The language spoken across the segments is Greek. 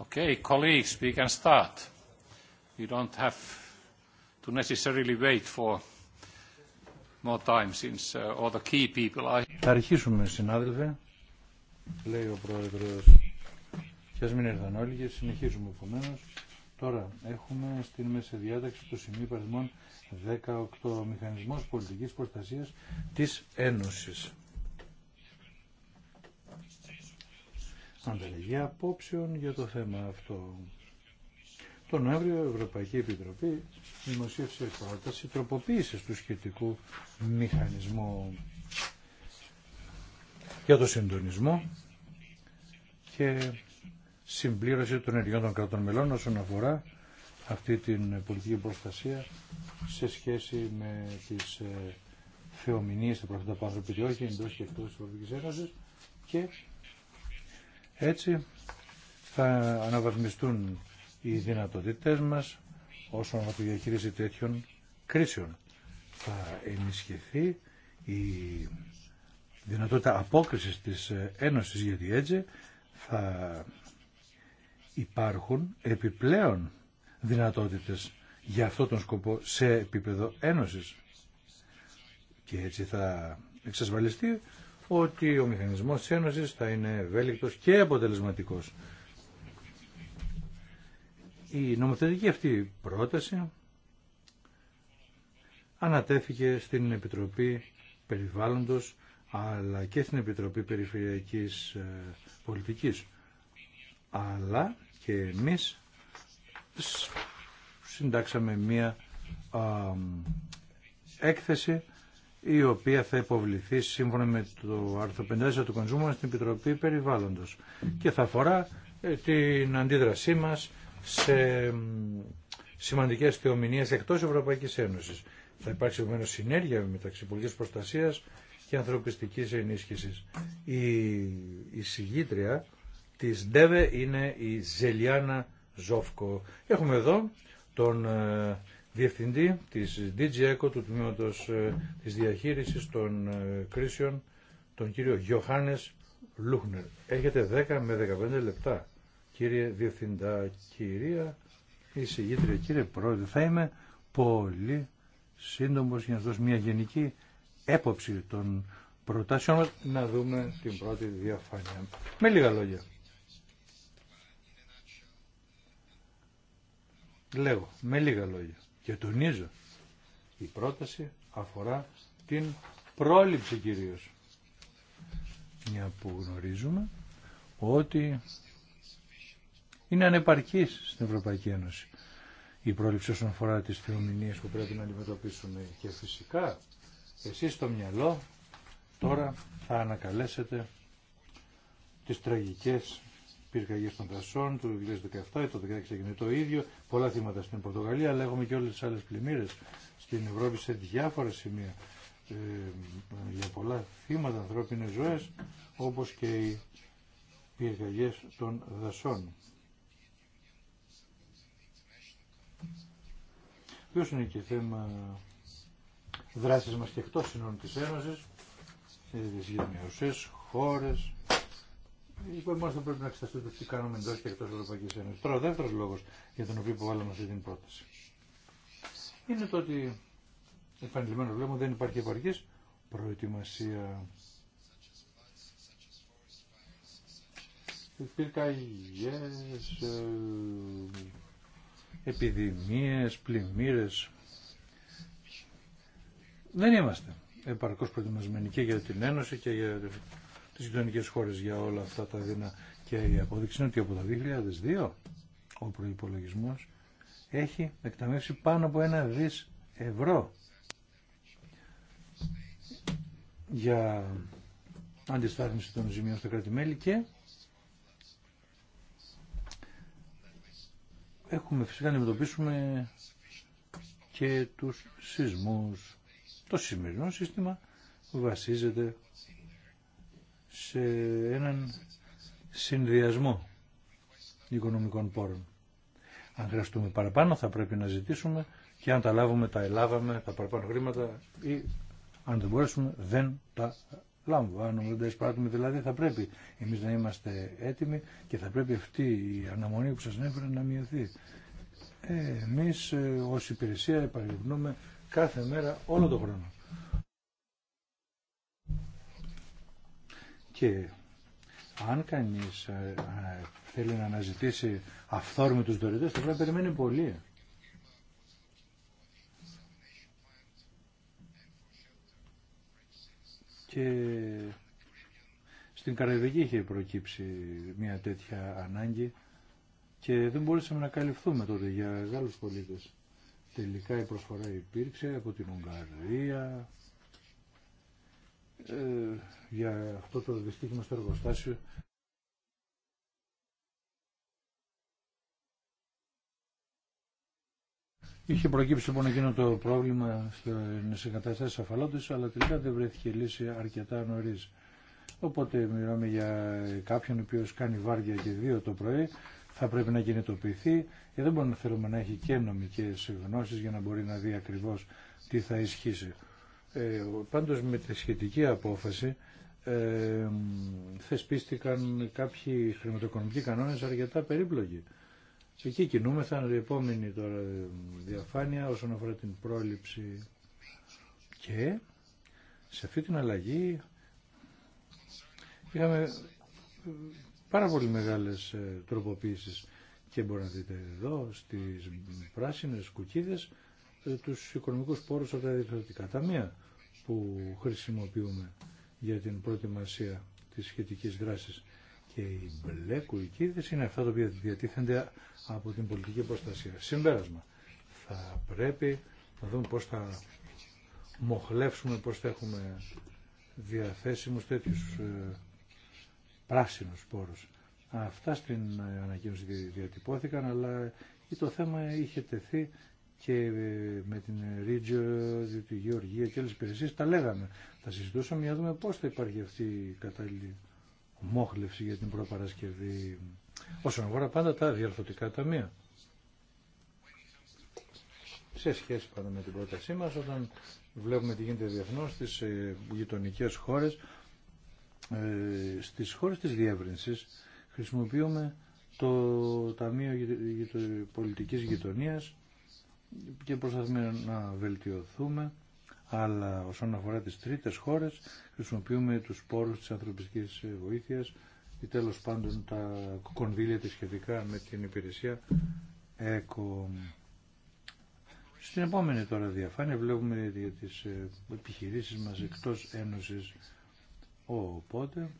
Okay, colleagues, we can start. You don't have to necessarily wait for more time since uh, all the key people are... Θα αρχίσουμε, συνάδελφε, λέει ο Πρόεδρος. Και ας μην έρθαν όλοι και συνεχίζουμε επομένως. Τώρα έχουμε στην μέση διάταξη το σημείο παρισμών 18 μηχανισμός πολιτικής προστασίας της Ένωσης. ανταλλαγή απόψεων για το θέμα αυτό. Τον Νοέμβριο η Ευρωπαϊκή Επιτροπή δημοσίευσε πρόταση τροποποίησης του σχετικού μηχανισμού για το συντονισμό και συμπλήρωση των ενεργειών των κρατών μελών όσον αφορά αυτή την πολιτική προστασία σε σχέση με τις ε, θεομηνίες που προέρχονται από άνθρωποι και εντός και εκτός της Ευρωπαϊκή Ένωσης και έτσι θα αναβαθμιστούν οι δυνατότητές μας όσον αφορά τη διαχείριση τέτοιων κρίσεων. Θα ενισχυθεί η δυνατότητα απόκρισης της Ένωσης γιατί έτσι θα υπάρχουν επιπλέον δυνατότητες για αυτό τον σκοπό σε επίπεδο Ένωσης και έτσι θα εξασφαλιστεί ότι ο μηχανισμός της Ένωσης θα είναι ευέλικτος και αποτελεσματικός. Η νομοθετική αυτή πρόταση ανατέθηκε στην Επιτροπή Περιβάλλοντος αλλά και στην Επιτροπή Περιφερειακής ε, Πολιτικής. Αλλά και εμείς συντάξαμε μία έκθεση η οποία θα υποβληθεί σύμφωνα με το άρθρο 54 του κανονισμού στην Επιτροπή Περιβάλλοντος και θα αφορά ε, την αντίδρασή μας σε σημαντικές θεομηνίες εκτός Ευρωπαϊκής Ένωσης. Θα υπάρξει επομένως συνέργεια μεταξύ πολιτικής προστασίας και ανθρωπιστικής ενίσχυσης. Η, η της ΔΕΒΕ είναι η Ζελιάνα Ζόφκο. Έχουμε εδώ τον ε, διευθυντή της DGECO του τμήματος ε, της διαχείρισης των ε, κρίσεων, τον κύριο Γιωχάνες Λούχνερ. Έχετε 10 με 15 λεπτά. Κύριε Διευθυντά, κυρία εισηγήτρια, κύριε Πρόεδρε, θα είμαι πολύ σύντομος για να δώσω μια γενική έποψη των προτάσεων Να δούμε την πρώτη διαφάνεια. Με λίγα λόγια. Λέγω, με λίγα λόγια. Και τονίζω, η πρόταση αφορά την πρόληψη κυρίως. Μια που γνωρίζουμε ότι είναι ανεπαρκής στην Ευρωπαϊκή Ένωση η πρόληψη όσον αφορά τις θεομηνίες που πρέπει να αντιμετωπίσουμε και φυσικά εσείς στο μυαλό τώρα θα ανακαλέσετε τις τραγικές πυρκαγιέ των δασών του 2017, το 2016 έγινε το ίδιο, πολλά θύματα στην Πορτογαλία, αλλά έχουμε και όλε τι άλλε πλημμύρε στην Ευρώπη σε διάφορα σημεία ε, για πολλά θύματα, ανθρώπινε ζωέ, όπω και οι πυρκαγιέ των δασών. Ποιο είναι και θέμα δράση μα και εκτό συνών τη Ένωση, ε, τι γειτονιασίε, χώρε, Λοιπόν, Επομένω θα πρέπει να εξεταστείτε τι κάνουμε εντό και εκτό Ευρωπαϊκή Ένωση. Τώρα, ο δεύτερο λόγο για τον οποίο υποβάλαμε αυτή την πρόταση είναι το ότι επανειλημμένο βλέπουμε δεν υπάρχει επαρκή προετοιμασία. Πυρκαγιέ, ε, επιδημίες, πλημμύρε. Δεν είμαστε επαρκώς προετοιμασμένοι και για την Ένωση και για τις γειτονικέ χώρες για όλα αυτά τα δίνα Και η απόδειξη είναι ότι από το 2002 ο προπολογισμό έχει εκταμεύσει πάνω από ένα δις ευρώ για αντιστάθμιση των ζημιών στα κράτη-μέλη και έχουμε φυσικά να αντιμετωπίσουμε και τους σεισμούς. Το σημερινό σύστημα βασίζεται σε έναν συνδυασμό οικονομικών πόρων. Αν χρειαστούμε παραπάνω θα πρέπει να ζητήσουμε και αν τα λάβουμε τα ελάβαμε τα παραπάνω χρήματα ή αν δεν μπορέσουμε δεν τα λάβουμε. Αν δεν τα εισπράττουμε δηλαδή θα πρέπει εμείς να είμαστε έτοιμοι και θα πρέπει αυτή η αναμονή που σας έφερα να μειωθεί. Ε, εμείς ε, ως υπηρεσία επαγγελνούμε κάθε μέρα όλο τον χρόνο. Και αν κανείς ε, ε, θέλει να αναζητήσει αυθόρμητους δωρητές, θα πρέπει να περιμένει πολύ. Και στην Καραϊβική είχε προκύψει μια τέτοια ανάγκη και δεν μπορούσαμε να καλυφθούμε τότε για Γάλλους πολίτες. Τελικά η προσφορά υπήρξε από την Ουγγαρία, ε, για αυτό το δυστύχημα στο εργοστάσιο. Είχε προκύψει λοιπόν εκείνο το πρόβλημα στην εγκαταστάσει αφαλόντες, αλλά τελικά δεν βρέθηκε λύση αρκετά νωρί. Οπότε μιλάμε για κάποιον ο οποίο κάνει βάρδια και δύο το πρωί, θα πρέπει να κινητοποιηθεί. Και ε, δεν μπορούμε να θέλουμε να έχει και νομικέ γνώσει για να μπορεί να δει ακριβώ τι θα ισχύσει. Ε, πάντως με τη σχετική απόφαση ε, θεσπίστηκαν κάποιοι χρηματοοικονομικοί κανόνες αρκετά περίπλοκοι. Εκεί κινούμεθα, η επόμενη τώρα διαφάνεια όσον αφορά την πρόληψη και σε αυτή την αλλαγή είχαμε πάρα πολύ μεγάλες ε, τροποποίησεις και μπορείτε να δείτε εδώ στις πράσινες κουκίδες ε, τους οικονομικούς πόρους από τα διευθυντικά ταμεία που χρησιμοποιούμε για την προετοιμασία της σχετικής δράσης. Και οι μπλε κουικίδες είναι αυτά τα οποία διατίθενται από την πολιτική προστασία. Συμπέρασμα. Θα πρέπει να δούμε πώς θα μοχλεύσουμε, πώς θα έχουμε διαθέσιμους τέτοιους ε, πράσινους πόρους. Αυτά στην ε, ανακοίνωση διατυπώθηκαν, αλλά το θέμα είχε τεθεί και ε, με την Ρίτζο τη Γεωργία και άλλε υπηρεσίες τα λέγαμε. Θα συζητούσαμε για να δούμε πώς θα υπάρχει αυτή η κατάλληλη μόχλευση για την προπαρασκευή όσον αφορά πάντα τα διαρθωτικά ταμεία. Σε σχέση πάντα με την πρότασή μα. όταν βλέπουμε τι γίνεται διεθνώς στις ε, γειτονικέ χώρες, ε, στις χώρες της διεύρυνσης χρησιμοποιούμε το Ταμείο Πολιτικής Γειτονίας και προσπαθούμε να βελτιωθούμε αλλά όσον αφορά τις τρίτες χώρες χρησιμοποιούμε τους πόρους της ανθρωπιστικής βοήθειας ή τέλος πάντων τα κονδύλια της σχετικά με την υπηρεσία ΕΚΟ. Στην επόμενη τώρα διαφάνεια βλέπουμε για τις ε, επιχειρήσεις μας εκτός Ένωσης οπότε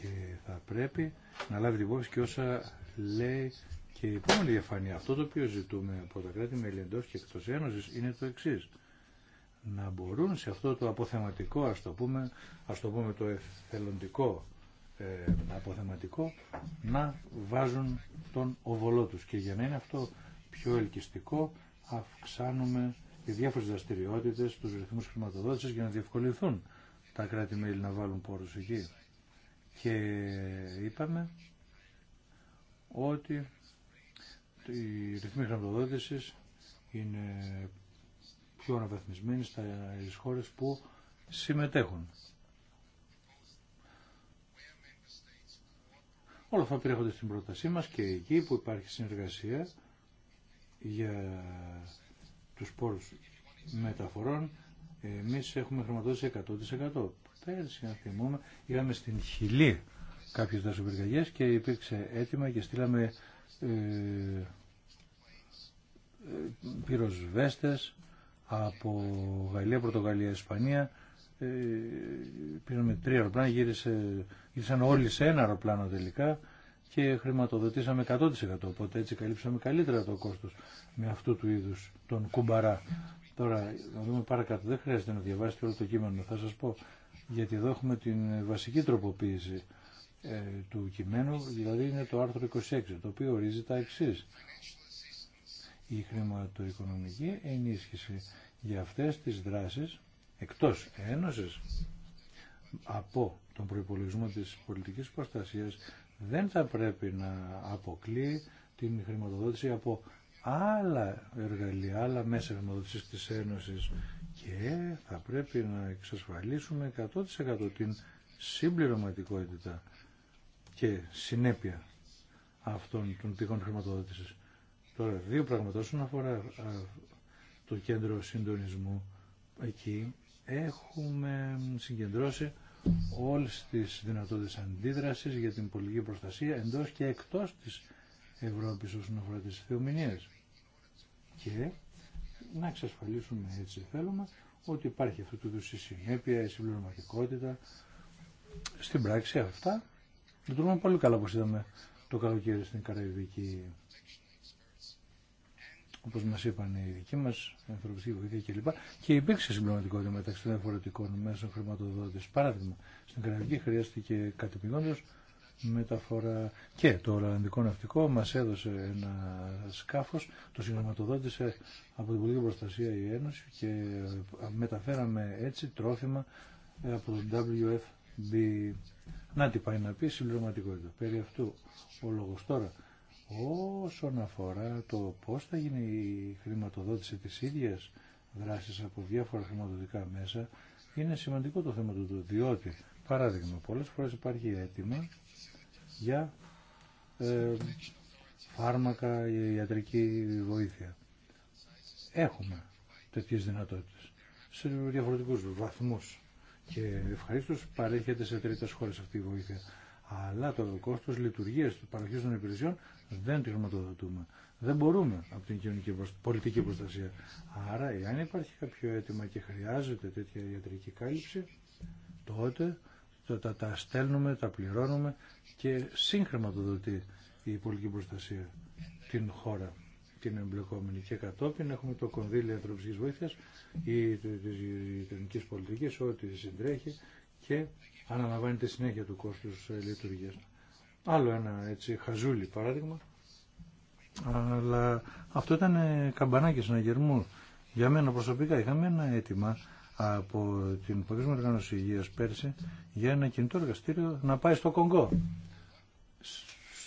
και θα πρέπει να λάβει την υπόψη και όσα λέει και η επόμενη διαφάνεια, αυτό το οποίο ζητούμε από τα κράτη μέλη εντό και εκτό Ένωση είναι το εξή. Να μπορούν σε αυτό το αποθεματικό, α το πούμε, ας το πούμε το εθελοντικό ε, αποθεματικό, να βάζουν τον οβολό του. Και για να είναι αυτό πιο ελκυστικό, αυξάνουμε οι διάφορε δραστηριότητε, του ρυθμού χρηματοδότηση για να διευκολυνθούν τα κράτη-μέλη να βάλουν πόρου εκεί. Και είπαμε ότι η ρυθμοί χρηματοδότησης είναι πιο αναβαθμισμένοι στα χώρες που συμμετέχουν. Όλα αυτά περιέχονται στην πρότασή μας και εκεί που υπάρχει συνεργασία για τους πόρους μεταφορών εμείς έχουμε χρηματοδότηση 100%. Πέρσι, να θυμούμε, είχαμε στην Χιλή κάποιες δασοπυρκαγιές και υπήρξε έτοιμα και στείλαμε ε, πυροσβέστες από Γαλλία, Πορτογαλία, Ισπανία ε, πήραμε τρία αεροπλάνα, γύρισε, γύρισαν όλοι σε ένα αεροπλάνο τελικά και χρηματοδοτήσαμε 100% οπότε έτσι καλύψαμε καλύτερα το κόστος με αυτού του είδους τον κουμπαρά. Τώρα, να δούμε παρακάτω, δεν χρειάζεται να διαβάσετε όλο το κείμενο, θα σας πω, γιατί εδώ έχουμε την βασική τροποποίηση ε, του κειμένου, δηλαδή είναι το άρθρο 26, το οποίο ορίζει τα εξή. Η χρηματοοικονομική ενίσχυση για αυτές τις δράσεις, εκτός ένωσης, από τον προϋπολογισμό της πολιτικής προστασίας, δεν θα πρέπει να αποκλεί την χρηματοδότηση από άλλα εργαλεία, άλλα μέσα χρηματοδότησης της Ένωσης και θα πρέπει να εξασφαλίσουμε 100% την συμπληρωματικότητα και συνέπεια αυτών των πηγών χρηματοδότησης. Τώρα, δύο πράγματα όσον αφορά το κέντρο συντονισμού. Εκεί έχουμε συγκεντρώσει όλες τις δυνατότητες αντίδρασης για την πολιτική προστασία εντός και εκτός της Ευρώπης όσον αφορά τις θεομηνίες. Και να εξασφαλίσουμε έτσι θέλουμε ότι υπάρχει αυτού του είδους η συνέπεια, η συμπληρωματικότητα. Στην πράξη αυτά Λειτουργούν πολύ καλά όπως είδαμε το καλοκαίρι στην Καραϊβική. Όπω μα είπαν οι δικοί μα, η ανθρωπιστική βοήθεια κλπ. Και υπήρξε συμπληρωματικότητα μεταξύ των διαφορετικών μέσων χρηματοδότηση. Παράδειγμα, στην Καραϊβική χρειάστηκε κατεπηγόντω μεταφορά και το Ολλανδικό Ναυτικό μας έδωσε ένα σκάφος, το συγχρηματοδότησε από την Πολιτική Προστασία η Ένωση και μεταφέραμε έτσι τρόφιμα από τον WF να τι πάει να πει συμπληρωματικότητα. Περί αυτού ο λόγος τώρα. Όσον αφορά το πώς θα γίνει η χρηματοδότηση της ίδιας δράσης από διάφορα χρηματοδοτικά μέσα, είναι σημαντικό το θέμα του, διότι, παράδειγμα, πολλές φορές υπάρχει αίτημα για ε, φάρμακα, ιατρική βοήθεια. Έχουμε τέτοιες δυνατότητες σε διαφορετικούς βαθμούς και ευχαρίστως παρέχεται σε τρίτε χώρε αυτή η βοήθεια. Αλλά το κόστο λειτουργίας του παροχή των υπηρεσιών δεν τη χρηματοδοτούμε. Δεν μπορούμε από την κοινωνική πολιτική προστασία. Άρα, εάν υπάρχει κάποιο αίτημα και χρειάζεται τέτοια ιατρική κάλυψη, τότε τα, τα στέλνουμε, τα πληρώνουμε και συγχρηματοδοτεί η πολιτική προστασία την χώρα είναι εμπλεκόμενοι και κατόπιν έχουμε το κονδύλι ανθρωπιστικής βοήθειας ή της γειτονικής πολιτικής, ό,τι συντρέχει και αναλαμβάνει τη συνέχεια του κόστους ε, λειτουργίας. Άλλο ένα έτσι χαζούλι παράδειγμα, αλλά αυτό ήταν ε, καμπανάκι συναγερμού. Για μένα προσωπικά είχαμε ένα αίτημα από την Παγκόσμια Οργάνωση Υγείας πέρσι για ένα κινητό εργαστήριο να πάει στο Κονγκό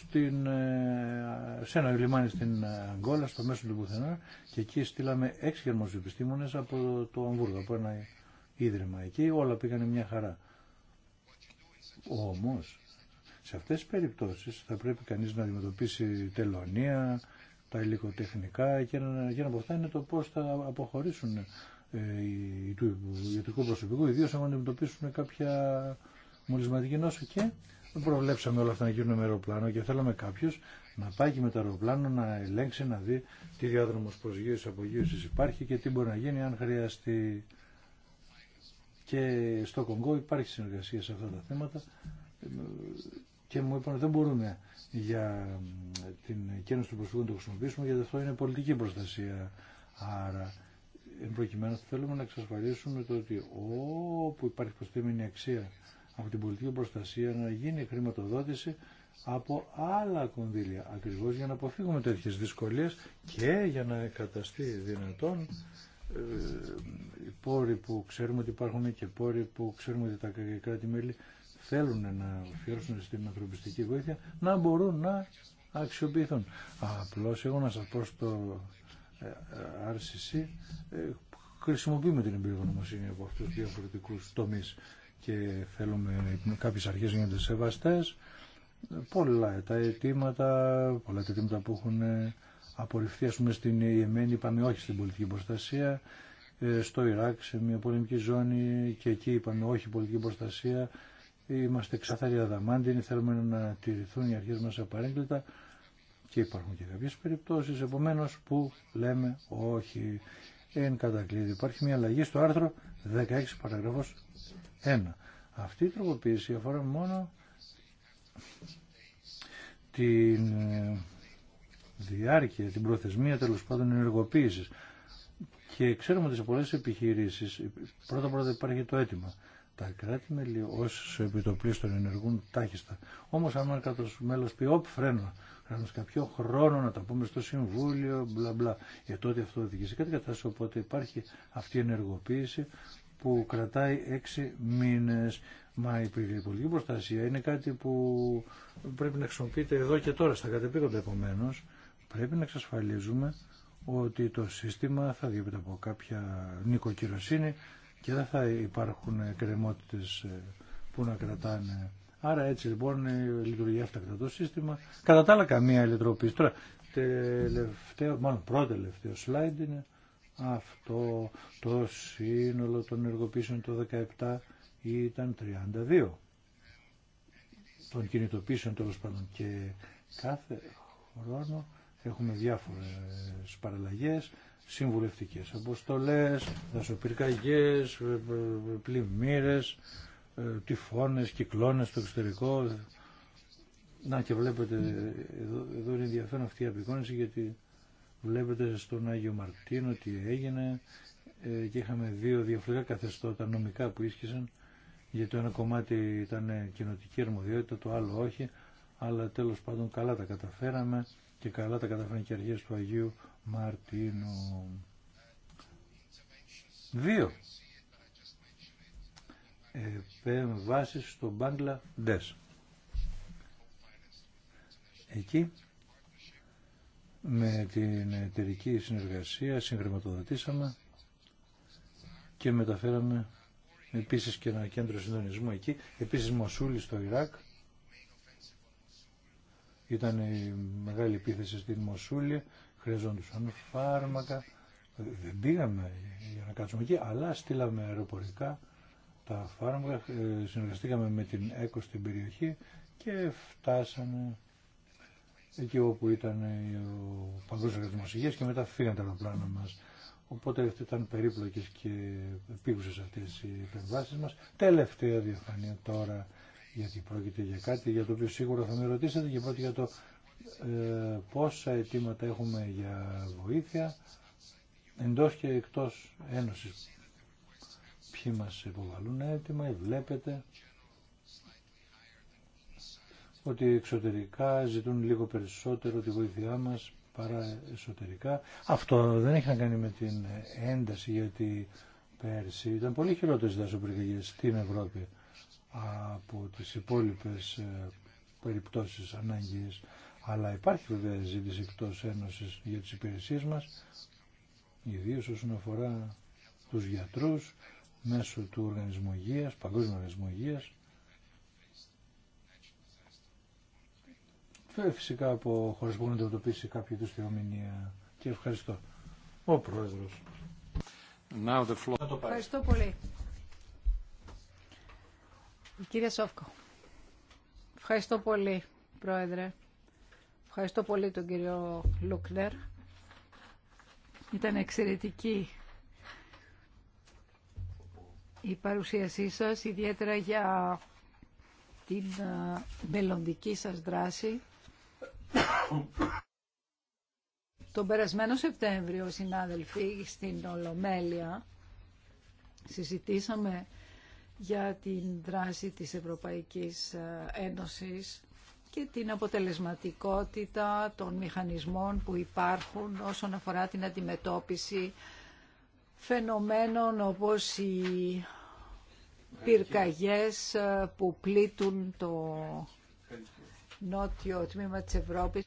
στην, ε, σε ένα λιμάνι στην Αγκόλα, στο μέσο του πουθενά και εκεί στείλαμε έξι γερμανούς επιστήμονε από το Αμβούργο, από ένα ίδρυμα εκεί, όλα πήγανε μια χαρά. Όμως, σε αυτές τις περιπτώσεις θα πρέπει κανείς να αντιμετωπίσει τελωνία, τα υλικοτεχνικά και ένα, και ένα από αυτά είναι το πώς θα αποχωρήσουν ε, του ιατρικού προσωπικού, ιδίως αν αντιμετωπίσουν κάποια μολυσματική νόσο και δεν προβλέψαμε όλα αυτά να γίνουν με αεροπλάνο και θέλαμε κάποιο να πάει και με το αεροπλάνο να ελέγξει, να δει τι διάδρομο προσγείωση απογείωση υπάρχει και τι μπορεί να γίνει αν χρειαστεί. Και στο Κονγκό υπάρχει συνεργασία σε αυτά τα θέματα και μου είπαν ότι δεν μπορούμε για την κένωση του προσφύγων να το χρησιμοποιήσουμε γιατί αυτό είναι πολιτική προστασία. Άρα, εν θέλουμε να εξασφαλίσουμε το ότι όπου υπάρχει προστήμενη αξία από την πολιτική προστασία να γίνει χρηματοδότηση από άλλα κονδύλια, ακριβώς για να αποφύγουμε τέτοιες δυσκολίες και για να καταστεί δυνατόν ε, οι πόροι που ξέρουμε ότι υπάρχουν και πόροι που ξέρουμε ότι τα κράτη-μέλη θέλουν να αφιερώσουν στην ανθρωπιστική βοήθεια να μπορούν να αξιοποιηθούν. Απλώς εγώ να σας πω στο ε, ε, RCC χρησιμοποιούμε την εμπειρογνωμοσύνη από αυτούς τους διαφορετικούς τομείς και θέλουμε κάποιες αρχές να γίνονται σεβαστές. Πολλά τα αιτήματα, πολλά τα αιτήματα που έχουν απορριφθεί, ας πούμε, στην Ιεμένη, είπαμε όχι στην πολιτική προστασία, ε, στο Ιράκ, σε μια πολεμική ζώνη και εκεί είπαμε όχι πολιτική προστασία, είμαστε ξαθαροί αδαμάντινοι, θέλουμε να τηρηθούν οι αρχές μας απαρέγκλητα και υπάρχουν και κάποιες περιπτώσεις, επομένως, που λέμε όχι. Εν κατακλείδη υπάρχει μια αλλαγή στο άρθρο 16 παραγράφος ένα. Αυτή η τροποποίηση αφορά μόνο την ε, διάρκεια, την προθεσμία τέλο πάντων ενεργοποίησης. Και ξέρουμε ότι σε πολλές επιχειρήσεις πρώτα-πρώτα υπάρχει το αίτημα. Τα κράτη-μέλη ω επιτοπλίστων ενεργούν τάχιστα. Όμω, αν ένα κράτο μέλο πει, Όπ, φρένο, χρειάζεται κάποιο χρόνο να τα πούμε στο Συμβούλιο, μπλα μπλα, Για ε, τότε αυτό οδηγεί σε κάτι κατάσταση. Οπότε υπάρχει αυτή η ενεργοποίηση που κρατάει έξι μήνες. Μα η πολιτική προστασία είναι κάτι που πρέπει να χρησιμοποιείται εδώ και τώρα στα κατεπήγοντα επομένω. Πρέπει να εξασφαλίζουμε ότι το σύστημα θα διέπεται από κάποια νοικοκυροσύνη και δεν θα υπάρχουν κρεμότητες ε, που να κρατάνε. Άρα έτσι λοιπόν λειτουργεί αυτά το σύστημα. Κατά τα άλλα καμία ηλεκτροποίηση. Τώρα τελευταίο, μάλλον πρώτο τελευταίο slide είναι αυτό το σύνολο των εργοποίησεων το 17 ήταν 32 των κινητοποίησεων τέλο πάντων και κάθε χρόνο έχουμε διάφορες παραλλαγές συμβουλευτικές αποστολές, δασοπυρκαγιές, ε, ε, πλημμύρες, ε, τυφώνες, κυκλώνες στο εξωτερικό. Να και βλέπετε εδώ, εδώ είναι ενδιαφέρον αυτή η απεικόνηση γιατί Βλέπετε στον Άγιο Μαρτίνο τι έγινε ε, και είχαμε δύο διαφορετικά καθεστώτα νομικά που ίσχυσαν γιατί το ένα κομμάτι ήταν κοινοτική αρμοδιότητα, το άλλο όχι, αλλά τέλος πάντων καλά τα καταφέραμε και καλά τα καταφέραν και αρχές του Αγίου Μαρτίνου. Δύο. Επέμβάσεις στο Μπάνγκλα Ντες. Εκεί με την εταιρική συνεργασία συγχρηματοδοτήσαμε και μεταφέραμε επίσης και ένα κέντρο συντονισμού εκεί. Επίσης Μοσούλη στο Ιράκ. Ήταν η μεγάλη επίθεση στην Μοσούλη. Χρειαζόντουσαν φάρμακα. Δεν πήγαμε για να κάτσουμε εκεί, αλλά στείλαμε αεροπορικά τα φάρμακα. Ε, συνεργαστήκαμε με την ΕΚΟ στην περιοχή και φτάσαμε εκεί όπου ήταν ο Παγκόσμιο Οργανισμό και μετά φύγαν τα αεροπλάνα μα. Οπότε ήταν περίπλοκε και επίγουσε αυτέ οι επεμβάσει μα. Τελευταία διαφάνεια τώρα, γιατί πρόκειται για κάτι για το οποίο σίγουρα θα με ρωτήσετε και πρώτα για το ε, πόσα αιτήματα έχουμε για βοήθεια εντός και εκτός ένωσης. Ποιοι μας υποβαλούν αίτημα, βλέπετε ότι εξωτερικά ζητούν λίγο περισσότερο τη βοήθειά μας παρά εσωτερικά. Αυτό δεν έχει να κάνει με την ένταση γιατί πέρσι ήταν πολύ χειρότερες δασοπυρκαγιές στην Ευρώπη από τις υπόλοιπες ε, περιπτώσεις ανάγκης. Αλλά υπάρχει βέβαια ζήτηση εκτός Ένωσης για τις υπηρεσίες μας, ιδίως όσον αφορά τους γιατρούς, μέσω του Οργανισμού Παγκόσμιου Οργανισμού Υγείας, Ε, φυσικά από χώρε που έχουν αντιμετωπίσει κάποιο είδου θεομηνία. Και ευχαριστώ. Ο Πρόεδρο. Ευχαριστώ πολύ. Κύριε κυρία Σόφκο. Ευχαριστώ πολύ, Πρόεδρε. Ευχαριστώ πολύ τον κύριο Λούκνερ. Ήταν εξαιρετική η παρουσίασή σας, ιδιαίτερα για την ε, μελλοντική σας δράση. Τον περασμένο Σεπτέμβριο, συνάδελφοι, στην Ολομέλεια συζητήσαμε για την δράση της Ευρωπαϊκής ε, Ένωσης και την αποτελεσματικότητα των μηχανισμών που υπάρχουν όσον αφορά την αντιμετώπιση φαινομένων όπως οι πυρκαγιές ε, που πλήττουν το νότιο τμήμα της Ευρώπης.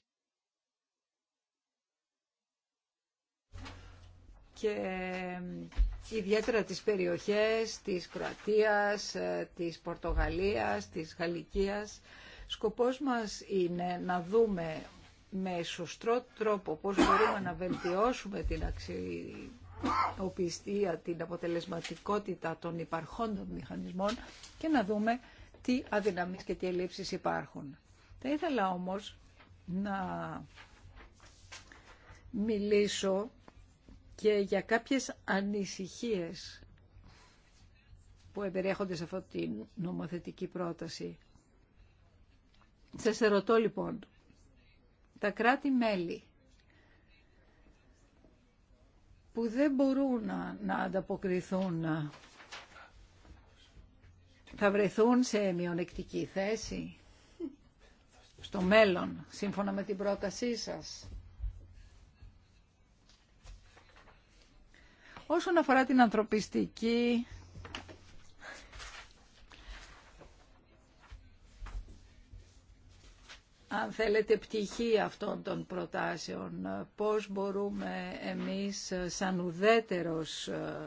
και ε, ιδιαίτερα τις περιοχές της Κροατίας, ε, της Πορτογαλίας, της Γαλλικίας. Σκοπός μας είναι να δούμε με σωστό τρόπο πώς μπορούμε να βελτιώσουμε την αξιοπιστία, την αποτελεσματικότητα των υπαρχόντων μηχανισμών και να δούμε τι αδυναμίες και τι ελλείψεις υπάρχουν. Θα ήθελα όμως να μιλήσω και για κάποιες ανησυχίες που εμπεριέχονται σε αυτή την νομοθετική πρόταση. Σας ερωτώ λοιπόν, τα κράτη-μέλη που δεν μπορούν να, να ανταποκριθούν θα βρεθούν σε μειονεκτική θέση στο μέλλον, σύμφωνα με την πρότασή σας. Όσον αφορά την ανθρωπιστική αν θέλετε, πτυχή αυτών των προτάσεων. Πώς μπορούμε εμείς σαν ουδέτερος ε,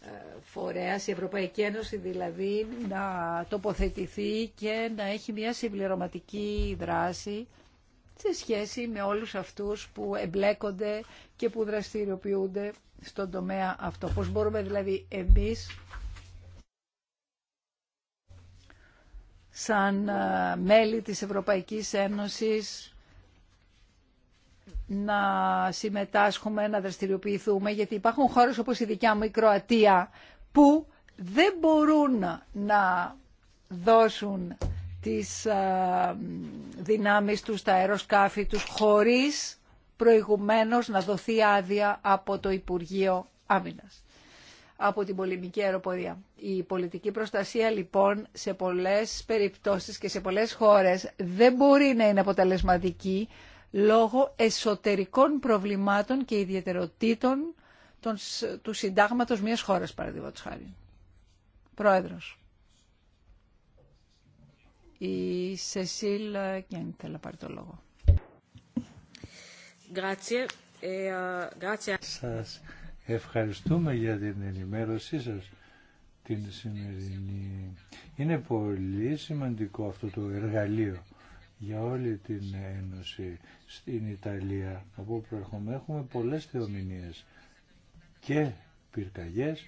ε, φορέας, η Ευρωπαϊκή Ένωση δηλαδή, να τοποθετηθεί και να έχει μια συμπληρωματική δράση σε σχέση με όλους αυτούς που εμπλέκονται και που δραστηριοποιούνται στον τομέα αυτό. Πώς μπορούμε δηλαδή εμείς σαν ε, μέλη της Ευρωπαϊκής Ένωσης να συμμετάσχουμε, να δραστηριοποιηθούμε, γιατί υπάρχουν χώρες όπως η δικιά μου η Κροατία που δεν μπορούν να δώσουν τις δυνάμεις τους, τα αεροσκάφη τους, χωρίς προηγουμένως να δοθεί άδεια από το Υπουργείο Άμυνας, από την πολεμική αεροπορία. Η πολιτική προστασία λοιπόν σε πολλές περιπτώσεις και σε πολλές χώρες δεν μπορεί να είναι αποτελεσματική λόγω εσωτερικών προβλημάτων και ιδιαιτεροτήτων του συντάγματος μιας χώρας, παραδείγματος χάρη. Πρόεδρος. Η Σεσίλ και θέλει να πάρει το λόγο. Ε, σας ευχαριστούμε για την ενημέρωσή σας την σημερινή. Είναι πολύ σημαντικό αυτό το εργαλείο για όλη την Ένωση στην Ιταλία. Από όπου προέρχομαι έχουμε πολλές θεομηνίες και πυρκαγιές.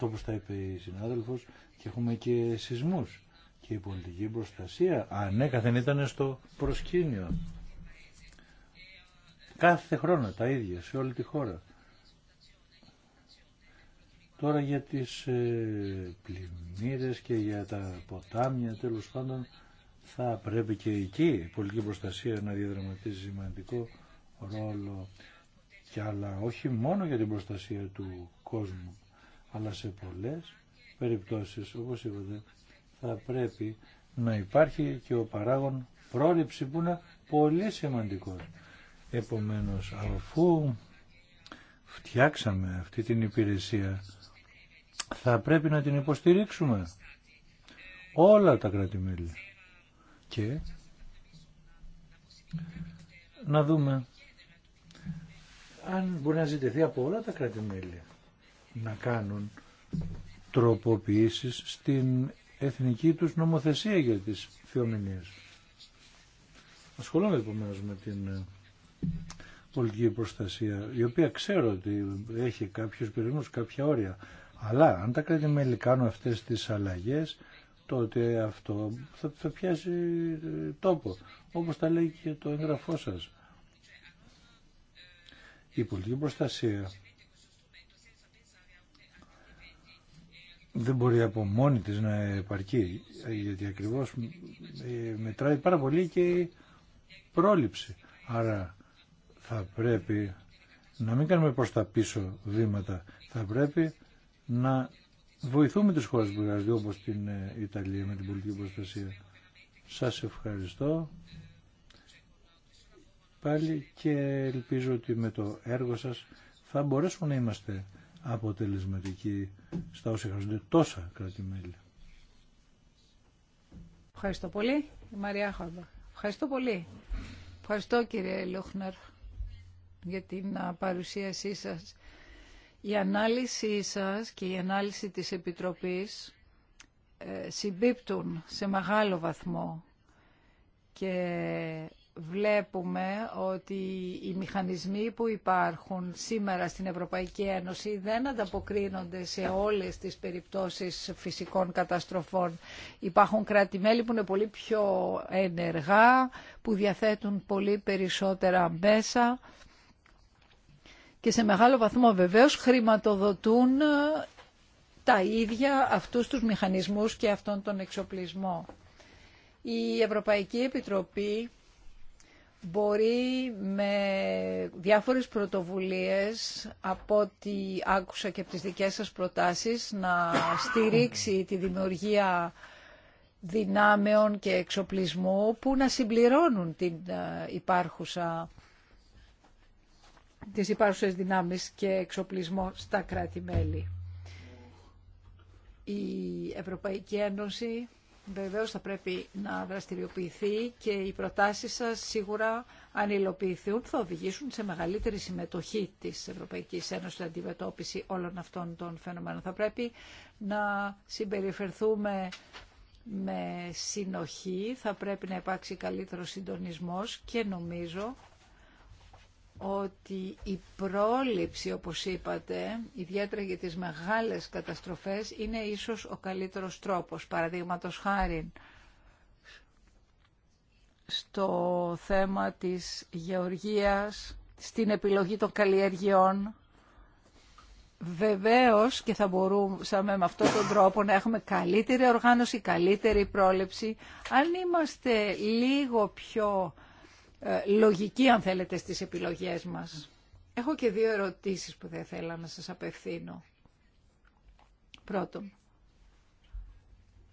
Όπως τα είπε η συνάδελφος, και έχουμε και σεισμούς και η πολιτική προστασία ανέκαθεν ναι, ήταν στο προσκήνιο κάθε χρόνο τα ίδια σε όλη τη χώρα τώρα για τις ε, πλημμύρες και για τα ποτάμια τέλος πάντων θα πρέπει και εκεί η πολιτική προστασία να διαδραματίζει σημαντικό ρόλο και αλλά όχι μόνο για την προστασία του κόσμου αλλά σε πολλές περιπτώσεις, όπως είπατε, θα πρέπει να υπάρχει και ο παράγων πρόληψη που είναι πολύ σημαντικός. Επομένως, αφού φτιάξαμε αυτή την υπηρεσία, θα πρέπει να την υποστηρίξουμε όλα τα κράτη-μέλη και να δούμε αν μπορεί να ζητηθεί από όλα τα κράτη-μέλη να κάνουν τροποποιήσεις στην εθνική τους νομοθεσία για τις θεομηνίες. Ασχολούμαι επομένως με την ε, πολιτική προστασία, η οποία ξέρω ότι έχει κάποιους περιορισμούς, κάποια όρια. Αλλά αν τα κράτη-μέλη κάνουν αυτές τις αλλαγές, τότε αυτό θα, θα πιάσει ε, τόπο, όπως τα λέει και το εγγραφό σας. Η πολιτική προστασία δεν μπορεί από μόνη της να επαρκεί, γιατί ακριβώς ε, μετράει πάρα πολύ και η πρόληψη. Άρα θα πρέπει να μην κάνουμε προς τα πίσω βήματα, θα πρέπει να βοηθούμε τις χώρες που εργάζονται όπως την ε, Ιταλία με την πολιτική προστασία. Σας ευχαριστώ πάλι και ελπίζω ότι με το έργο σας θα μπορέσουμε να είμαστε αποτελεσματική στα όσα χρειάζονται τόσα κράτη-μέλη. Ευχαριστώ πολύ, η Μαρία Χόρμπα. Ευχαριστώ πολύ. Ευχαριστώ κύριε Λούχνερ για την παρουσίασή σας. Η ανάλυση σας και η ανάλυση της Επιτροπής ε, συμπίπτουν σε μεγάλο βαθμό και βλέπουμε ότι οι μηχανισμοί που υπάρχουν σήμερα στην Ευρωπαϊκή Ένωση δεν ανταποκρίνονται σε όλες τις περιπτώσεις φυσικών καταστροφών. Υπάρχουν κράτη-μέλη που είναι πολύ πιο ενεργά, που διαθέτουν πολύ περισσότερα μέσα και σε μεγάλο βαθμό βεβαίως χρηματοδοτούν τα ίδια αυτούς τους μηχανισμούς και αυτόν τον εξοπλισμό. Η Ευρωπαϊκή Επιτροπή μπορεί με διάφορες πρωτοβουλίες από ό,τι άκουσα και από τις δικές σας προτάσεις να στηρίξει τη δημιουργία δυνάμεων και εξοπλισμού που να συμπληρώνουν την ε, υπάρχουσα τις υπάρχουσες δυνάμεις και εξοπλισμό στα κράτη-μέλη. Η Ευρωπαϊκή Ένωση Βεβαίως θα πρέπει να δραστηριοποιηθεί και οι προτάσεις σας σίγουρα αν υλοποιηθούν θα οδηγήσουν σε μεγαλύτερη συμμετοχή της Ευρωπαϊκής Ένωσης στην αντιμετώπιση όλων αυτών των φαινομένων. Θα πρέπει να συμπεριφερθούμε με συνοχή, θα πρέπει να υπάρξει καλύτερο συντονισμός και νομίζω ότι η πρόληψη, όπως είπατε, ιδιαίτερα για τις μεγάλες καταστροφές, είναι ίσως ο καλύτερος τρόπος. Παραδείγματο χάρη στο θέμα της γεωργίας, στην επιλογή των καλλιεργειών, Βεβαίως και θα μπορούσαμε με αυτόν τον τρόπο να έχουμε καλύτερη οργάνωση, καλύτερη πρόληψη. Αν είμαστε λίγο πιο ε, λογική αν θέλετε στις επιλογές μας. Έχω και δύο ερωτήσεις που δεν θέλω να σας απευθύνω. Πρώτον,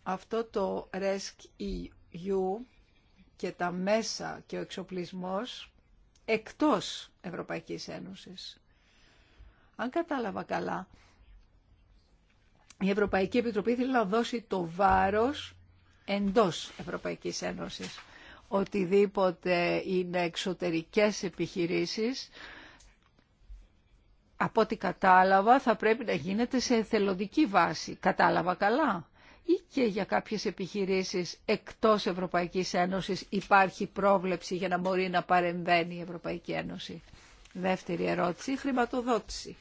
αυτό το RESC-EU και τα μέσα και ο εξοπλισμός εκτός Ευρωπαϊκής Ένωσης. Αν κατάλαβα καλά, η Ευρωπαϊκή Επιτροπή θέλει να δώσει το βάρος εντός Ευρωπαϊκής Ένωσης οτιδήποτε είναι εξωτερικές επιχειρήσεις, από ό,τι κατάλαβα θα πρέπει να γίνεται σε εθελοντική βάση. Κατάλαβα καλά. Ή και για κάποιες επιχειρήσεις εκτός Ευρωπαϊκής Ένωσης υπάρχει πρόβλεψη για να μπορεί να παρεμβαίνει η Ευρωπαϊκή Ένωση. Δεύτερη ερώτηση, χρηματοδότηση.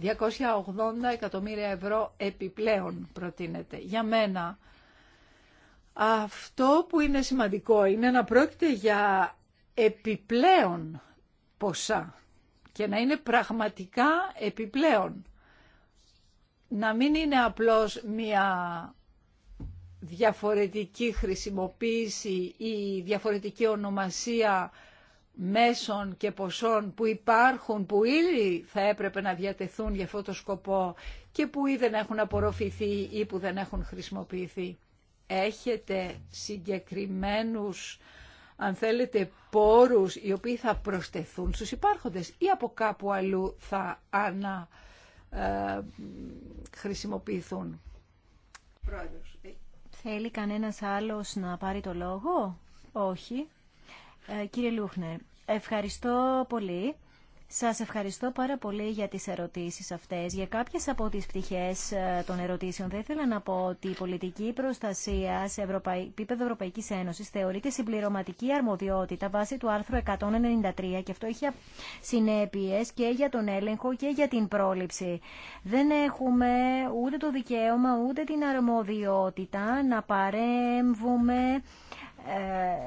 280 εκατομμύρια ευρώ επιπλέον προτείνεται. Για μένα αυτό που είναι σημαντικό είναι να πρόκειται για επιπλέον ποσά και να είναι πραγματικά επιπλέον. Να μην είναι απλώς μια διαφορετική χρησιμοποίηση ή διαφορετική ονομασία μέσων και ποσών που υπάρχουν, που ήδη θα έπρεπε να διατεθούν για αυτό το σκοπό και που ή δεν έχουν απορροφηθεί ή που δεν έχουν χρησιμοποιηθεί έχετε συγκεκριμένους αν θέλετε πόρους οι οποίοι θα προστεθούν στους υπάρχοντες ή από κάπου αλλού θα ανα ε, χρησιμοποιηθούν. Ε, θέλει κανένας άλλος να πάρει το λόγο? Όχι. Ε, κύριε Λούχνερ, ευχαριστώ πολύ. Σας ευχαριστώ πάρα πολύ για τις ερωτήσεις αυτές. Για κάποιες από τις πτυχές ε, των ερωτήσεων θα ήθελα να πω ότι η πολιτική προστασία σε επίπεδο Ευρωπαϊκής Ένωσης θεωρείται συμπληρωματική αρμοδιότητα βάσει του άρθρου 193 και αυτό έχει συνέπειες και για τον έλεγχο και για την πρόληψη. Δεν έχουμε ούτε το δικαίωμα ούτε την αρμοδιότητα να παρέμβουμε ε,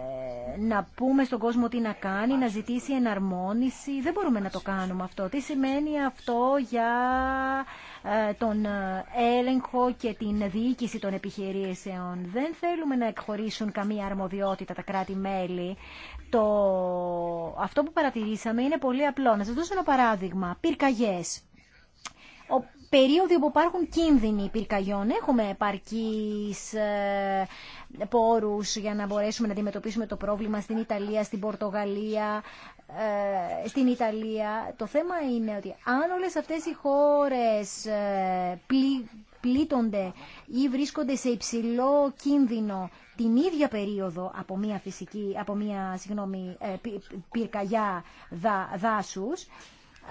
να πούμε στον κόσμο τι να κάνει, να ζητήσει εναρμόνιση. Δεν μπορούμε να το κάνουμε αυτό. Τι σημαίνει αυτό για ε, τον ε, έλεγχο και την διοίκηση των επιχειρήσεων. Δεν θέλουμε να εκχωρήσουν καμία αρμοδιότητα τα κράτη-μέλη. Το... Αυτό που παρατηρήσαμε είναι πολύ απλό. Να σας δώσω ένα παράδειγμα. Πυρκαγιές. Ο περίοδοι όπου υπάρχουν κίνδυνοι πυρκαγιών. Έχουμε επαρκείς για να μπορέσουμε να αντιμετωπίσουμε το πρόβλημα στην Ιταλία, στην Πορτογαλία, ε, στην Ιταλία. Το θέμα είναι ότι αν όλε αυτές οι χώρες ε, πλήττονται ή βρίσκονται σε υψηλό κίνδυνο την ίδια περίοδο από μια, φυσική, από μια συγγνώμη, ε, πυρκαγιά δάσους,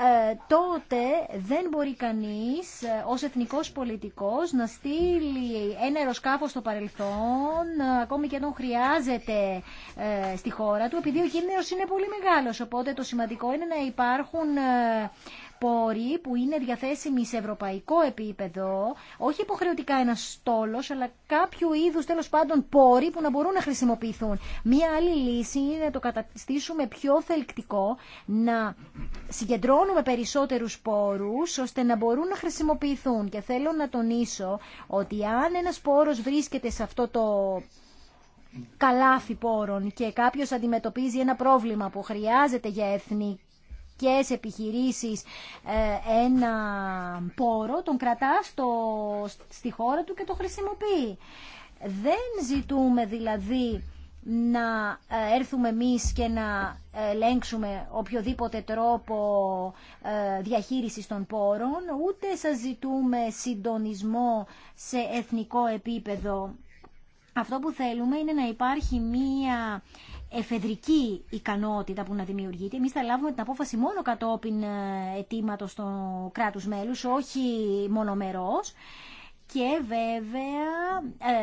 ε, τότε δεν μπορεί κανείς ε, ως εθνικός πολιτικός να στείλει ένα αεροσκάφο στο παρελθόν ε, ακόμη και τον χρειάζεται στη χώρα του επειδή ο κίνδυνος είναι πολύ μεγάλος οπότε το σημαντικό είναι να υπάρχουν πόροι που είναι διαθέσιμοι σε ευρωπαϊκό επίπεδο, όχι υποχρεωτικά ένα στόλο, αλλά κάποιο είδου τέλο πάντων πόροι που να μπορούν να χρησιμοποιηθούν. Μία άλλη λύση είναι να το καταστήσουμε πιο θελκτικό, να συγκεντρώνουμε περισσότερου πόρου ώστε να μπορούν να χρησιμοποιηθούν. Και θέλω να τονίσω ότι αν ένα πόρο βρίσκεται σε αυτό το καλάθι πόρων και κάποιος αντιμετωπίζει ένα πρόβλημα που χρειάζεται για εθνική ιδιωτικές επιχειρήσεις ε, ένα πόρο, τον κρατά στο, στη χώρα του και το χρησιμοποιεί. Δεν ζητούμε δηλαδή να ε, έρθουμε εμείς και να ελέγξουμε οποιοδήποτε τρόπο ε, διαχείρισης των πόρων, ούτε σας ζητούμε συντονισμό σε εθνικό επίπεδο. Αυτό που θέλουμε είναι να υπάρχει μία εφεδρική ικανότητα που να δημιουργείται. Εμεί θα λάβουμε την απόφαση μόνο κατόπιν ε, αιτήματο των κράτου μέλου, όχι μονομερό και βέβαια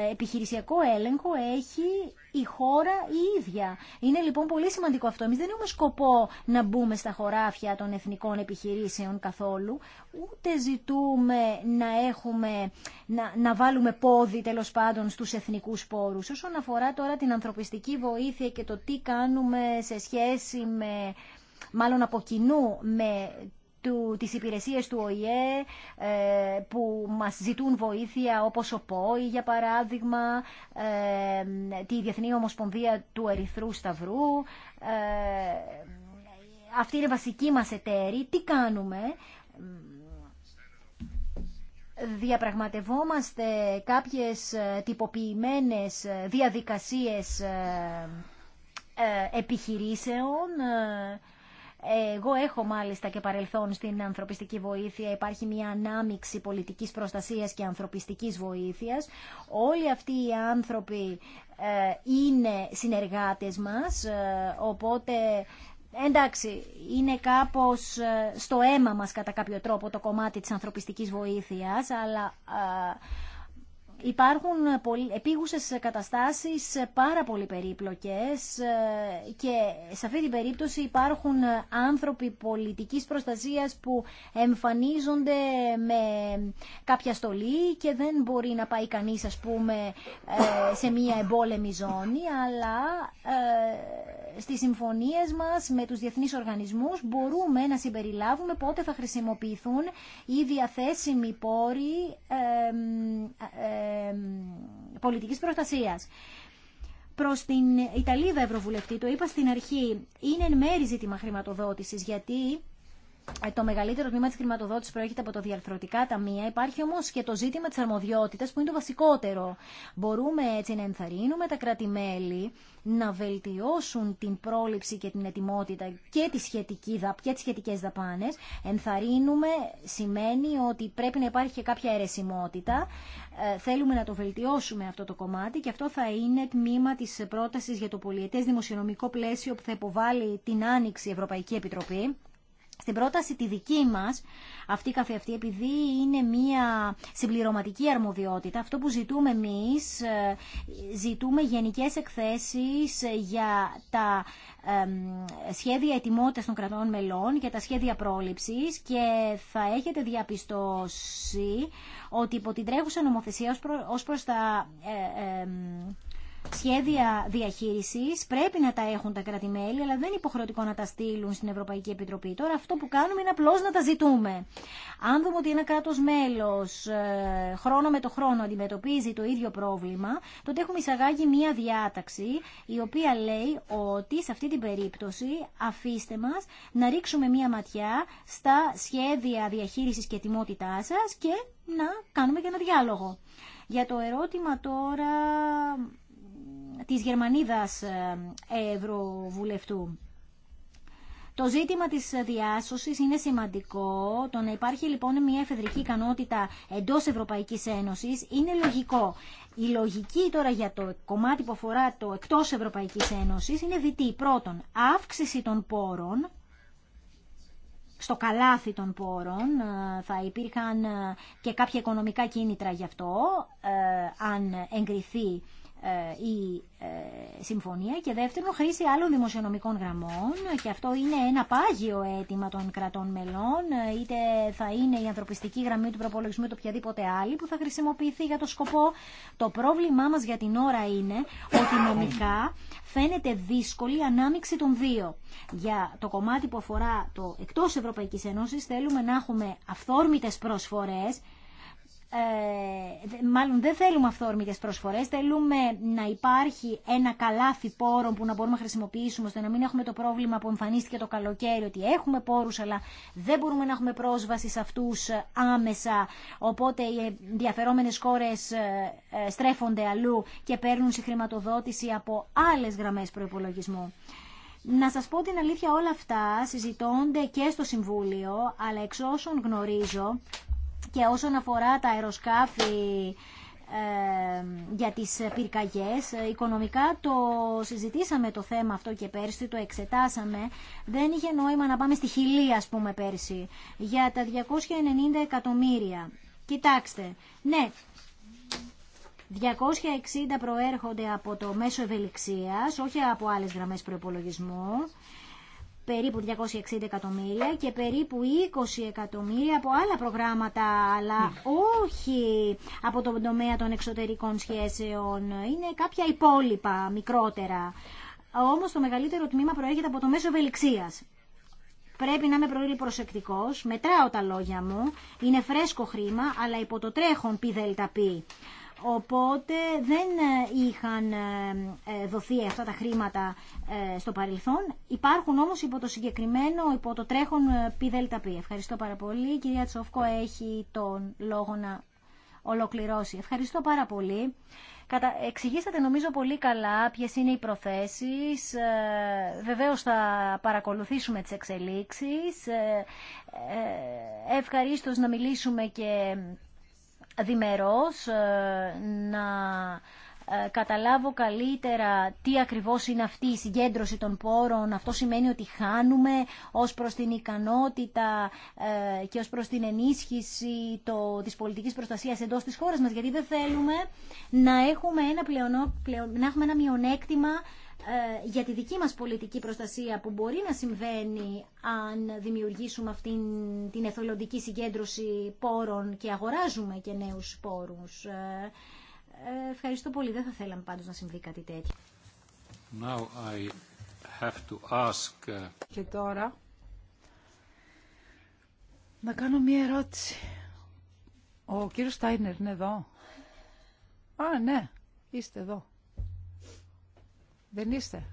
ε, επιχειρησιακό έλεγχο έχει η χώρα η ίδια. Είναι λοιπόν πολύ σημαντικό αυτό. Εμείς δεν έχουμε σκοπό να μπούμε στα χωράφια των εθνικών επιχειρήσεων καθόλου, ούτε ζητούμε να, έχουμε, να, να βάλουμε πόδι τέλος πάντων στους εθνικούς πόρους. Όσον αφορά τώρα την ανθρωπιστική βοήθεια και το τι κάνουμε σε σχέση με μάλλον από κοινού με του, τις υπηρεσίες του ΟΗΕ ε, που μας ζητούν βοήθεια όπως ο ΠΟΗ για παράδειγμα, ε, τη Διεθνή Ομοσπονδία του Ερυθρού Σταυρού. Ε, αυτή είναι βασική μας εταίρη. Τι κάνουμε διαπραγματευόμαστε κάποιες τυποποιημένες διαδικασίες επιχειρήσεων εγώ έχω μάλιστα και παρελθόν στην ανθρωπιστική βοήθεια. Υπάρχει μια ανάμιξη πολιτικής προστασίας και ανθρωπιστικής βοήθειας. Όλοι αυτοί οι άνθρωποι ε, είναι συνεργάτες μας, ε, οπότε... Εντάξει, είναι κάπως ε, στο αίμα μας κατά κάποιο τρόπο το κομμάτι της ανθρωπιστικής βοήθειας, αλλά Υπάρχουν επίγουσες καταστάσεις πάρα πολύ περίπλοκες ε, και σε αυτή την περίπτωση υπάρχουν άνθρωποι πολιτικής προστασίας που εμφανίζονται με κάποια στολή και δεν μπορεί να πάει κανείς ας πούμε ε, σε μια εμπόλεμη ζώνη αλλά ε, στις συμφωνίες μας με τους διεθνείς οργανισμούς μπορούμε να συμπεριλάβουμε πότε θα χρησιμοποιηθούν οι διαθέσιμοι πόροι πολιτικής προστασίας. Προς την Ιταλίδα Ευρωβουλευτή, το είπα στην αρχή, είναι εν μέρη ζήτημα χρηματοδότηση, γιατί ε, το μεγαλύτερο τμήμα τη χρηματοδότηση προέρχεται από το διαρθρωτικά ταμεία. Υπάρχει όμω και το ζήτημα τη αρμοδιότητα, που είναι το βασικότερο. Μπορούμε έτσι να ενθαρρύνουμε τα κράτη-μέλη να βελτιώσουν την πρόληψη και την ετοιμότητα και, τι σχετικέ και τις σχετικές δαπάνες. Ενθαρρύνουμε σημαίνει ότι πρέπει να υπάρχει και κάποια αιρεσιμότητα. Ε, θέλουμε να το βελτιώσουμε αυτό το κομμάτι και αυτό θα είναι τμήμα τη πρόταση για το πολιετέ δημοσιονομικό πλαίσιο που θα υποβάλει την Άνοιξη Ευρωπαϊκή Επιτροπή. Στην πρόταση τη δική μας, αυτή η αυτή, επειδή είναι μια συμπληρωματική αρμοδιότητα, αυτό που ζητούμε εμείς, ε, ζητούμε γενικές εκθέσεις για τα σχέδια ετοιμότητας των κρατών μελών για τα σχέδια πρόληψης και θα έχετε διαπιστώσει ότι υπό την τρέχουσα νομοθεσία ως προς τα ε, σχέδια διαχείρισης πρέπει να τα έχουν τα κρατη αλλά δεν είναι υποχρεωτικό να τα στείλουν στην Ευρωπαϊκή Επιτροπή. Τώρα αυτό που κάνουμε είναι απλώς να τα ζητούμε. Αν δούμε ότι ένα κράτος μέλος ε, χρόνο με το χρόνο αντιμετωπίζει το ίδιο πρόβλημα, τότε έχουμε εισαγάγει μία διάταξη η οποία λέει ότι σε αυτή την περίπτωση αφήστε μας να ρίξουμε μία ματιά στα σχέδια διαχείρισης και ετοιμότητά σας και να κάνουμε και ένα διάλογο. Για το ερώτημα τώρα της Γερμανίδας ε, Ευρωβουλευτού. Το ζήτημα της διάσωσης είναι σημαντικό. Το να υπάρχει λοιπόν μια εφεδρική ικανότητα εντός Ευρωπαϊκής Ένωσης είναι λογικό. Η λογική τώρα για το κομμάτι που αφορά το εκτός Ευρωπαϊκής Ένωσης είναι διτή. Πρώτον, αύξηση των πόρων, στο καλάθι των πόρων, ε, θα υπήρχαν ε, και κάποια οικονομικά κίνητρα γι' αυτό, αν εγκριθεί ε, η ε, συμφωνία και δεύτερον χρήση άλλων δημοσιονομικών γραμμών και αυτό είναι ένα πάγιο αίτημα των κρατών μελών ε, είτε θα είναι η ανθρωπιστική γραμμή του προπολογισμού είτε οποιαδήποτε άλλη που θα χρησιμοποιηθεί για το σκοπό. Το πρόβλημά μας για την ώρα είναι ότι νομικά φαίνεται δύσκολη ανάμειξη των δύο. Για το κομμάτι που αφορά το εκτός Ευρωπαϊκής Ένωσης θέλουμε να έχουμε αυθόρμητες προσφορές ε, μάλλον δεν θέλουμε αυθόρμητες προσφορές, θέλουμε να υπάρχει ένα καλάθι πόρων που να μπορούμε να χρησιμοποιήσουμε ώστε να μην έχουμε το πρόβλημα που εμφανίστηκε το καλοκαίρι ότι έχουμε πόρους αλλά δεν μπορούμε να έχουμε πρόσβαση σε αυτούς ε, άμεσα οπότε οι ενδιαφερόμενες χώρες ε, ε, στρέφονται αλλού και παίρνουν συγχρηματοδότηση από άλλες γραμμές προϋπολογισμού. Να σας πω την αλήθεια όλα αυτά συζητώνται και στο Συμβούλιο, αλλά εξ όσων γνωρίζω και όσον αφορά τα αεροσκάφη ε, για τις πυρκαγιές. Ε, οικονομικά το συζητήσαμε το θέμα αυτό και πέρσι, το εξετάσαμε. Δεν είχε νόημα να πάμε στη χιλία, ας πούμε πέρσι για τα 290 εκατομμύρια. Κοιτάξτε, ναι, 260 προέρχονται από το μέσο ευελιξίας, όχι από άλλες γραμμές προπολογισμού περίπου 260 εκατομμύρια και περίπου 20 εκατομμύρια από άλλα προγράμματα, αλλά ναι. όχι από τον τομέα των εξωτερικών σχέσεων. Είναι κάποια υπόλοιπα, μικρότερα. Όμως το μεγαλύτερο τμήμα προέρχεται από το μέσο ευελιξίας. Πρέπει να είμαι πολύ προσεκτικός, μετράω τα λόγια μου, είναι φρέσκο χρήμα, αλλά υπό το τρέχον πι δελτα πι. Οπότε δεν ε, είχαν ε, ε, δοθεί αυτά τα χρήματα στο παρελθόν. Υπάρχουν όμως υπό το συγκεκριμένο, υπό το τρέχον πι. Ευχαριστώ πάρα πολύ. Η κυρία Τσοφκό έχει τον λόγο να ολοκληρώσει. Ευχαριστώ πάρα πολύ. Κατα... Εξηγήσατε νομίζω πολύ καλά ποιες είναι οι προθέσεις. βεβαίως θα παρακολουθήσουμε τις εξελίξεις. ευχαρίστως να μιλήσουμε και διμερός ε, να ε, καταλάβω καλύτερα τι ακριβώς είναι αυτή η συγκέντρωση των πόρων. Αυτό σημαίνει ότι χάνουμε ως προς την ικανότητα ε, και ως προς την ενίσχυση το, της πολιτικής προστασίας εντός της χώρας μας, γιατί δεν θέλουμε να έχουμε ένα, πλεονό, να έχουμε ένα μειονέκτημα ε, για τη δική μας πολιτική προστασία που μπορεί να συμβαίνει αν δημιουργήσουμε αυτήν την εθελοντική συγκέντρωση πόρων και αγοράζουμε και νέους πόρους. Ε, ε, ευχαριστώ πολύ. Δεν θα θέλαμε πάντως να συμβεί κάτι τέτοιο. have to ask... Και τώρα να κάνω μία ερώτηση. Ο κύριος Στάινερ είναι εδώ. Α, ναι. Είστε εδώ. Δεν είστε.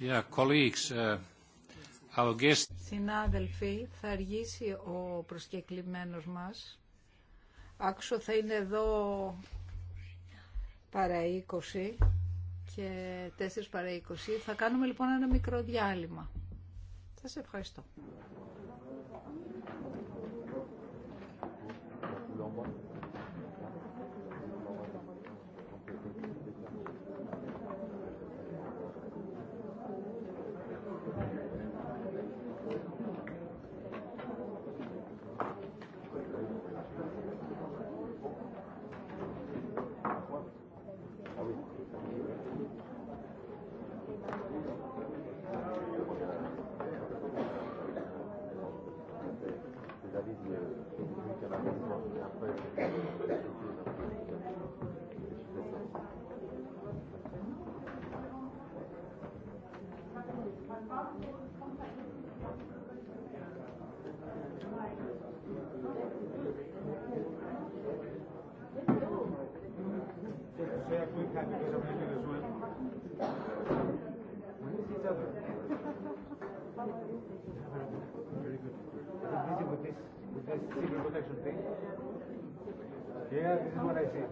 Yeah, colleagues, uh... Συνάδελφοι, θα αργήσει ο προσκεκλημένος μας. Άξο θα είναι εδώ παρά 20 και 4 παρά 20. Θα κάνουμε λοιπόν ένα μικρό διάλειμμα. σε ευχαριστώ. civil protection Yeah, this is what I say.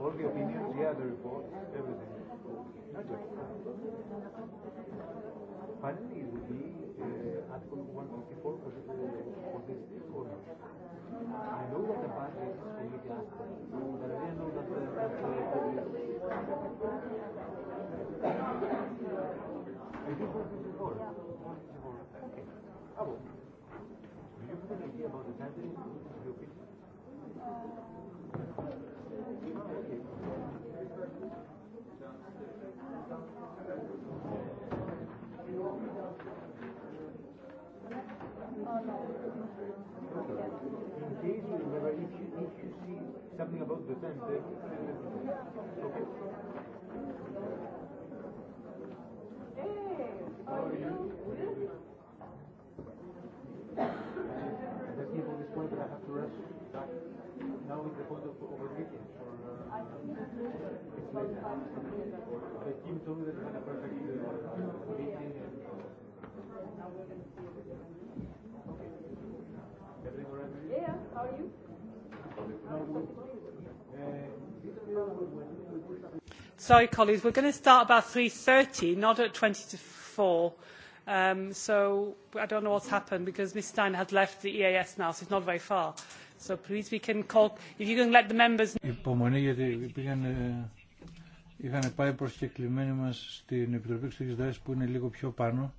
All the opinions, yeah, the reports, everything. Finally, it would be uh, Article for, I know that the is about the see something about the time okay are you keep on this point, that I have to rest. back. Now it's the point of overheating Uh, The team told me that had a perfect uh, meeting. Sorry, colleagues, we're going to start about 3.30, not at 20 to 4 Um, so I don't know what's happened because Ms Stein has left the EAS now, so it's not very far. So Υπομονή γιατί ε, είχαν πάει προσκεκλημένοι μας στην Επιτροπή Εξωτερικής Δράσης που είναι λίγο πιο πάνω.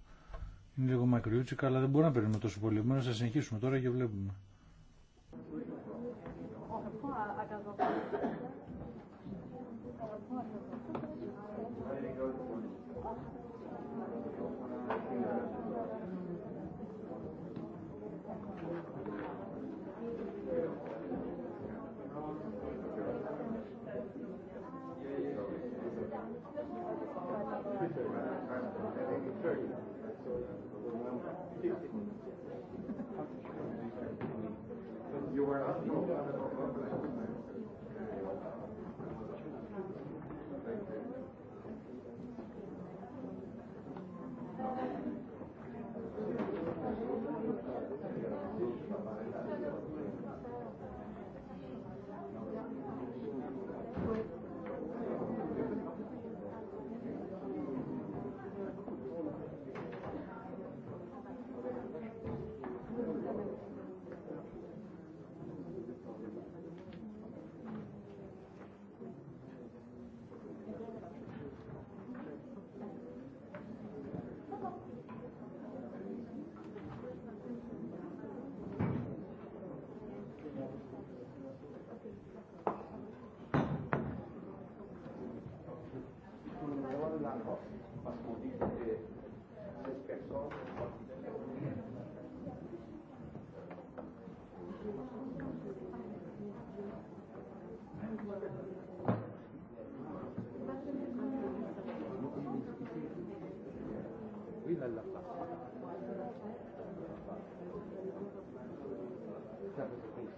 Είναι λίγο μακριούτσικα, αλλά δεν μπορούμε να περιμένουμε τόσο πολύ. Μπορούμε να συνεχίσουμε τώρα και βλέπουμε.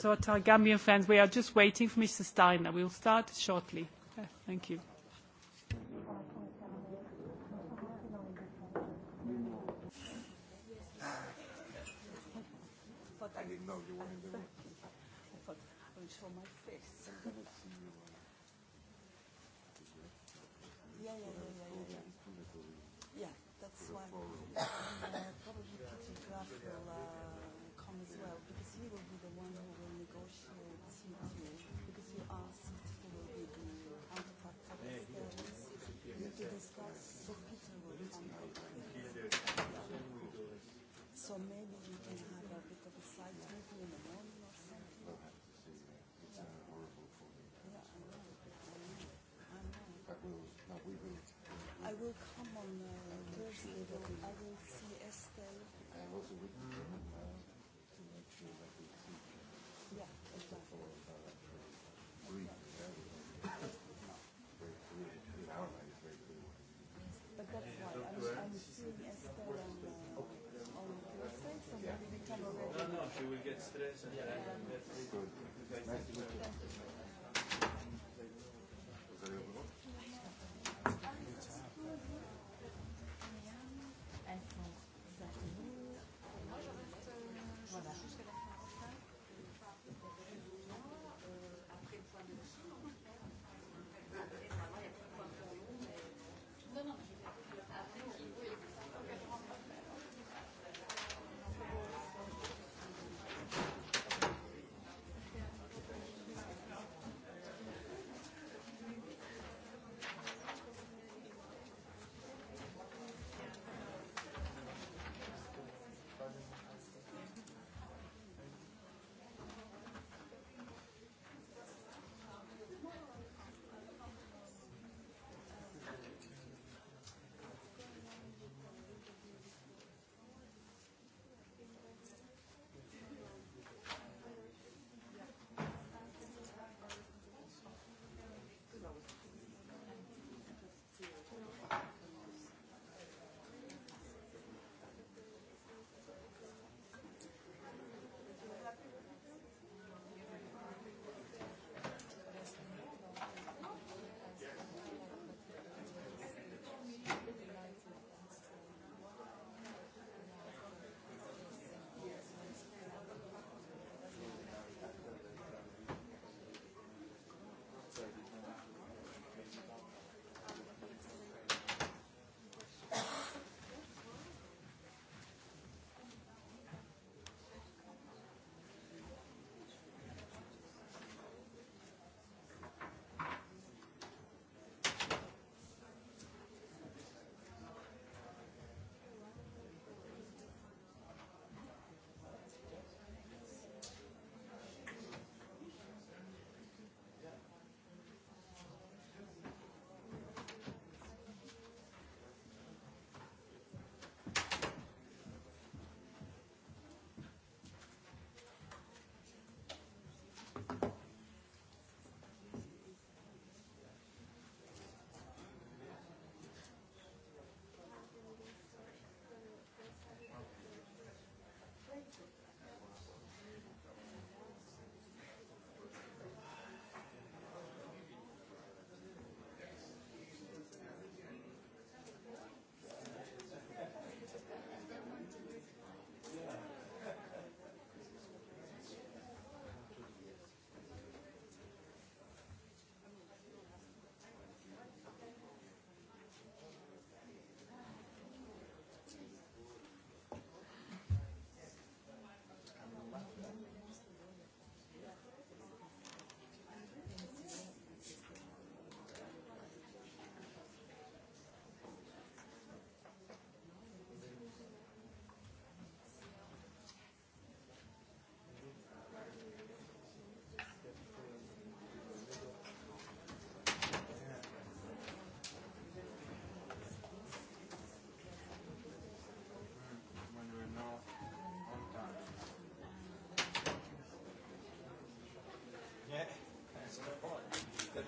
So our Gambian friends, we are just waiting for Mr. Steiner. We will start shortly. Thank you. Excellenza.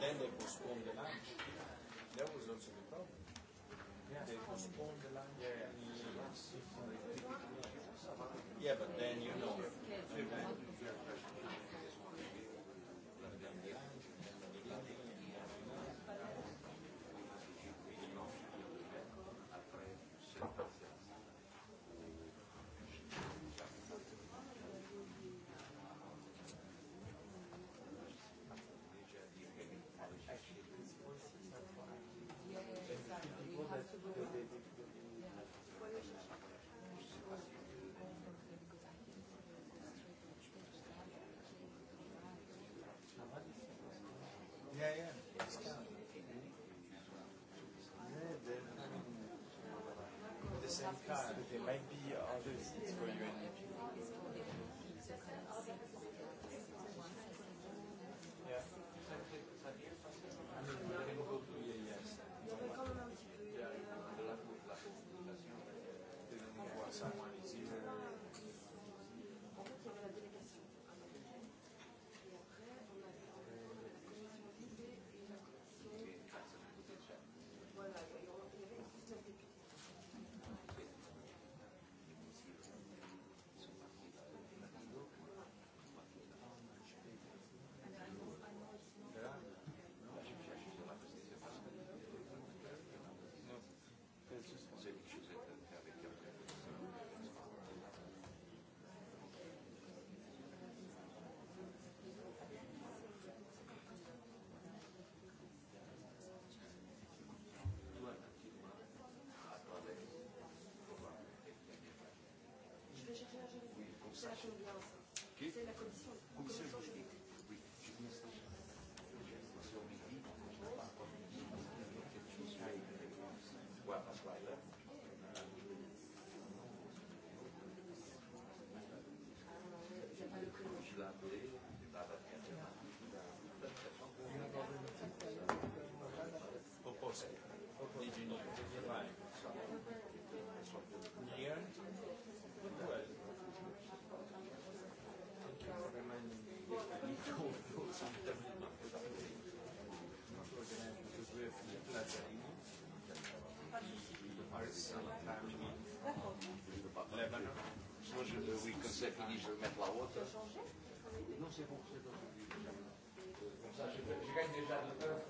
then they postponed the lunch. That was also the problem. They postponed the launch. Yeah, yeah. yeah but then you know. AUTHORWAVE C'est la commission. c'est fini, je vais mettre la haute. Non, c'est bon, c'est bon. Comme ça, je, je gagné déjà deux heures.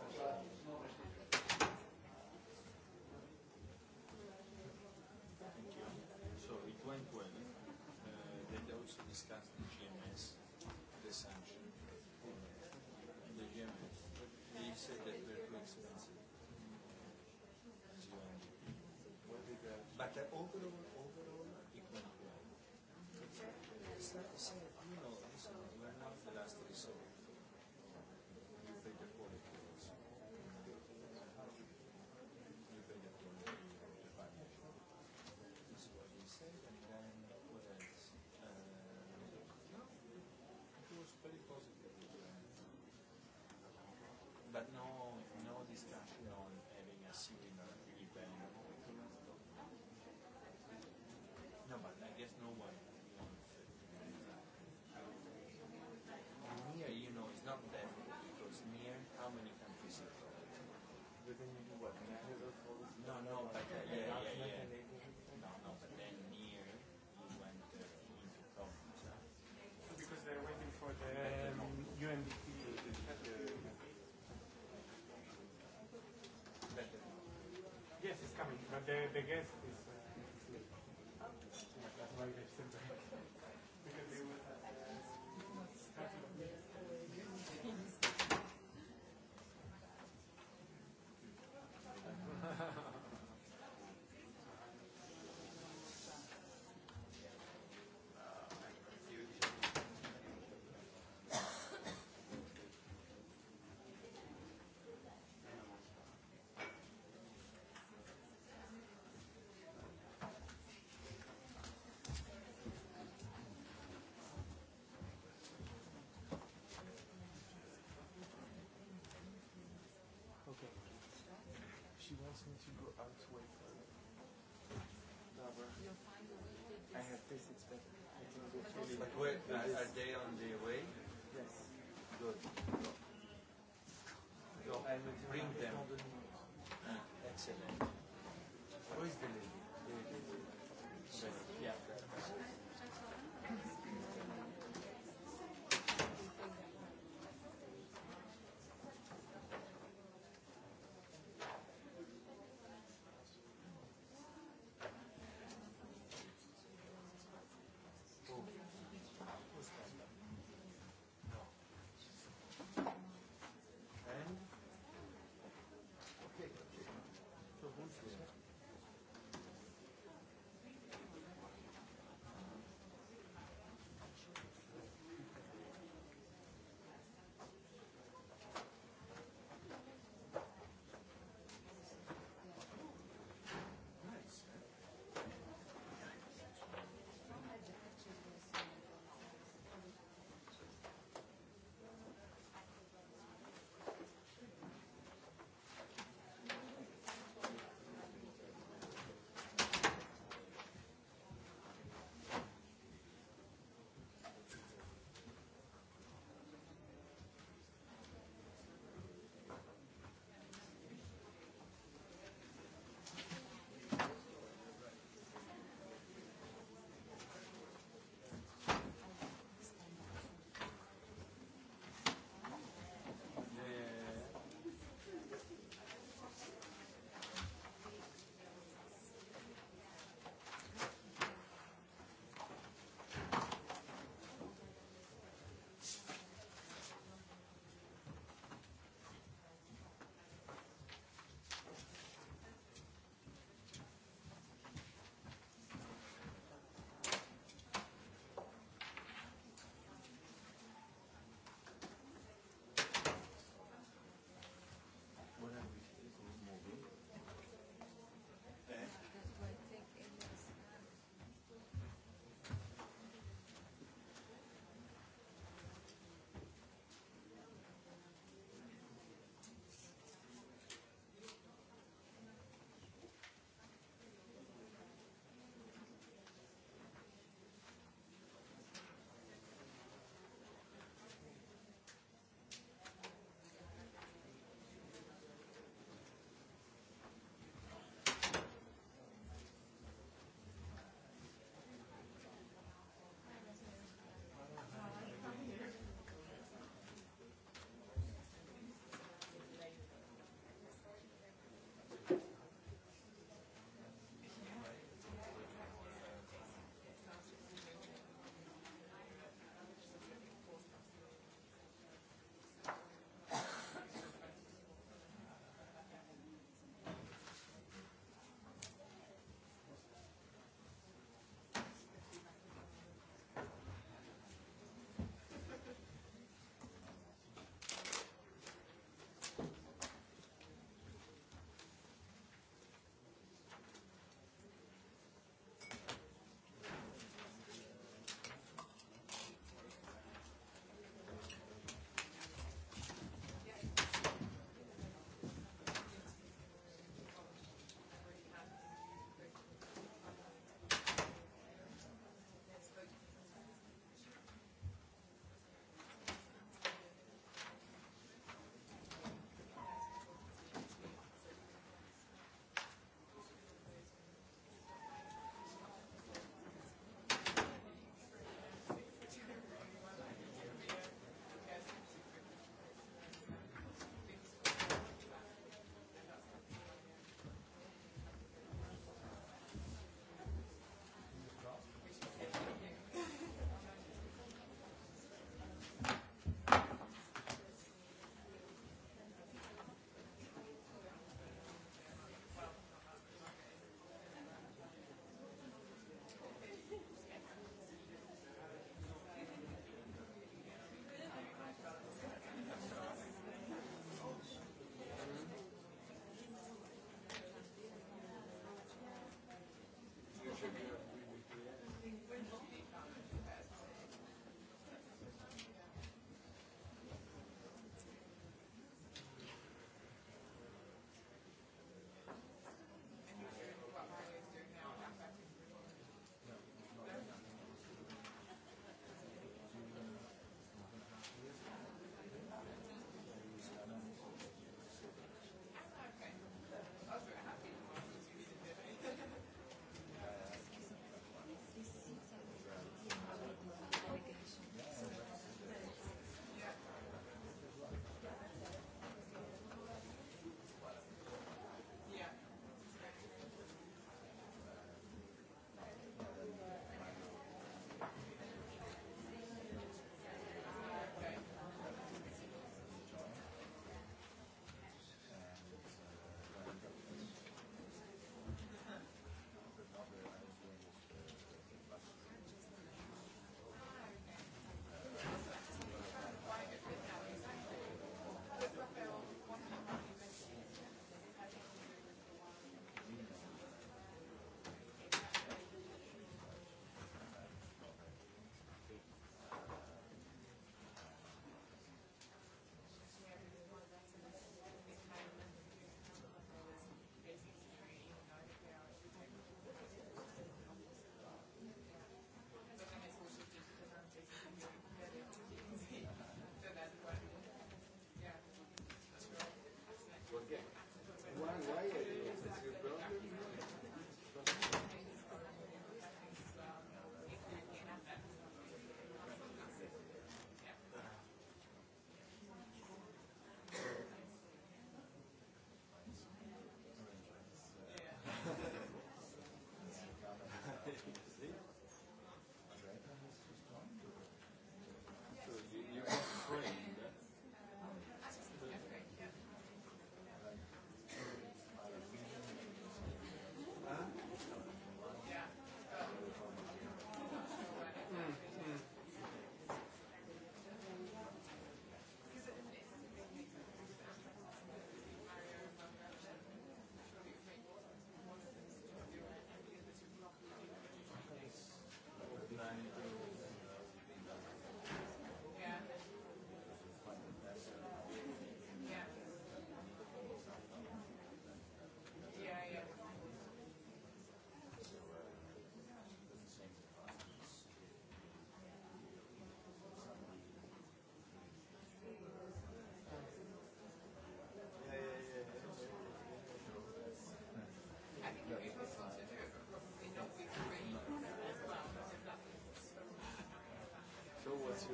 No, no, but uh, yeah, yeah, yeah. No, no, but then near you went uh, into problems. Huh? Because they're waiting for the um, UNDP. Yes, it's coming, but the, the guest is. Uh, that's why they sent to go out way further. I have tasted that. I can go fully. But wait, are they on the way? Yes. Good. So, bring them. Excellent. Who is the lady?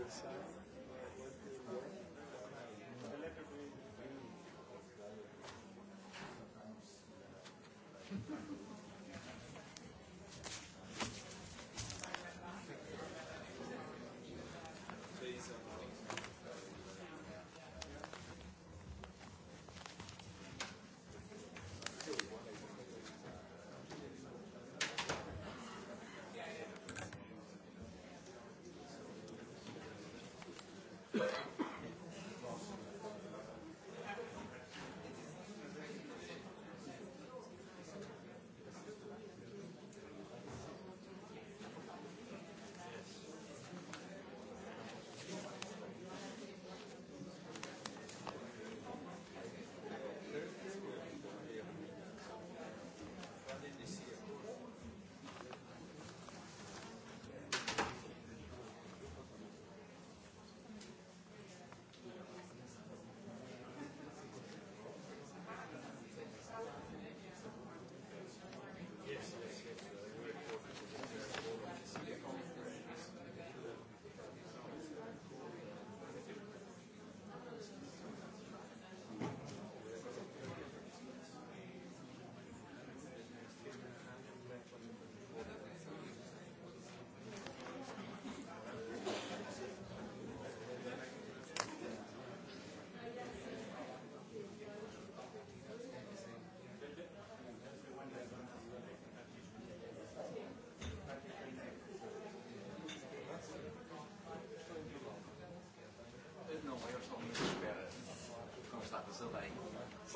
Thank you.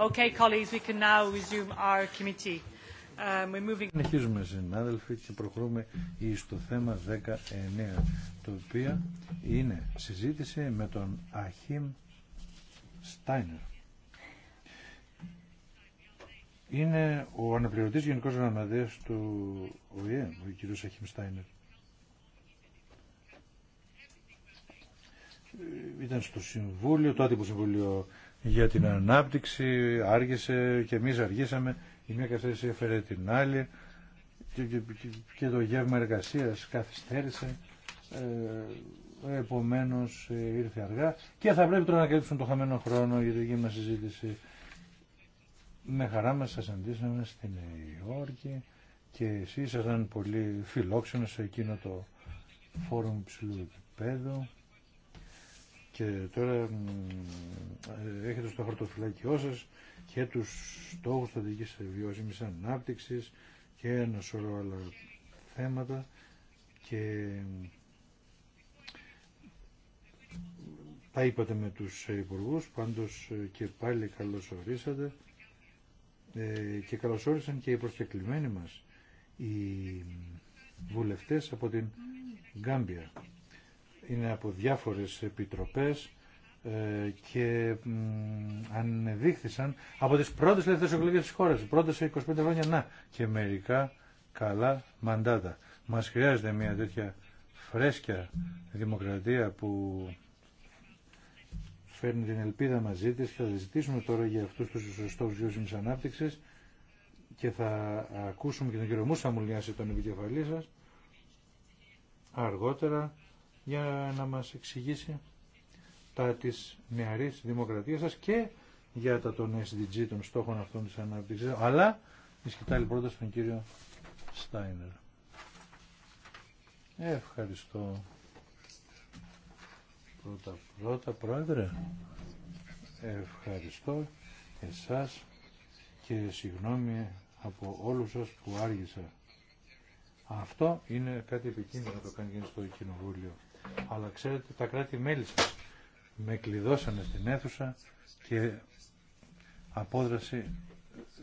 Okay, colleagues, we can now resume our committee. Um, moving... Συνεχίζουμε συνάδελφοι και προχωρούμε στο θέμα 19, το οποίο είναι συζήτηση με τον Αχίμ Στάινερ. Είναι ο αναπληρωτής γενικός γραμματέας του ΟΗΕ, ο κ. Αχίμ Στάινερ. Ε, ήταν στο Συμβούλιο, το άτυπο Συμβούλιο για την ανάπτυξη, άργησε και εμείς αργήσαμε, η μία καθυστέρηση έφερε την άλλη και, το γεύμα εργασίας καθυστέρησε, ε, επομένως ε, ήρθε αργά και θα πρέπει τώρα να καλύψουν το χαμένο χρόνο για τη δική μας συζήτηση. Με χαρά μας σας αντίσαμε στην Υόρκη και εσείς ήσασταν πολύ φιλόξενος σε εκείνο το φόρουμ ψηλού επίπεδου. Και τώρα έχετε στο χαρτοφυλάκιό σα και τους στόχου στρατηγική βιώσιμη ανάπτυξη και ένα σωρό άλλα θέματα και τα είπατε με τους υπουργού, πάντως και πάλι καλώς ορίσατε ε, και καλώς και οι προσκεκλημένοι μας οι βουλευτές από την Γκάμπια είναι από διάφορες επιτροπές ε, και ανεδείχθησαν από τις πρώτες ελεύθερες εκλογές της χώρας, τις πρώτες 25 χρόνια, να, και μερικά καλά μαντάτα. Μας χρειάζεται μια τέτοια φρέσκια δημοκρατία που φέρνει την ελπίδα μαζί της θα ζητήσουμε τώρα για αυτούς τους στόχους βιώσιμης ανάπτυξης και θα ακούσουμε και τον κύριο Μούσα Μουλιάση, τον επικεφαλή σας, αργότερα για να μας εξηγήσει τα της νεαρής δημοκρατίας σας και για τα των SDG, των στόχων αυτών της ανάπτυξης, αλλά η σκητάλη πρώτα στον κύριο Στάινερ. Ευχαριστώ. Πρώτα πρώτα, πρόεδρε. Ευχαριστώ εσάς και συγγνώμη από όλους σας που άργησα. Αυτό είναι κάτι επικίνδυνο να το κάνει στο κοινοβούλιο. Αλλά ξέρετε τα κράτη-μέλη σας με κλειδώσανε στην αίθουσα και απόδραση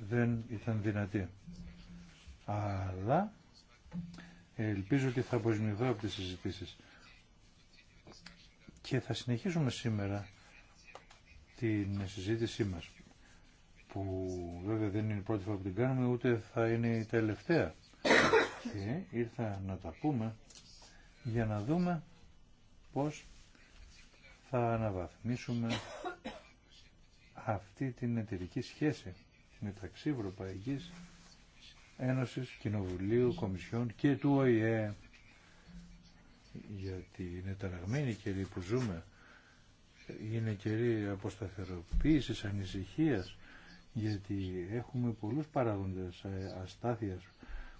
δεν ήταν δυνατή. Αλλά ελπίζω ότι θα αποσμηθώ από τις συζητήσεις. Και θα συνεχίσουμε σήμερα την συζήτησή μας που βέβαια δεν είναι η πρώτη φορά που την κάνουμε ούτε θα είναι η τελευταία και ήρθα να τα πούμε για να δούμε πώς θα αναβαθμίσουμε αυτή την εταιρική σχέση μεταξύ Ευρωπαϊκής Ένωσης, Κοινοβουλίου, Κομισιών και του ΟΗΕ γιατί είναι ταραγμένη η καιρή που ζούμε είναι καιρή αποσταθεροποίησης, ανησυχίας γιατί έχουμε πολλούς παράγοντες ε, αστάθειας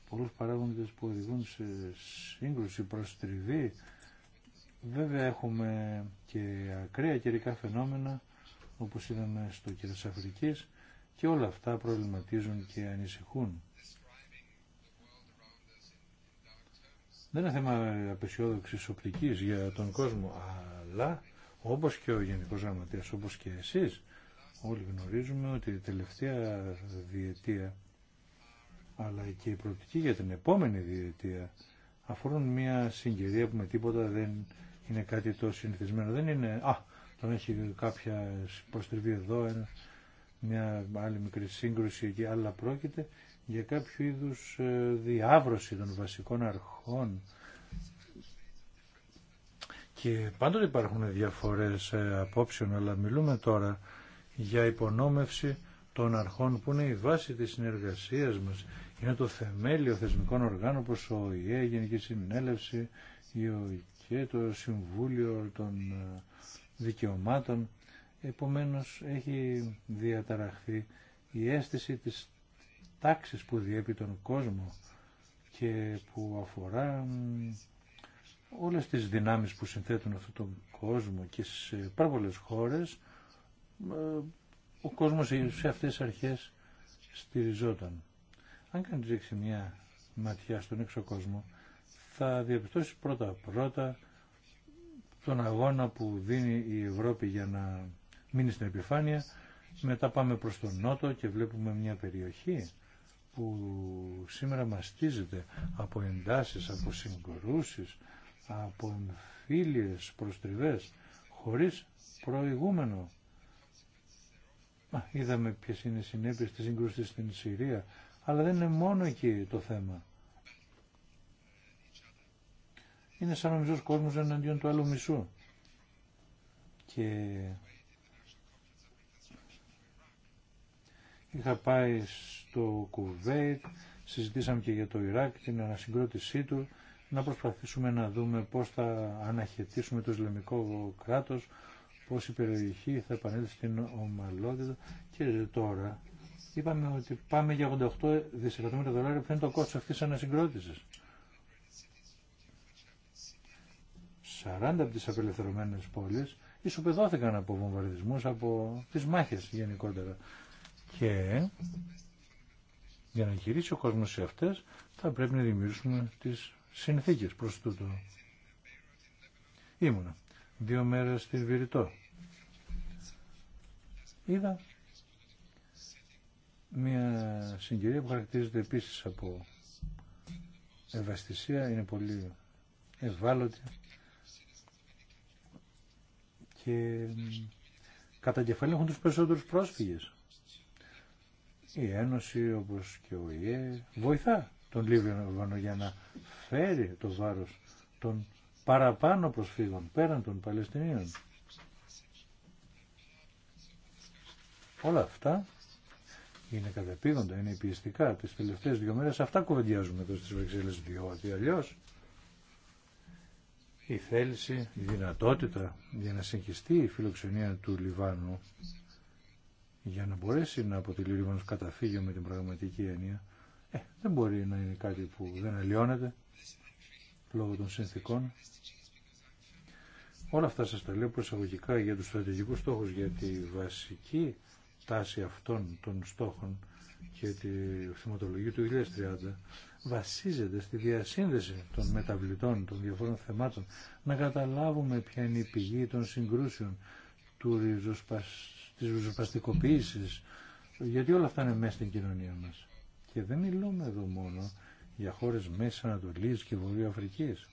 πολλούς παράγοντες που οδηγούν σε σύγκρουση, προστριβή Βέβαια έχουμε και ακραία καιρικά φαινόμενα όπως είδαμε στο τη Αφρικής και όλα αυτά προβληματίζουν και ανησυχούν. Δεν είναι θέμα απεσιόδοξης οπτικής για τον κόσμο, αλλά όπως και ο Γενικός Γραμματέα, όπως και εσείς, όλοι γνωρίζουμε ότι η τελευταία διετία, αλλά και η προοπτική για την επόμενη διετία, αφορούν μια συγκυρία που με τίποτα δεν είναι κάτι το συνηθισμένο. Δεν είναι, α, τον έχει κάποια προστριβή εδώ, ένα, μια άλλη μικρή σύγκρουση εκεί, αλλά πρόκειται για κάποιο είδους ε, διάβρωση των βασικών αρχών. Και πάντοτε υπάρχουν διαφορές ε, απόψεων, αλλά μιλούμε τώρα για υπονόμευση των αρχών που είναι η βάση της συνεργασίας μας. Είναι το θεμέλιο θεσμικών οργάνων όπως ο ΙΕ, η Γενική Συνέλευση, η και το Συμβούλιο των ε, Δικαιωμάτων. Επομένως έχει διαταραχθεί η αίσθηση της τάξης που διέπει τον κόσμο και που αφορά όλες τις δυνάμεις που συνθέτουν αυτόν τον κόσμο και σε πάρα πολλές χώρες ε, ο κόσμος σε αυτές τις αρχές στηριζόταν. Αν κανείς μια ματιά στον έξω κόσμο θα διαπιστώσει πρώτα πρώτα τον αγώνα που δίνει η Ευρώπη για να μείνει στην επιφάνεια. Μετά πάμε προς τον νότο και βλέπουμε μια περιοχή που σήμερα μαστίζεται από εντάσεις, από συγκρούσεις, από εμφύλιες προστριβές, χωρίς προηγούμενο. είδαμε ποιες είναι οι συνέπειες της συγκρούσης στην Συρία, αλλά δεν είναι μόνο εκεί το θέμα είναι σαν ο μισός κόσμος εναντίον του άλλου μισού. Και είχα πάει στο Κουβέιτ, συζητήσαμε και για το Ιράκ, την ανασυγκρότησή του, να προσπαθήσουμε να δούμε πώς θα αναχαιτήσουμε το Ισλαμικό κράτος, πώς η περιοχή θα επανέλθει στην ομαλότητα και τώρα είπαμε ότι πάμε για 88 δισεκατομμύρια δολάρια που είναι το κόστος αυτής της ανασυγκρότησης. 40 από τις απελευθερωμένες πόλεις ισοπεδώθηκαν από βομβαρδισμούς, από τις μάχες γενικότερα. Και για να γυρίσει ο κόσμος σε αυτές θα πρέπει να δημιουργήσουμε τις συνθήκες προς τούτο. Ήμουνα δύο μέρες στην Βηρητό. Είδα μια συγκυρία που χαρακτηρίζεται επίσης από ευαισθησία, είναι πολύ ευάλωτη και κατά κεφαλή έχουν τους περισσότερους πρόσφυγες. Η Ένωση όπως και ο ΙΕ βοηθά τον Λίβανο για να φέρει το βάρος των παραπάνω προσφύγων πέραν των Παλαιστινίων. Όλα αυτά είναι κατεπίδοντα, είναι πιεστικά. Τις τελευταίες δύο μέρες αυτά κουβεντιάζουμε εδώ στις Βεξέλλες διότι αλλιώς η θέληση, η δυνατότητα για να συγχυστεί η φιλοξενία του Λιβάνου για να μπορέσει να αποτελεί ο λοιπόν καταφύγιο με την πραγματική έννοια ε, δεν μπορεί να είναι κάτι που δεν αλλοιώνεται λόγω των συνθήκων. Όλα αυτά σας τα λέω προσαγωγικά για τους στρατηγικούς στόχους, για τη βασική τάση αυτών των στόχων και τη θυματολογία του 2030 βασίζεται στη διασύνδεση των μεταβλητών των διαφόρων θεμάτων, να καταλάβουμε ποια είναι η πηγή των συγκρούσεων, του ριζοσπασ... της ριζοσπαστικοποίησης, γιατί όλα αυτά είναι μέσα στην κοινωνία μας. Και δεν μιλούμε εδώ μόνο για χώρες μέσα Ανατολής και Βορείου Αφρικής.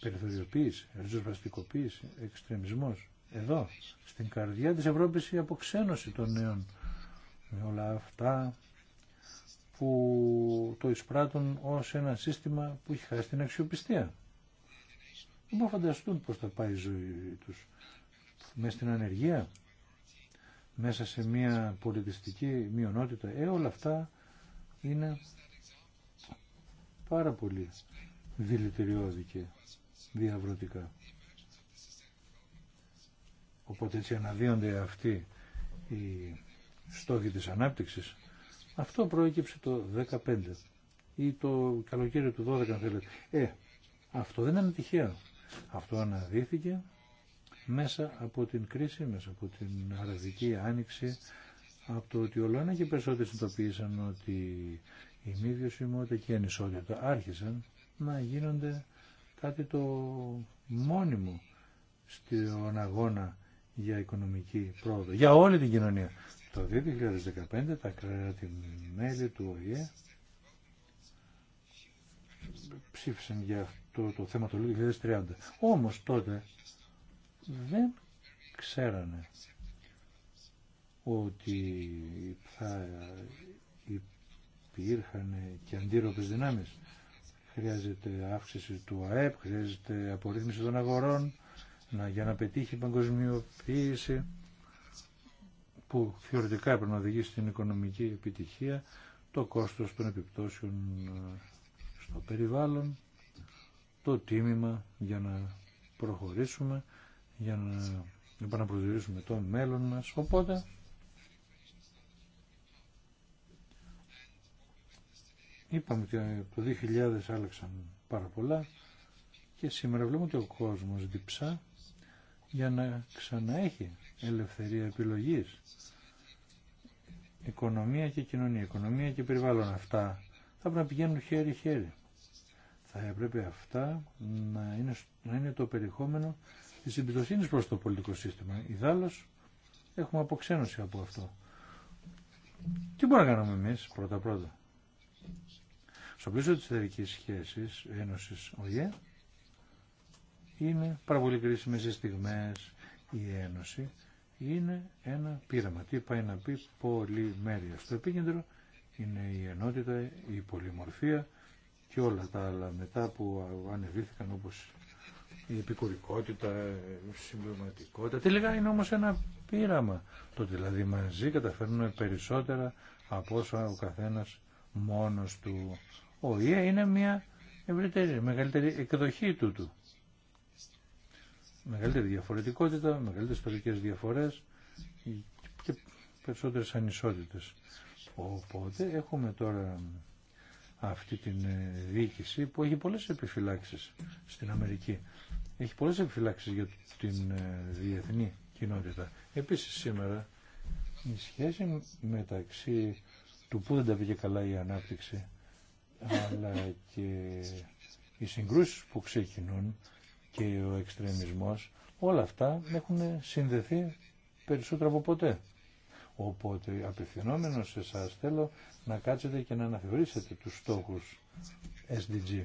Περιθωριοποίηση, ριζοσπαστικοποίηση, εξτρεμισμός. Εδώ, στην καρδιά της Ευρώπης η αποξένωση των νέων. όλα αυτά που το εισπράττουν ως ένα σύστημα που έχει χάσει την αξιοπιστία. Δεν μπορούν φανταστούν πώς θα πάει η ζωή τους. Μέσα στην ανεργία, μέσα σε μια πολιτιστική μειονότητα. Ε, όλα αυτά είναι πάρα πολύ δηλητηριώδη και διαβρωτικά. Οπότε έτσι αναδύονται αυτοί οι στόχοι της ανάπτυξης αυτό προέκυψε το 2015 ή το καλοκαίρι του 12 αν θέλετε. Ε, αυτό δεν είναι τυχαίο. Αυτό αναδύθηκε μέσα από την κρίση, μέσα από την αραβική άνοιξη, από το ότι όλο ένα και περισσότεροι συνειδητοποίησαν ότι η μη βιωσιμότητα και η ανισότητα άρχισαν να γίνονται κάτι το μόνιμο στον αγώνα για οικονομική πρόοδο, για όλη την κοινωνία. Το 2015 τα κράτη-μέλη του ΟΗΕ ψήφισαν για αυτό το θέμα το 2030. Όμως τότε δεν ξέρανε ότι θα υπήρχαν και αντίρροπες δυνάμεις. Χρειάζεται αύξηση του ΑΕΠ, χρειάζεται απορρίθμιση των αγορών να, για να πετύχει η παγκοσμιοποίηση που θεωρητικά έπρεπε να οδηγήσει στην οικονομική επιτυχία, το κόστος των επιπτώσεων ε, στο περιβάλλον, το τίμημα για να προχωρήσουμε, για να επαναπροσδιορίσουμε το μέλλον μας. Οπότε, είπαμε ότι ε, το 2000 άλλαξαν πάρα πολλά και σήμερα βλέπουμε ότι ο κόσμος διψά για να ξαναέχει ελευθερία επιλογής. Οικονομία και κοινωνία, οικονομία και περιβάλλον αυτά θα πρέπει να πηγαίνουν χέρι-χέρι. Θα έπρεπε αυτά να είναι, να είναι το περιεχόμενο της εμπιστοσύνη προς το πολιτικό σύστημα. Ιδάλλως έχουμε αποξένωση από αυτό. Τι μπορούμε να κάνουμε εμείς πρώτα-πρώτα. Στο πλαίσιο της εταιρικής σχέσης, ένωσης ΟΙΕ, είναι πάρα πολύ κρίσιμες στιγμές η Ένωση είναι ένα πείραμα. Τι πάει να πει πολυμέρεια. Στο επίκεντρο είναι η ενότητα, η πολυμορφία και όλα τα άλλα μετά που ανεβήθηκαν όπως η επικουρικότητα, η συμπληρωματικότητα. Τελικά είναι όμως ένα πείραμα. Το δηλαδή μαζί καταφέρνουμε περισσότερα από όσα ο καθένας μόνος του. Ο ΙΕ είναι μια ευρύτερη, μεγαλύτερη εκδοχή τούτου μεγαλύτερη διαφορετικότητα, μεγαλύτερες παιδικές διαφορές και περισσότερες ανισότητες. Οπότε έχουμε τώρα αυτή την ε, διοίκηση που έχει πολλές επιφυλάξεις στην Αμερική. Έχει πολλές επιφυλάξεις για την ε, διεθνή κοινότητα. Επίσης σήμερα η σχέση μεταξύ του που δεν τα πήγε καλά η ανάπτυξη αλλά και οι συγκρούσεις που ξεκινούν και ο εξτρεμισμός, όλα αυτά έχουν συνδεθεί περισσότερο από ποτέ. Οπότε απευθυνόμενος σε εσά θέλω να κάτσετε και να αναθεωρήσετε τους στόχους SDG.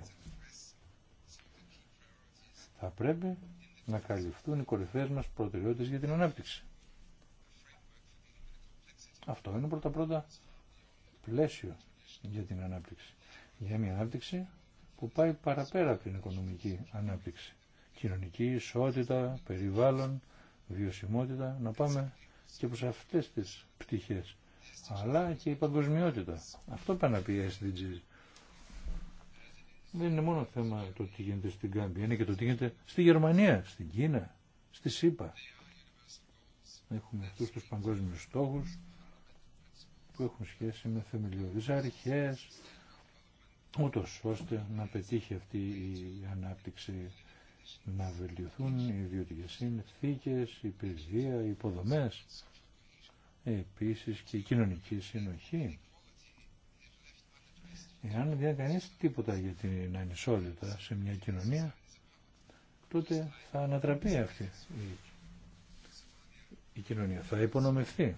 Θα πρέπει να καλυφθούν οι κορυφαίες μας προτεραιότητες για την ανάπτυξη. Αυτό είναι πρώτα-πρώτα πλαίσιο για την ανάπτυξη. Για μια ανάπτυξη που πάει παραπέρα από την οικονομική ανάπτυξη κοινωνική ισότητα, περιβάλλον, βιωσιμότητα, να πάμε και προς αυτές τις πτυχές. Αλλά και η παγκοσμιότητα. Αυτό πάνε να πει η SDGs. Δεν είναι μόνο θέμα το τι γίνεται στην Κάμπη, είναι και το τι γίνεται στη Γερμανία, στην Κίνα, στη ΣΥΠΑ. Έχουμε αυτούς τους παγκόσμιους στόχους που έχουν σχέση με θεμελιώδεις αρχές, ούτως ώστε να πετύχει αυτή η ανάπτυξη να βελτιωθούν οι ιδιωτικές συνθήκε, η παιδεία, οι υποδομές, επίσης και η κοινωνική συνοχή. Εάν δεν κανείς τίποτα για την ανισότητα σε μια κοινωνία, τότε θα ανατραπεί αυτή η, κοινωνία, θα υπονομευθεί.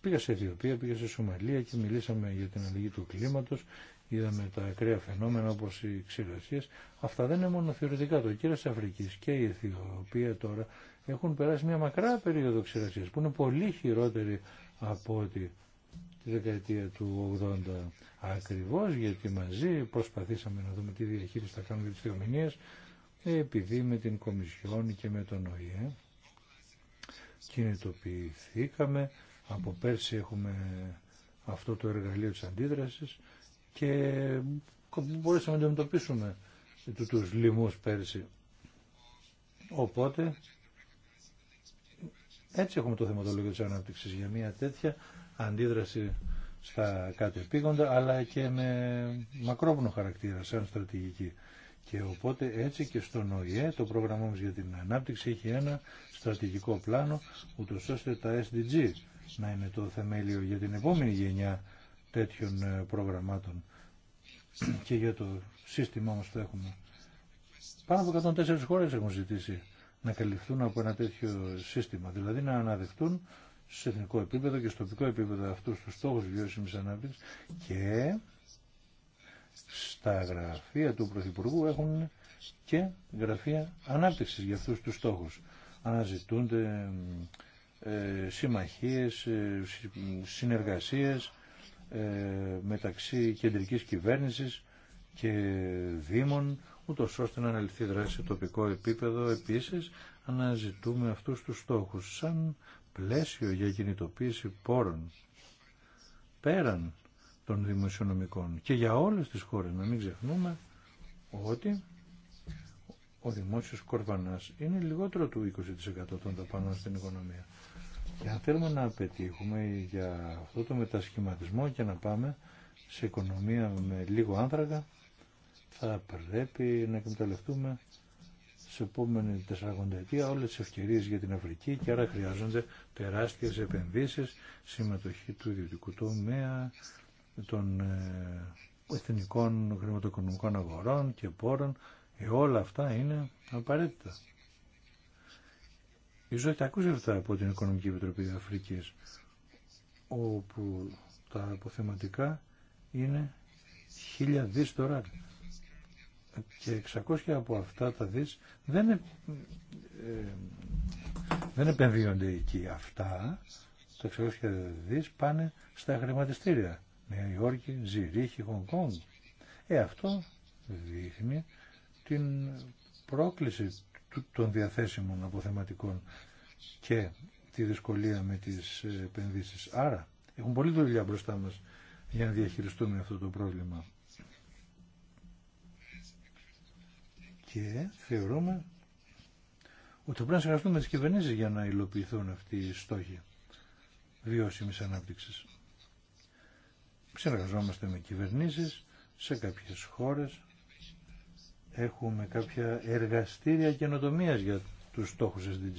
Πήγα σε Αιθιοπία, πήγα σε Σομαλία και μιλήσαμε για την αλλαγή του κλίματος είδαμε τα ακραία φαινόμενα όπως οι ξηρασίες. Αυτά δεν είναι μόνο θεωρητικά. Το κύριο Αφρική Αφρικής και η Αιθιοπία τώρα έχουν περάσει μια μακρά περίοδο ξηρασίας που είναι πολύ χειρότερη από ότι τη δεκαετία του 80 ακριβώς γιατί μαζί προσπαθήσαμε να δούμε τι διαχείριση θα κάνουμε για τις θεομηνίες επειδή με την Κομισιόν και με τον ΟΗΕ κινητοποιηθήκαμε από πέρσι έχουμε αυτό το εργαλείο της αντίδρασης και μπορέσαμε να αντιμετωπίσουμε τους λοιμούς πέρσι. Οπότε έτσι έχουμε το θεματολόγιο της ανάπτυξης για μια τέτοια αντίδραση στα κάτι επίγοντα αλλά και με μακρόπνο χαρακτήρα σαν στρατηγική. Και οπότε έτσι και στον ΟΗΕ το πρόγραμμά μας για την ανάπτυξη έχει ένα στρατηγικό πλάνο ούτως ώστε τα SDG να είναι το θεμέλιο για την επόμενη γενιά τέτοιων ε, προγραμμάτων και για το σύστημά μας που έχουμε. Πάνω από 104 χώρες έχουν ζητήσει να καλυφθούν από ένα τέτοιο σύστημα, δηλαδή να αναδεχτούν σε εθνικό επίπεδο και στο τοπικό επίπεδο αυτούς τους στόχους βιώσιμης ανάπτυξης και στα γραφεία του Πρωθυπουργού έχουν και γραφεία ανάπτυξης για αυτούς τους στόχους. Αναζητούνται ε, συμμαχίες, ε, συνεργασίες ε, μεταξύ κεντρικής κυβέρνησης και δήμων, ούτω ώστε να αναλυθεί δράση σε τοπικό επίπεδο. Επίσης, αναζητούμε αυτούς τους στόχους σαν πλαίσιο για κινητοποίηση πόρων πέραν των δημοσιονομικών και για όλες τις χώρες. Να μην ξεχνούμε ότι ο δημόσιος κορβανάς είναι λιγότερο του 20% των δαπανών στην οικονομία. Και αν θέλουμε να πετύχουμε για αυτό το μετασχηματισμό και να πάμε σε οικονομία με λίγο άνθρακα, θα πρέπει να εκμεταλλευτούμε σε επόμενη ετία όλες τις ευκαιρίες για την Αφρική και άρα χρειάζονται τεράστιες επενδύσεις, συμμετοχή του ιδιωτικού τομέα, των ε, εθνικών χρηματοοικονομικών αγορών και πόρων. Ε, όλα αυτά είναι απαραίτητα. Ίσως έχετε ακούσει αυτά από την Οικονομική Επιτροπή Αφρικής, όπου τα αποθεματικά είναι χίλια δις τώρα και 600 από αυτά τα δις δεν, ε, ε, δεν επενδύονται εκεί. Αυτά τα 600 δις πάνε στα χρηματιστήρια. Νέα Υόρκη, Ζηρίχη, Χονγκ Ε, αυτό δείχνει την πρόκληση των διαθέσιμων αποθεματικών και τη δυσκολία με τις επενδύσεις. Άρα, έχουν πολλή δουλειά μπροστά μας για να διαχειριστούμε αυτό το πρόβλημα. Και θεωρούμε ότι πρέπει να συνεργαστούμε τις κυβερνήσεις για να υλοποιηθούν αυτοί οι στόχοι βιώσιμης ανάπτυξης. Συνεργαζόμαστε με κυβερνήσεις σε κάποιες χώρες έχουμε κάποια εργαστήρια καινοτομία για τους στόχους SDG.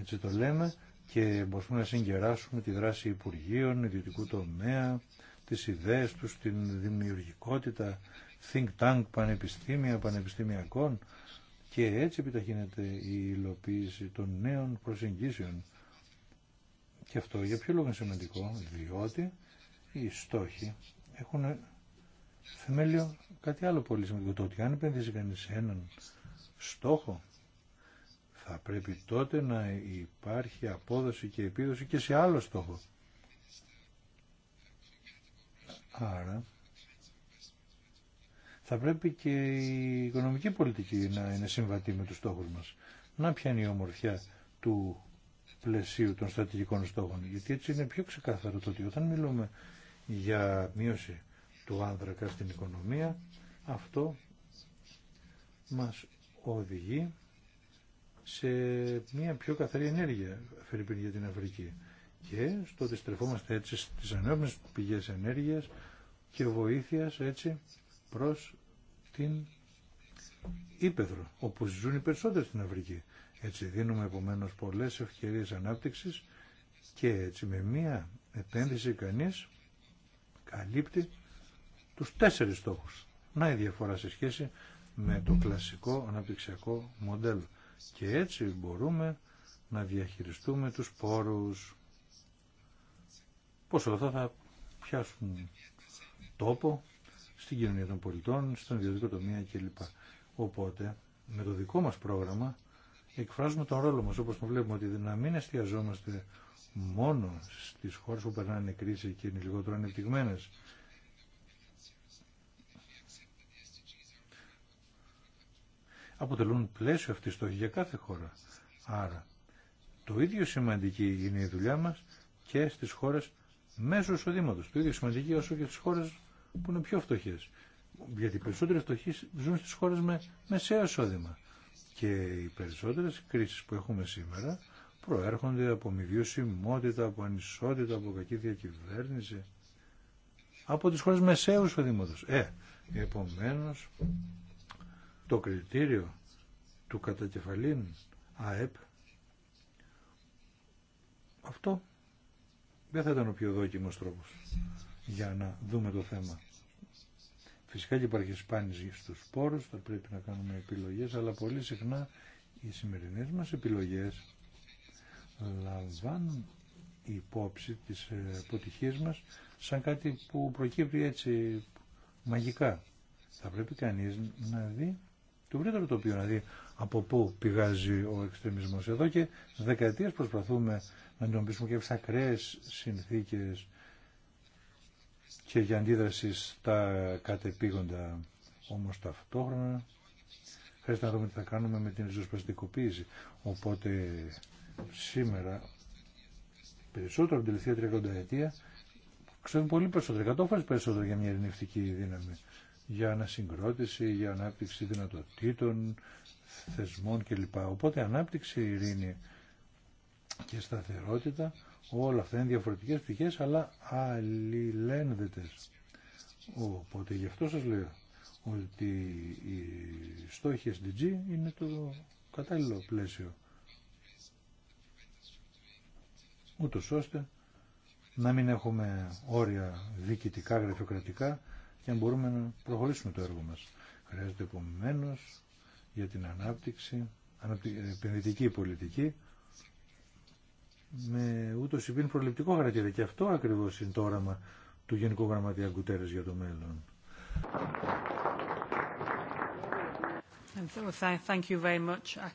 Έτσι το λέμε και μπορούμε να συγκεράσουμε τη δράση Υπουργείων, ιδιωτικού τομέα, τις ιδέες τους, την δημιουργικότητα, think tank, πανεπιστήμια, πανεπιστημιακών και έτσι επιταχύνεται η υλοποίηση των νέων προσεγγίσεων. Και αυτό για ποιο λόγο είναι σημαντικό, διότι οι στόχοι έχουν θεμέλιο κάτι άλλο πολύ σημαντικό. Το ότι αν επενδύσει κανείς σε έναν στόχο, θα πρέπει τότε να υπάρχει απόδοση και επίδοση και σε άλλο στόχο. Άρα, θα πρέπει και η οικονομική πολιτική να είναι συμβατή με τους στόχους μας. Να πιάνει η ομορφιά του πλαισίου των στρατηγικών στόχων. Γιατί έτσι είναι πιο ξεκάθαρο το ότι όταν μιλούμε για μείωση του άνθρακα στην οικονομία, αυτό μας οδηγεί σε μια πιο καθαρή ενέργεια, Φερρυπίν, για την Αφρική. Και στο ότι στρεφόμαστε έτσι στις ανέβνες πηγές ενέργειας και βοήθειας έτσι προς την Ήπεθρο, όπου ζουν οι περισσότεροι στην Αφρική. Έτσι δίνουμε επομένως πολλές ευκαιρίες ανάπτυξης και έτσι με μία επένδυση κανείς καλύπτει τους τέσσερις στόχους. Να η διαφορά σε σχέση με το κλασικό αναπτυξιακό μοντέλο. Και έτσι μπορούμε να διαχειριστούμε τους πόρους. πόσο αυτά θα πιάσουν τόπο στην κοινωνία των πολιτών, στον ιδιωτικό τομέα κλπ. Οπότε, με το δικό μας πρόγραμμα εκφράζουμε τον ρόλο μας, όπως το βλέπουμε, ότι να μην εστιαζόμαστε μόνο στις χώρες που περνάνε κρίση και είναι λιγότερο ανεπτυγμένες αποτελούν πλαίσιο αυτή στόχη για κάθε χώρα. Άρα, το ίδιο σημαντική είναι η δουλειά μας και στις χώρες μέσω εισοδήματο. Το ίδιο σημαντική όσο και στις χώρες που είναι πιο φτωχές. Γιατί οι περισσότεροι φτωχοί ζουν στις χώρες με μεσαίο εισόδημα. Και οι περισσότερες κρίσεις που έχουμε σήμερα προέρχονται από μη βιωσιμότητα, από ανισότητα, από κακή διακυβέρνηση, από τις χώρες μεσαίου εισοδήματος. Ε, επομένως, το κριτήριο του κατακεφαλήν ΑΕΠ αυτό δεν θα ήταν ο πιο δόκιμος τρόπος για να δούμε το θέμα. Φυσικά και υπάρχει σπάνιση στους πόρους, θα πρέπει να κάνουμε επιλογές, αλλά πολύ συχνά οι σημερινές μας επιλογές λαμβάνουν υπόψη της ε, αποτυχίας μας σαν κάτι που προκύπτει έτσι μαγικά. Θα πρέπει κανείς να δει του ευρύτερου τοπίου, δηλαδή από πού πηγάζει ο εξτρεμισμό. Εδώ και δεκαετίες προσπαθούμε να αντιμετωπίσουμε και ακραίε συνθήκε και για αντίδραση στα κατεπήγοντα. όμω ταυτόχρονα χρειάζεται να δούμε τι θα κάνουμε με την ριζοσπαστικοποίηση. Οπότε σήμερα περισσότερο από την τελευταία 30 ετία ξέρουμε πολύ περισσότερο, 100 φορέ περισσότερο για μια ειρηνευτική δύναμη για ανασυγκρότηση, για ανάπτυξη δυνατοτήτων, θεσμών κλπ. Οπότε ανάπτυξη, ειρήνη και σταθερότητα, όλα αυτά είναι διαφορετικές πηγές αλλά αλληλένδετες. Οπότε γι' αυτό σας λέω ότι οι στόχοι SDG είναι το κατάλληλο πλαίσιο. Ούτως ώστε να μην έχουμε όρια διοικητικά, γραφειοκρατικά, για να μπορούμε να προχωρήσουμε το έργο μας. Χρειάζεται επομένω για την ανάπτυξη, επενδυτική πολιτική, με ούτω ή προληπτικό χαρακτήρα. Και αυτό ακριβώς είναι το όραμα του Γενικού Γραμματεία Κουτέρες για το μέλλον.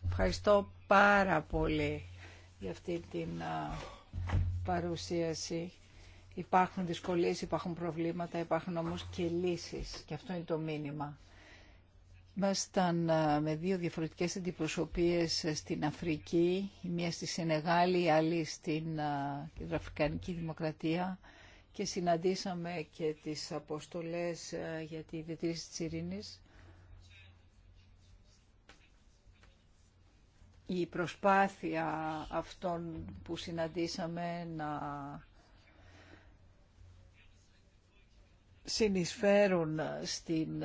Ευχαριστώ πάρα πολύ για αυτή την παρουσίαση Υπάρχουν δυσκολίες, υπάρχουν προβλήματα, υπάρχουν όμως και λύσεις. Και αυτό είναι το μήνυμα. Ήμασταν ε, με δύο διαφορετικές αντιπροσωπείες ε, στην Αφρική, η μία στη Σενεγάλη, η άλλη στην ε, Κεντροαφρικανική Δημοκρατία και συναντήσαμε και τις αποστολές για τη διατήρηση της ειρήνης. Η προσπάθεια αυτών που συναντήσαμε να συνεισφέρουν στην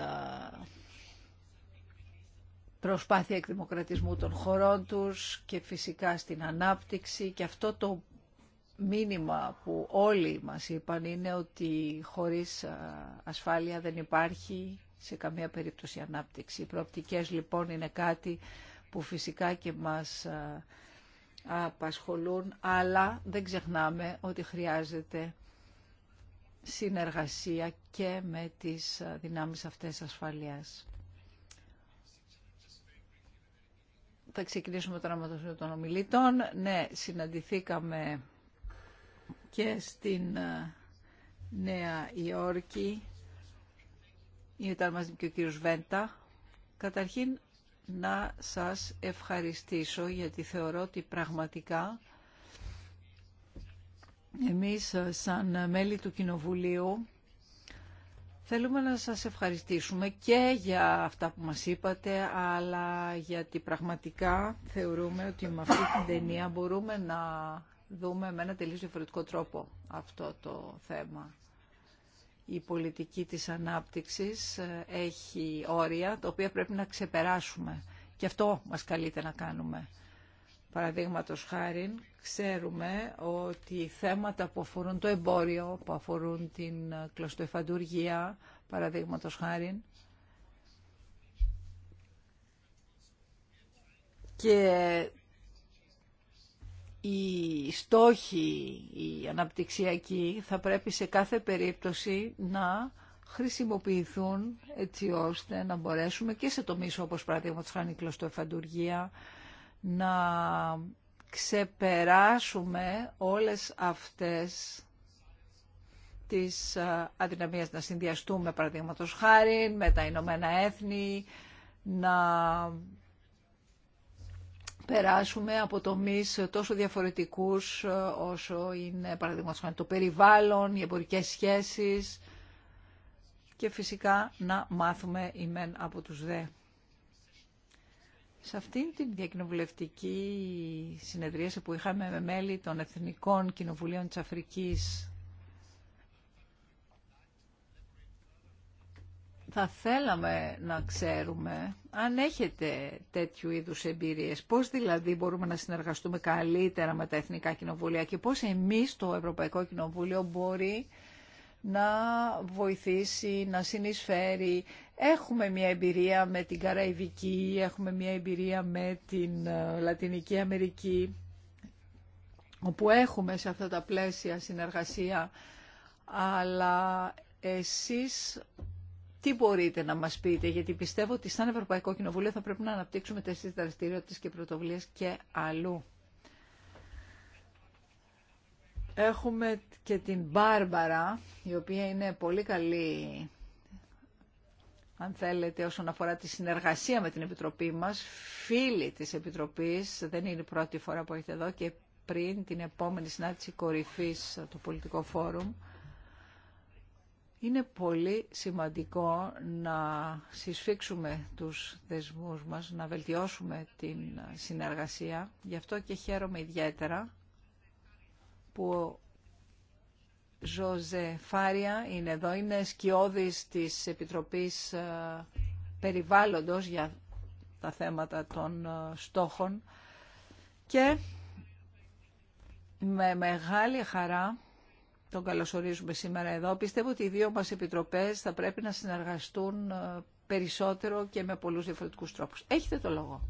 προσπάθεια εκδημοκρατισμού των χωρών τους και φυσικά στην ανάπτυξη και αυτό το μήνυμα που όλοι μας είπαν είναι ότι χωρίς ασφάλεια δεν υπάρχει σε καμία περίπτωση ανάπτυξη. Οι προοπτικές λοιπόν είναι κάτι που φυσικά και μας απασχολούν, αλλά δεν ξεχνάμε ότι χρειάζεται συνεργασία και με τις δυνάμεις αυτές ασφαλείας. Θα ξεκινήσουμε τώρα με το των ομιλητών. Ναι, συναντηθήκαμε και στην ε, Νέα Υόρκη. Ήταν μαζί και ο κύριος Βέντα. Καταρχήν, να σας ευχαριστήσω γιατί θεωρώ ότι πραγματικά εμείς ε, σαν ε, μέλη του Κοινοβουλίου θέλουμε να σας ευχαριστήσουμε και για αυτά που μας είπατε, αλλά γιατί πραγματικά θεωρούμε ότι με αυτή την ταινία μπορούμε να δούμε με ένα τελείως διαφορετικό τρόπο αυτό το θέμα. Η πολιτική της ανάπτυξης ε, έχει όρια τα οποία πρέπει να ξεπεράσουμε. Και αυτό μας καλείται να κάνουμε. Παραδείγματο χάρη, ξέρουμε ότι θέματα που αφορούν το εμπόριο, που αφορούν την κλωστοεφαντουργία, Παραδείγματο χάρη, και οι στόχοι, η αναπτυξιακοί, θα πρέπει σε κάθε περίπτωση να χρησιμοποιηθούν έτσι ώστε να μπορέσουμε και σε τομείς όπως παραδείγματος χάνει κλωστοεφαντουργία, να ξεπεράσουμε όλες αυτές τις αδυναμίες, να συνδυαστούμε παραδείγματο χάρη με τα Ηνωμένα Έθνη, να περάσουμε από τομείς τόσο διαφορετικούς όσο είναι παραδείγματος χάρη το περιβάλλον, οι εμπορικές σχέσεις και φυσικά να μάθουμε ημέν από τους δε. Σε αυτήν την διακοινοβουλευτική συνεδρίαση που είχαμε με μέλη των Εθνικών Κοινοβουλίων της Αφρικής θα θέλαμε να ξέρουμε αν έχετε τέτοιου είδους εμπειρίες, πώς δηλαδή μπορούμε να συνεργαστούμε καλύτερα με τα Εθνικά Κοινοβούλια και πώς εμείς το Ευρωπαϊκό Κοινοβούλιο μπορεί να βοηθήσει, να συνεισφέρει, Έχουμε μια εμπειρία με την Καραϊβική, έχουμε μια εμπειρία με την ε, Λατινική Αμερική, όπου έχουμε σε αυτά τα πλαίσια συνεργασία, αλλά εσείς τι μπορείτε να μας πείτε, γιατί πιστεύω ότι σαν Ευρωπαϊκό Κοινοβούλιο θα πρέπει να αναπτύξουμε τέσσερις δραστηριότητες και πρωτοβουλίες και αλλού. Έχουμε και την Μπάρμπαρα, η οποία είναι πολύ καλή αν θέλετε, όσον αφορά τη συνεργασία με την Επιτροπή μας, φίλοι της Επιτροπής, δεν είναι η πρώτη φορά που έχετε εδώ και πριν την επόμενη συνάντηση κορυφής του Πολιτικό Φόρουμ, είναι πολύ σημαντικό να συσφίξουμε τους δεσμούς μας, να βελτιώσουμε την συνεργασία. Γι' αυτό και χαίρομαι ιδιαίτερα που Ζωζε Φάρια είναι εδώ, είναι σκιώδης της Επιτροπής ε, Περιβάλλοντος για τα θέματα των ε, στόχων και με μεγάλη χαρά τον καλωσορίζουμε σήμερα εδώ. Πιστεύω ότι οι δύο μας επιτροπές θα πρέπει να συνεργαστούν ε, περισσότερο και με πολλούς διαφορετικούς τρόπους. Έχετε το λόγο.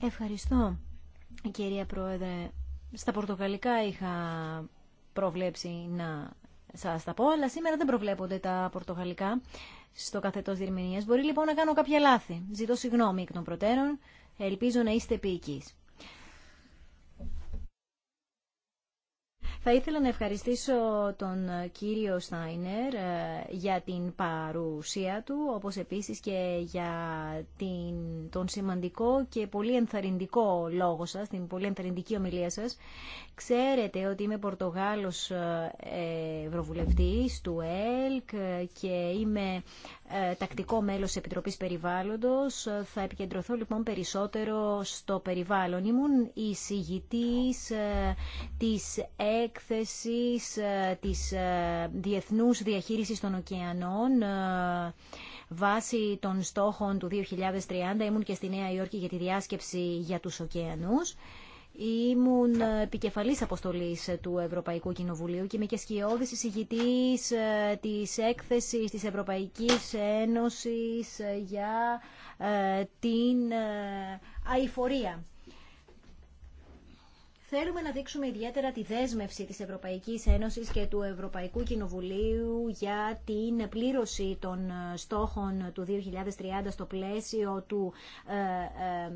Ευχαριστώ, κυρία Πρόεδρε. Στα πορτογαλικά είχα προβλέψει να σας τα πω, αλλά σήμερα δεν προβλέπονται τα πορτογαλικά στο καθετό διερμηνίας. Μπορεί λοιπόν να κάνω κάποια λάθη. Ζητώ συγγνώμη εκ των προτέρων. Ελπίζω να είστε ποιητικοί. Θα ήθελα να ευχαριστήσω τον κύριο Στάινερ ε, για την παρουσία του, όπως επίσης και για την, τον σημαντικό και πολύ ενθαρρυντικό λόγο σας, την πολύ ενθαρρυντική ομιλία σας. Ξέρετε ότι είμαι Πορτογάλος ε, Ευρωβουλευτής του ΕΛΚ ε, και είμαι ε, τακτικό μέλος της Επιτροπής Περιβάλλοντος. Ε, θα επικεντρωθώ λοιπόν περισσότερο στο περιβάλλον. Ήμουν η συγητής ε, της έκθεσης της Διεθνούς Διαχείρισης των Ωκεανών βάσει των στόχων του 2030. Ήμουν και στη Νέα Υόρκη για τη διάσκεψη για τους ωκεανούς. Ήμουν επικεφαλή αποστολής του Ευρωπαϊκού Κοινοβουλίου και είμαι και σκιώδη εισηγητής ε, της έκθεση της Ευρωπαϊκή Ένωση για ε, την ε, αηφορία. Θέλουμε να δείξουμε ιδιαίτερα τη δέσμευση της Ευρωπαϊκής Ένωσης και του Ευρωπαϊκού Κοινοβουλίου για την πλήρωση των ε, στόχων του 2030 στο πλαίσιο του, ε, ε,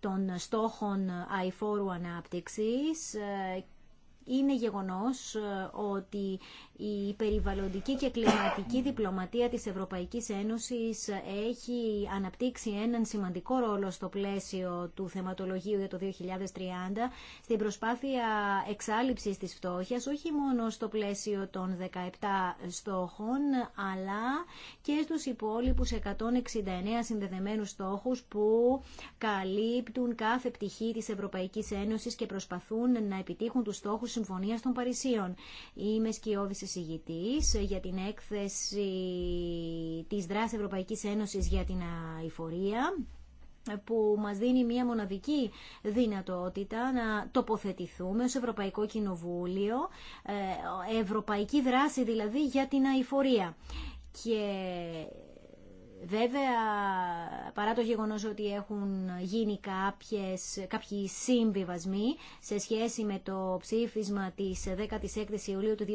των στόχων αηφόρου ανάπτυξης είναι γεγονός ότι η περιβαλλοντική και κλιματική διπλωματία της Ευρωπαϊκής Ένωσης έχει αναπτύξει έναν σημαντικό ρόλο στο πλαίσιο του θεματολογίου για το 2030 στην προσπάθεια εξάλληψης της φτώχειας, όχι μόνο στο πλαίσιο των 17 στόχων, αλλά και στους υπόλοιπους 169 συνδεδεμένους στόχους που καλύπτουν κάθε πτυχή της Ευρωπαϊκής Ένωσης και προσπαθούν να επιτύχουν τους στόχους Συμφωνίας των Παρισίων εισηγητής για την έκθεση της δράσης Ευρωπαϊκής Ένωσης για την αηφορία που μας δίνει μια μοναδική δυνατότητα να τοποθετηθούμε ως Ευρωπαϊκό Κοινοβούλιο, ε, ευρωπαϊκή δράση δηλαδή για την αηφορία. Και Βέβαια, παρά το γεγονός ότι έχουν γίνει κάποιες, κάποιοι συμβιβασμοί σε σχέση με το ψήφισμα της 16ης Ιουλίου του 2017,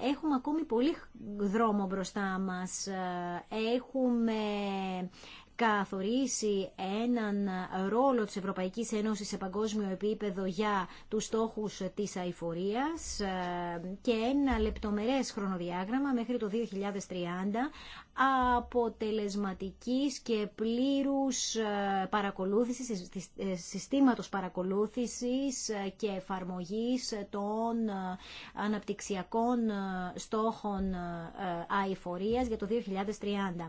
ε, έχουμε ακόμη πολύ δρόμο μπροστά μας. Ε, έχουμε καθορίσει έναν ρόλο της Ευρωπαϊκής Ένωσης σε παγκόσμιο επίπεδο για τους στόχους της αηφορίας ε, και ένα λεπτομερές χρονοδιάγραμμα μέχρι το 2030 αποτελεσματικής και πλήρους ε, παρακολούθησης, ε, συστήματος παρακολούθησης και εφαρμογής των αναπτυξιακών στόχων αηφορίας για το 2030.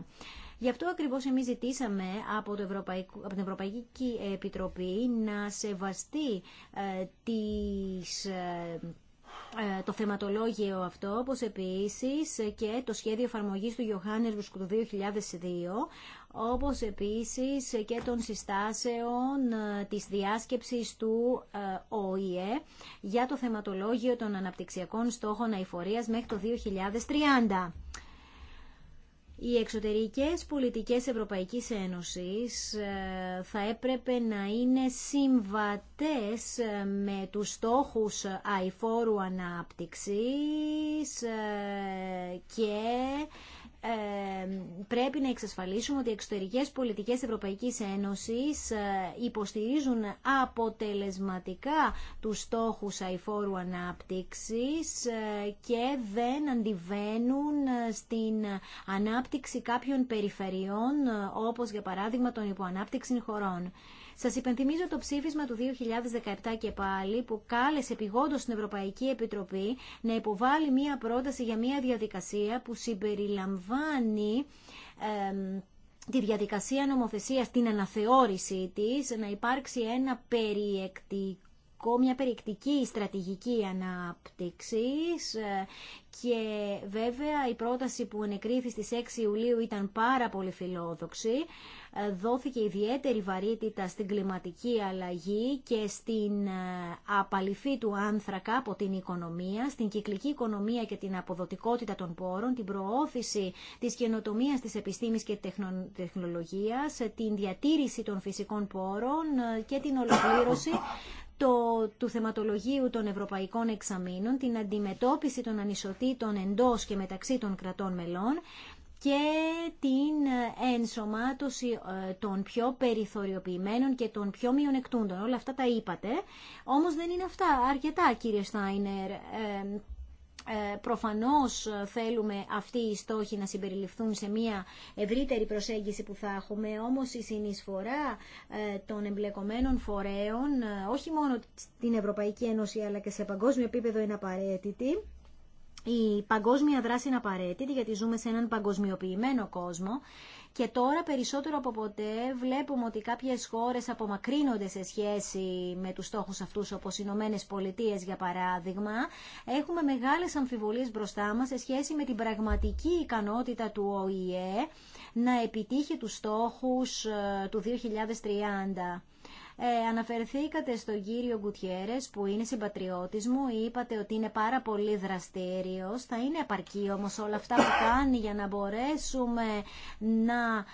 Γι' αυτό ακριβώς εμείς ζητήσαμε από, την Ευρωπαϊκή Επιτροπή να σεβαστεί ε, τις, ε, ε, το θεματολόγιο αυτό, όπως επίσης και το σχέδιο εφαρμογής του Βουσκού του 2002, όπως επίσης και των συστάσεων της διάσκεψης του ΟΗΕ για το θεματολόγιο των αναπτυξιακών στόχων αηφορίας μέχρι το 2030. Οι εξωτερικές πολιτικές Ευρωπαϊκής Ένωσης ε, θα έπρεπε να είναι συμβατές ε, με τους στόχους αηφόρου ανάπτυξης ε, και ε, πρέπει να εξασφαλίσουμε ότι οι εξωτερικές πολιτικές Ευρωπαϊκής Ένωσης ε, υποστηρίζουν αποτελεσματικά τους στόχους αηφόρου ανάπτυξης ε, και δεν αντιβαίνουν στην ανάπτυξη κάποιων περιφερειών όπως για παράδειγμα των υποανάπτυξη χωρών. Σας υπενθυμίζω το ψήφισμα του 2017 και πάλι που κάλεσε επιγόντω στην Ευρωπαϊκή Επιτροπή να υποβάλει μία πρόταση για μία διαδικασία που συμπεριλαμβάνει τη διαδικασία νομοθεσία την αναθεώρηση της, να υπάρξει ένα περιεκτικό μια περιεκτική στρατηγική ανάπτυξης ε, και βέβαια η πρόταση που ενεκρίθη στις 6 Ιουλίου ήταν πάρα πολύ φιλόδοξη. Ε, δόθηκε ιδιαίτερη βαρύτητα στην κλιματική αλλαγή και στην ε, απαλυφή του άνθρακα από την οικονομία, στην κυκλική οικονομία και την αποδοτικότητα των πόρων, την προώθηση της καινοτομία της επιστήμης και τεχνολογίας, ε, την διατήρηση των φυσικών πόρων και την ολοκλήρωση το, του θεματολογίου των ευρωπαϊκών εξαμήνων, την αντιμετώπιση των ανισο, τον εντός και μεταξύ των κρατών μελών και την ενσωμάτωση ε, των πιο περιθωριοποιημένων και των πιο μειονεκτούντων. Όλα αυτά τα είπατε, όμως δεν είναι αυτά αρκετά κύριε Στάινερ. Ε, ε προφανώς θέλουμε αυτοί οι στόχοι να συμπεριληφθούν σε μια ευρύτερη προσέγγιση που θα έχουμε, όμως η συνεισφορά ε, των εμπλεκομένων φορέων, όχι μόνο στην Ευρωπαϊκή Ένωση αλλά και σε παγκόσμιο επίπεδο είναι απαραίτητη. Η παγκόσμια δράση είναι απαραίτητη γιατί ζούμε σε έναν παγκοσμιοποιημένο κόσμο και τώρα περισσότερο από ποτέ βλέπουμε ότι κάποιες χώρες απομακρύνονται σε σχέση με τους στόχους αυτούς όπως οι Ηνωμένε Πολιτείε για παράδειγμα. Έχουμε μεγάλες αμφιβολίες μπροστά μας σε σχέση με την πραγματική ικανότητα του ΟΗΕ να επιτύχει τους στόχους ε, του 2030. Ε, αναφερθήκατε στον κύριο Γκουτιέρε που είναι συμπατριώτης μου. Είπατε ότι είναι πάρα πολύ δραστήριο, Θα είναι επαρκή όμω όλα αυτά που κάνει για να μπορέσουμε να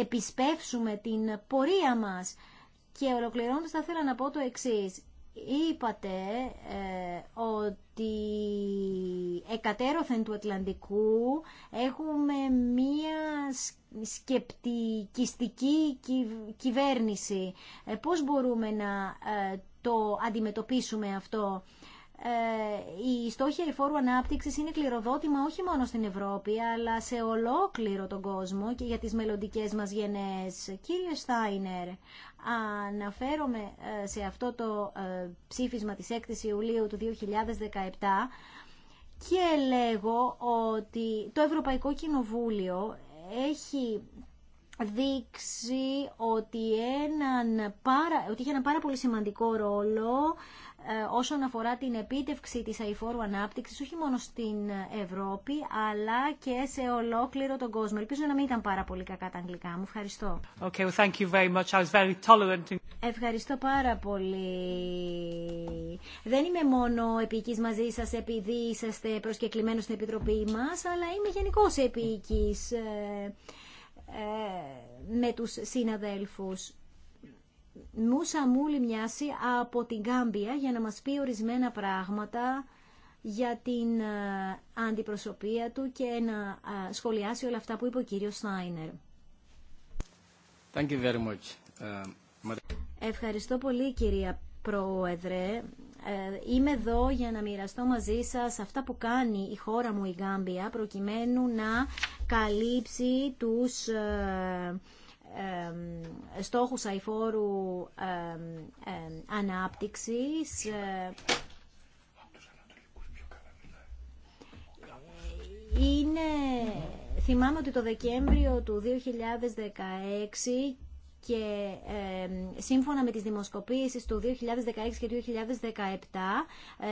επισπεύσουμε την πορεία μας. Και ολοκληρώνοντας θα ήθελα να πω το εξή: Είπατε ότι ε, ότι εκατέρωθεν του Ατλαντικού έχουμε μία σκεπτικιστική κυβέρνηση. Ε, πώς μπορούμε να ε, το αντιμετωπίσουμε αυτό ε, οι στόχοι αηφόρου ανάπτυξη είναι κληροδότημα όχι μόνο στην Ευρώπη αλλά σε ολόκληρο τον κόσμο και για τις μελλοντικέ μας γενναίες. Κύριε Στάινερ, αναφέρομαι ε, σε αυτό το ε, ψήφισμα της 6ης Ιουλίου του 2017 και λέγω ότι το Ευρωπαϊκό Κοινοβούλιο έχει δείξει ότι, έναν πάρα, ότι είχε ένα πάρα πολύ σημαντικό ρόλο ε, όσον αφορά την επίτευξη της αηφόρου ανάπτυξης όχι μόνο στην Ευρώπη αλλά και σε ολόκληρο τον κόσμο. Ελπίζω να μην ήταν πάρα πολύ κακά τα αγγλικά μου. Ευχαριστώ. Okay, well, thank you very much. I was very tolerant. Ευχαριστώ πάρα πολύ. Δεν είμαι μόνο επίκης μαζί σας επειδή είσαστε προσκεκλημένος στην Επιτροπή μας αλλά είμαι γενικώ επίκης ε, ε, με τους συναδέλφους. Μούσα Μούλη Μιάση από την Γκάμπια για να μας πει ορισμένα πράγματα για την ε, αντιπροσωπεία του και να ε, σχολιάσει όλα αυτά που είπε ο κύριος Σάινερ. Ε, Ευχαριστώ πολύ κυρία Πρόεδρε. Είμαι εδώ για να μοιραστώ μαζί σας αυτά που κάνει η χώρα μου η Γκάμπια προκειμένου να καλύψει τους ε, στόχους αηφόρου ε, ε, ανάπτυξης είναι θυμάμαι ότι το Δεκέμβριο του 2016 και σύμφωνα με τις δημοσκοπήσεις του 2016 και 2017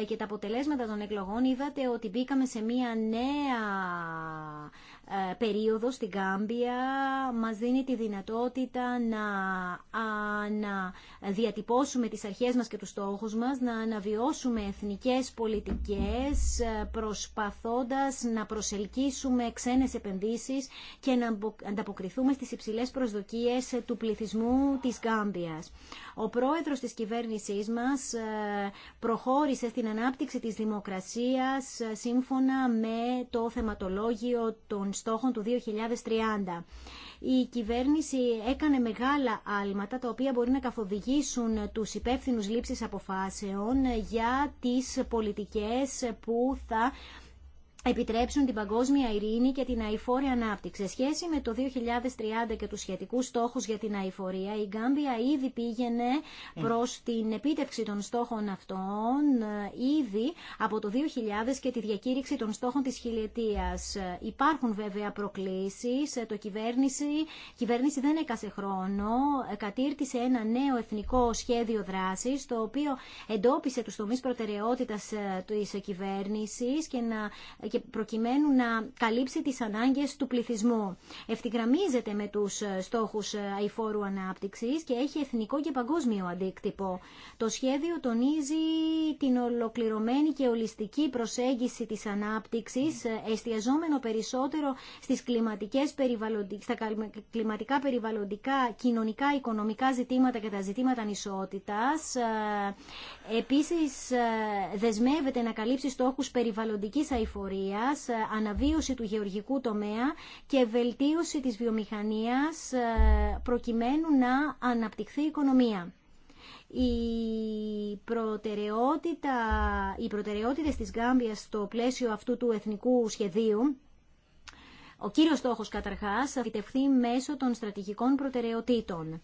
ε, και τα αποτελέσματα των εκλογών είδατε ότι μπήκαμε σε μια νέα ε, περίοδο στην Κάμπια μας δίνει τη δυνατότητα να, να διατυπώσουμε τις αρχές μας και τους στόχους μας να αναβιώσουμε εθνικές πολιτικές ε, προσπαθώντας να προσελκύσουμε ξένες επενδύσεις και να ανταποκριθούμε στις υψηλές προσδοκίες του πληθυσμού πληθυσμού της Γάμπιας. Ο πρόεδρος της κυβέρνησής μας ε, προχώρησε στην ανάπτυξη της δημοκρασίας ε, σύμφωνα με το θεματολόγιο των στόχων του 2030. Η κυβέρνηση έκανε μεγάλα άλματα τα οποία μπορεί να καθοδηγήσουν τους υπεύθυνους λήψης αποφάσεων για τις πολιτικές που θα επιτρέψουν την παγκόσμια ειρήνη και την αηφόρη ανάπτυξη. Σε σχέση με το 2030 και τους σχετικούς στόχους για την αηφορία, η Γκάμπια ήδη πήγαινε ε. προς την επίτευξη των στόχων αυτών ε, ήδη από το 2000 και τη διακήρυξη των στόχων της χιλιετίας. Υπάρχουν βέβαια προκλήσεις. Ε, το κυβέρνηση, η κυβέρνηση δεν έκασε χρόνο. Κατήρτισε ένα νέο εθνικό σχέδιο δράσης, το οποίο εντόπισε τους τομείς προτεραιότητας της κυβέρνησης και να και προκειμένου να καλύψει τις ανάγκες του πληθυσμού. Ευθυγραμμίζεται με τους ε, στόχους ε, αηφόρου ανάπτυξης και έχει εθνικό και παγκόσμιο αντίκτυπο. Το σχέδιο τονίζει την ολοκληρωμένη και ολιστική προσέγγιση της ανάπτυξης, ε, εστιαζόμενο περισσότερο στις κλιματικές, στα κλιματικά, περιβαλλοντικά, κοινωνικά, οικονομικά ζητήματα και τα ζητήματα ανισότητας. Επίσης, δεσμεύεται να καλύψει στόχους περιβαλλοντικής ε, αναβίωση του γεωργικού τομέα και βελτίωση της βιομηχανίας ε, προκειμένου να αναπτυχθεί η οικονομία. Η προτεραιότητα, οι προτεραιότητες της Γκάμπιας στο πλαίσιο αυτού του εθνικού σχεδίου ο κύριος στόχος καταρχάς θα μέσω των στρατηγικών προτεραιοτήτων.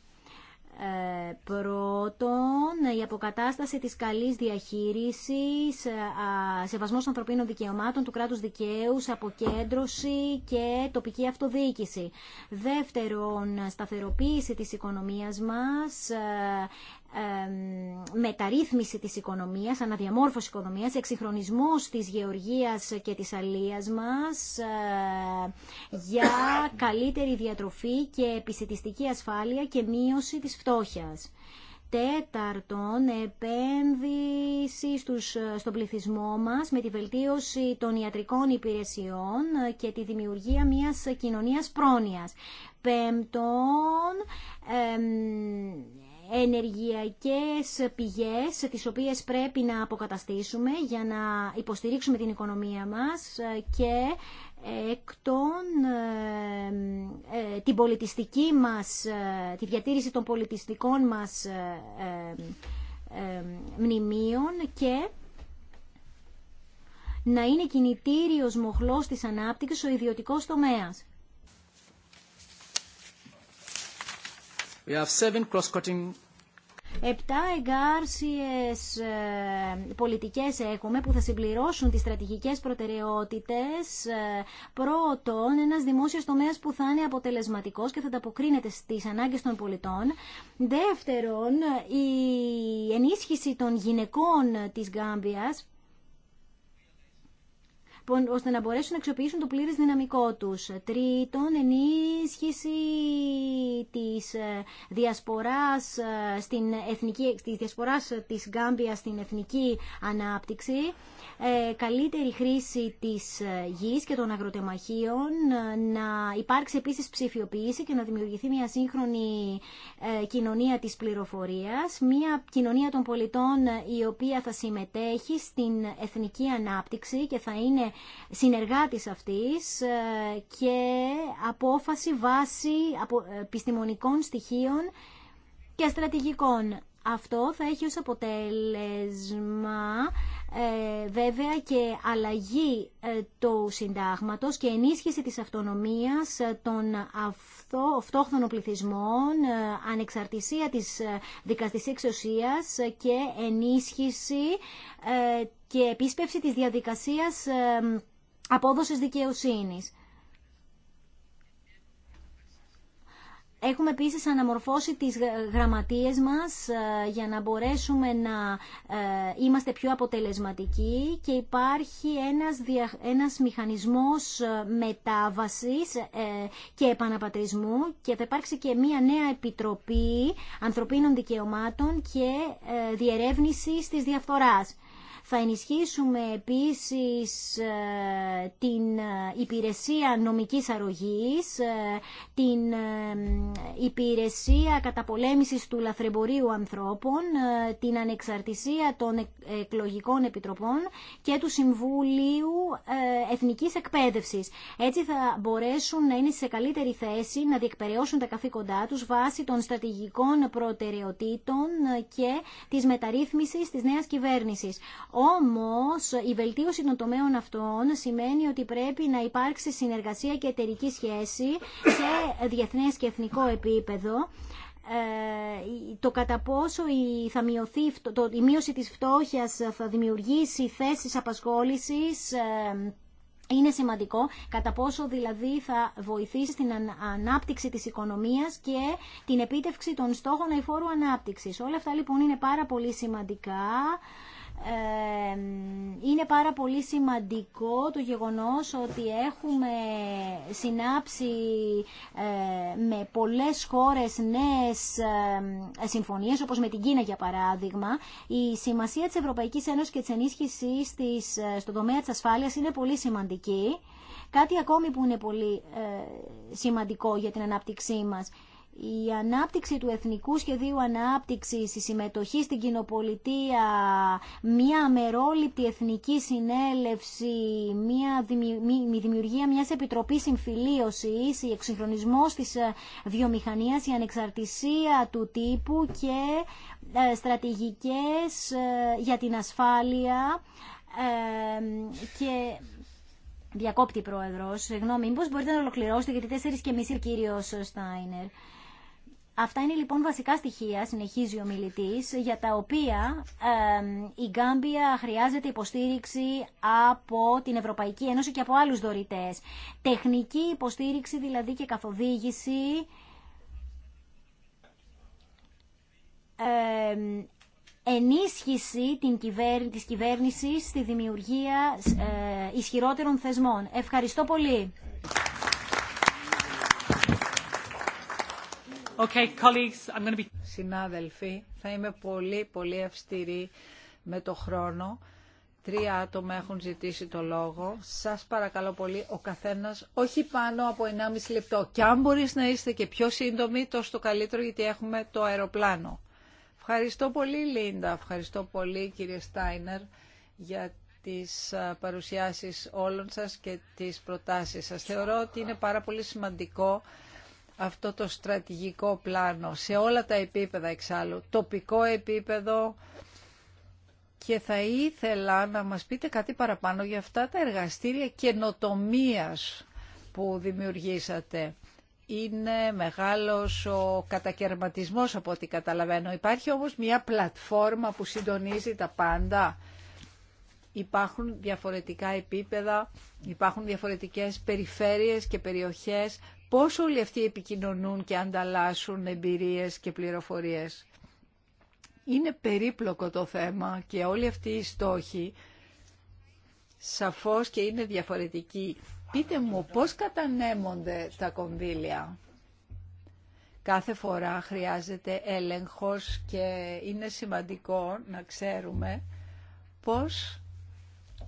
Ε, πρώτον, η αποκατάσταση της καλής διαχείρισης, ε, σεβασμός ανθρωπίνων δικαιωμάτων, του κράτους δικαίου, αποκέντρωση και τοπική αυτοδιοίκηση. Δεύτερον, σταθεροποίηση της οικονομίας μας, ε, μεταρρύθμιση της οικονομίας, αναδιαμόρφωση οικονομίας, εξυγχρονισμός της γεωργίας και της αλίας μας ε, για καλύτερη διατροφή και επισητιστική ασφάλεια και μείωση της φτώχειας. Τέταρτον, επένδυση στους, στον πληθυσμό μας με τη βελτίωση των ιατρικών υπηρεσιών και τη δημιουργία μιας κοινωνίας πρόνοιας. Πέμπτον, ενεργειακές πηγές τις οποίες πρέπει να αποκαταστήσουμε για να υποστηρίξουμε την οικονομία μας και εκτών ε, ε, την πολιτιστική μας, ε, τη διατήρηση των πολιτιστικών μας μνημείων και να είναι κινητήριος μοχλός της ανάπτυξης ο ιδιωτικός τομέας. We have seven Επτά εγκάρσιες ε, πολιτικές έχουμε που θα συμπληρώσουν τις στρατηγικές προτεραιότητες. Ε, πρώτον, ένας δημόσιος τομέας που θα είναι αποτελεσματικός και θα ανταποκρίνεται στις ανάγκες των πολιτών. Δεύτερον, η ενίσχυση των γυναικών της Γκάμπιας Λοιπόν, ώστε να μπορέσουν να αξιοποιήσουν το πλήρες δυναμικό τους. Τρίτον, ενίσχυση της ε, διασποράς, ε, στην εθνική, της, διασποράς της Γκάμπια στην εθνική ανάπτυξη ε, καλύτερη χρήση της ε, γης και των αγροτεμαχίων, ε, να υπάρξει επίσης ψηφιοποίηση και να δημιουργηθεί μια σύγχρονη κοινωνία της πληροφορίας, μια κοινωνία των πολιτών η οποία θα συμμετέχει στην εθνική ανάπτυξη και θα είναι συνεργάτης αυτής και απόφαση βάση επιστημονικών στοιχείων και στρατηγικών. Αυτό θα έχει ως αποτέλεσμα ε, βέβαια και αλλαγή ε, του συντάγματος και ενίσχυση της αυτονομίας ε, των αυτο, πληθυσμών, ε, ανεξαρτησία της δικαστικής εξουσίας και ενίσχυση και επίσπευση της διαδικασίας απόδοσης δικαιοσύνης. Έχουμε επίσης αναμορφώσει τις γραμματείες μας ε, για να μπορέσουμε να ε, είμαστε πιο αποτελεσματικοί και υπάρχει ένας, δια, ένας μηχανισμός ε, μετάβασης και επαναπατρισμού και θα υπάρξει και μία νέα επιτροπή ανθρωπίνων δικαιωμάτων και διερεύνησης της διαφθοράς. Θα ενισχύσουμε επίσης ε, την ε, υπηρεσία νομικής αρρωγής, ε, την υπηρεσία καταπολέμησης του λαθρεμπορίου ανθρώπων, την ανεξαρτησία των εκλογικών επιτροπών και του Συμβουλίου Εθνικής Εκπαίδευσης. Έτσι θα μπορέσουν να είναι σε καλύτερη θέση να διεκπαιρεώσουν τα καθήκοντά τους βάσει των στρατηγικών προτεραιοτήτων και της μεταρρύθμισης της νέας κυβέρνησης. Όμως η βελτίωση των τομέων αυτών σημαίνει ότι πρέπει να υπάρξει συνεργασία και εταιρική σχέση σε διεθνές και εθνικό επίπεδο ε, το κατά πόσο η, θα μειωθεί, το, η μείωση της φτώχειας θα δημιουργήσει θέσεις απασχόλησης ε, είναι σημαντικό κατά πόσο δηλαδή θα βοηθήσει στην ανάπτυξη της οικονομίας και την επίτευξη των στόχων αηφόρου ανάπτυξης. Όλα αυτά λοιπόν είναι πάρα πολύ σημαντικά ε, είναι πάρα πολύ σημαντικό το γεγονός ότι έχουμε συνάψει ε, με πολλές χώρες νέες ε, συμφωνίες, όπως με την Κίνα για παράδειγμα. Η σημασία της Ευρωπαϊκής Ένωσης και της ενίσχυσης της, στον τομέα της ασφάλειας είναι πολύ σημαντική. Κάτι ακόμη που είναι πολύ σημαντικό για την ανάπτυξή μας η ανάπτυξη του Εθνικού Σχεδίου Ανάπτυξης, η συμμετοχή στην κοινοπολιτεία, μια αμερόληπτη εθνική συνέλευση, μια η δημιουργία μιας επιτροπής συμφιλίωσης, η εξυγχρονισμός της ε, βιομηχανίας, η ανεξαρτησία του τύπου και ε, στρατηγικές ε, για την ασφάλεια και διακόπτη πρόεδρος. Συγγνώμη, μήπως μπορείτε να ολοκληρώσετε γιατί 4 κύριος Στάινερ. Αυτά είναι λοιπόν βασικά στοιχεία, συνεχίζει ο μιλητή, για τα οποία η Γκάμπια χρειάζεται υποστήριξη από την Ευρωπαϊκή Ένωση και από άλλους δωρητές. Τεχνική υποστήριξη δηλαδή και καθοδήγηση ενίσχυση την κυβέρ... της κυβέρνησης στη δημιουργία ε, ισχυρότερων θεσμών. Ευχαριστώ πολύ. Okay, Συνάδελφοι, θα είμαι πολύ πολύ αυστηρή με το χρόνο. Τρία άτομα έχουν ζητήσει το λόγο. Σας παρακαλώ πολύ ο καθένας όχι πάνω από 1,5 λεπτό. Και αν μπορείς να είστε και πιο σύντομοι, τόσο το καλύτερο γιατί έχουμε το αεροπλάνο. Ευχαριστώ πολύ Λίντα, ευχαριστώ πολύ κύριε Στάινερ για τις παρουσιάσεις όλων σας και τις προτάσεις σας. Θεωρώ ότι είναι πάρα πολύ σημαντικό αυτό το στρατηγικό πλάνο σε όλα τα επίπεδα εξάλλου, τοπικό επίπεδο και θα ήθελα να μας πείτε κάτι παραπάνω για αυτά τα εργαστήρια καινοτομία που δημιουργήσατε. Είναι μεγάλος ο κατακαιρματισμός από ό,τι καταλαβαίνω. Υπάρχει όμως μια πλατφόρμα που συντονίζει τα πάντα. Υπάρχουν διαφορετικά επίπεδα, υπάρχουν διαφορετικές περιφέρειες και περιοχές πώς όλοι αυτοί επικοινωνούν και ανταλλάσσουν εμπειρίες και πληροφορίες. Είναι περίπλοκο το θέμα και όλοι αυτοί οι στόχοι σαφώς και είναι διαφορετικοί. Πείτε μου πώς κατανέμονται τα κονδύλια. Κάθε φορά χρειάζεται έλεγχος και είναι σημαντικό να ξέρουμε πώς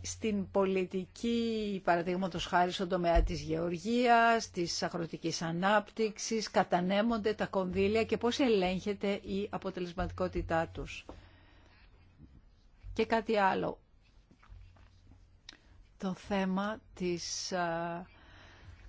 στην πολιτική, παραδείγματο χάρη στον τομέα της γεωργίας, της αγροτικής ανάπτυξης, κατανέμονται τα κονδύλια και πώς ελέγχεται η αποτελεσματικότητά τους. Και κάτι άλλο. Το θέμα της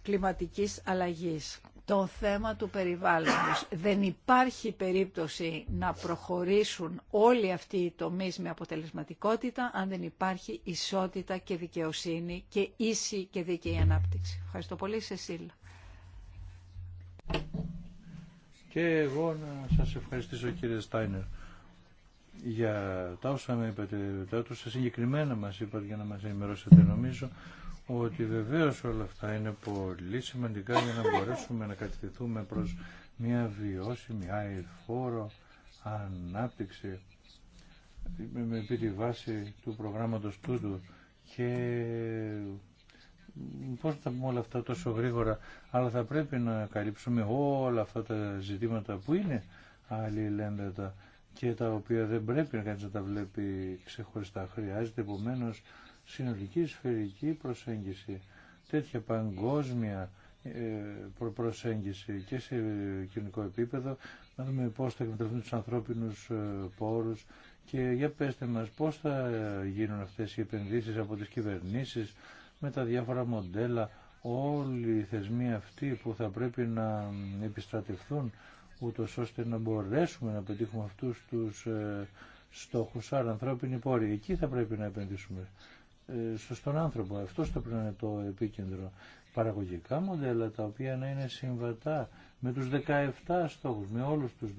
κλιματικής αλλαγής το θέμα του περιβάλλοντος. Δεν υπάρχει περίπτωση να προχωρήσουν όλοι αυτοί οι τομείς με αποτελεσματικότητα αν δεν υπάρχει ισότητα και δικαιοσύνη και ίση και δίκαιη ανάπτυξη. Ευχαριστώ πολύ, Σεσίλ. Και εγώ να σας ευχαριστήσω κύριε Στάινερ για τα όσα με είπατε, τα όσα συγκεκριμένα μας είπατε για να μας ενημερώσετε νομίζω ότι βεβαίως όλα αυτά είναι πολύ σημαντικά για να μπορέσουμε να κατευθυνθούμε προς μια βιώσιμη αερφόρο ανάπτυξη με επί τη βάση του προγράμματος τούτου και πώς θα πούμε όλα αυτά τόσο γρήγορα αλλά θα πρέπει να καλύψουμε όλα αυτά τα ζητήματα που είναι αλληλένδετα και τα οποία δεν πρέπει να κανείς να τα βλέπει ξεχωριστά. Χρειάζεται επομένω συνολική σφαιρική προσέγγιση, τέτοια παγκόσμια ε, προσέγγιση και σε κοινωνικό επίπεδο, να δούμε πώς θα εκμεταλλευτούν τους ανθρώπινους ε, πόρους και για πέστε μας πώς θα γίνουν αυτές οι επενδύσεις από τις κυβερνήσεις με τα διάφορα μοντέλα, όλοι οι θεσμοί αυτοί που θα πρέπει να επιστρατευθούν ούτω ώστε να μπορέσουμε να πετύχουμε αυτούς τους ε, στόχους, άρα ανθρώπινοι πόροι. Εκεί θα πρέπει να επενδύσουμε. Ε, στον άνθρωπο. Αυτό το πρέπει να είναι το επίκεντρο. Παραγωγικά μοντέλα τα οποία να είναι συμβατά με τους 17 στόχους, με όλους τους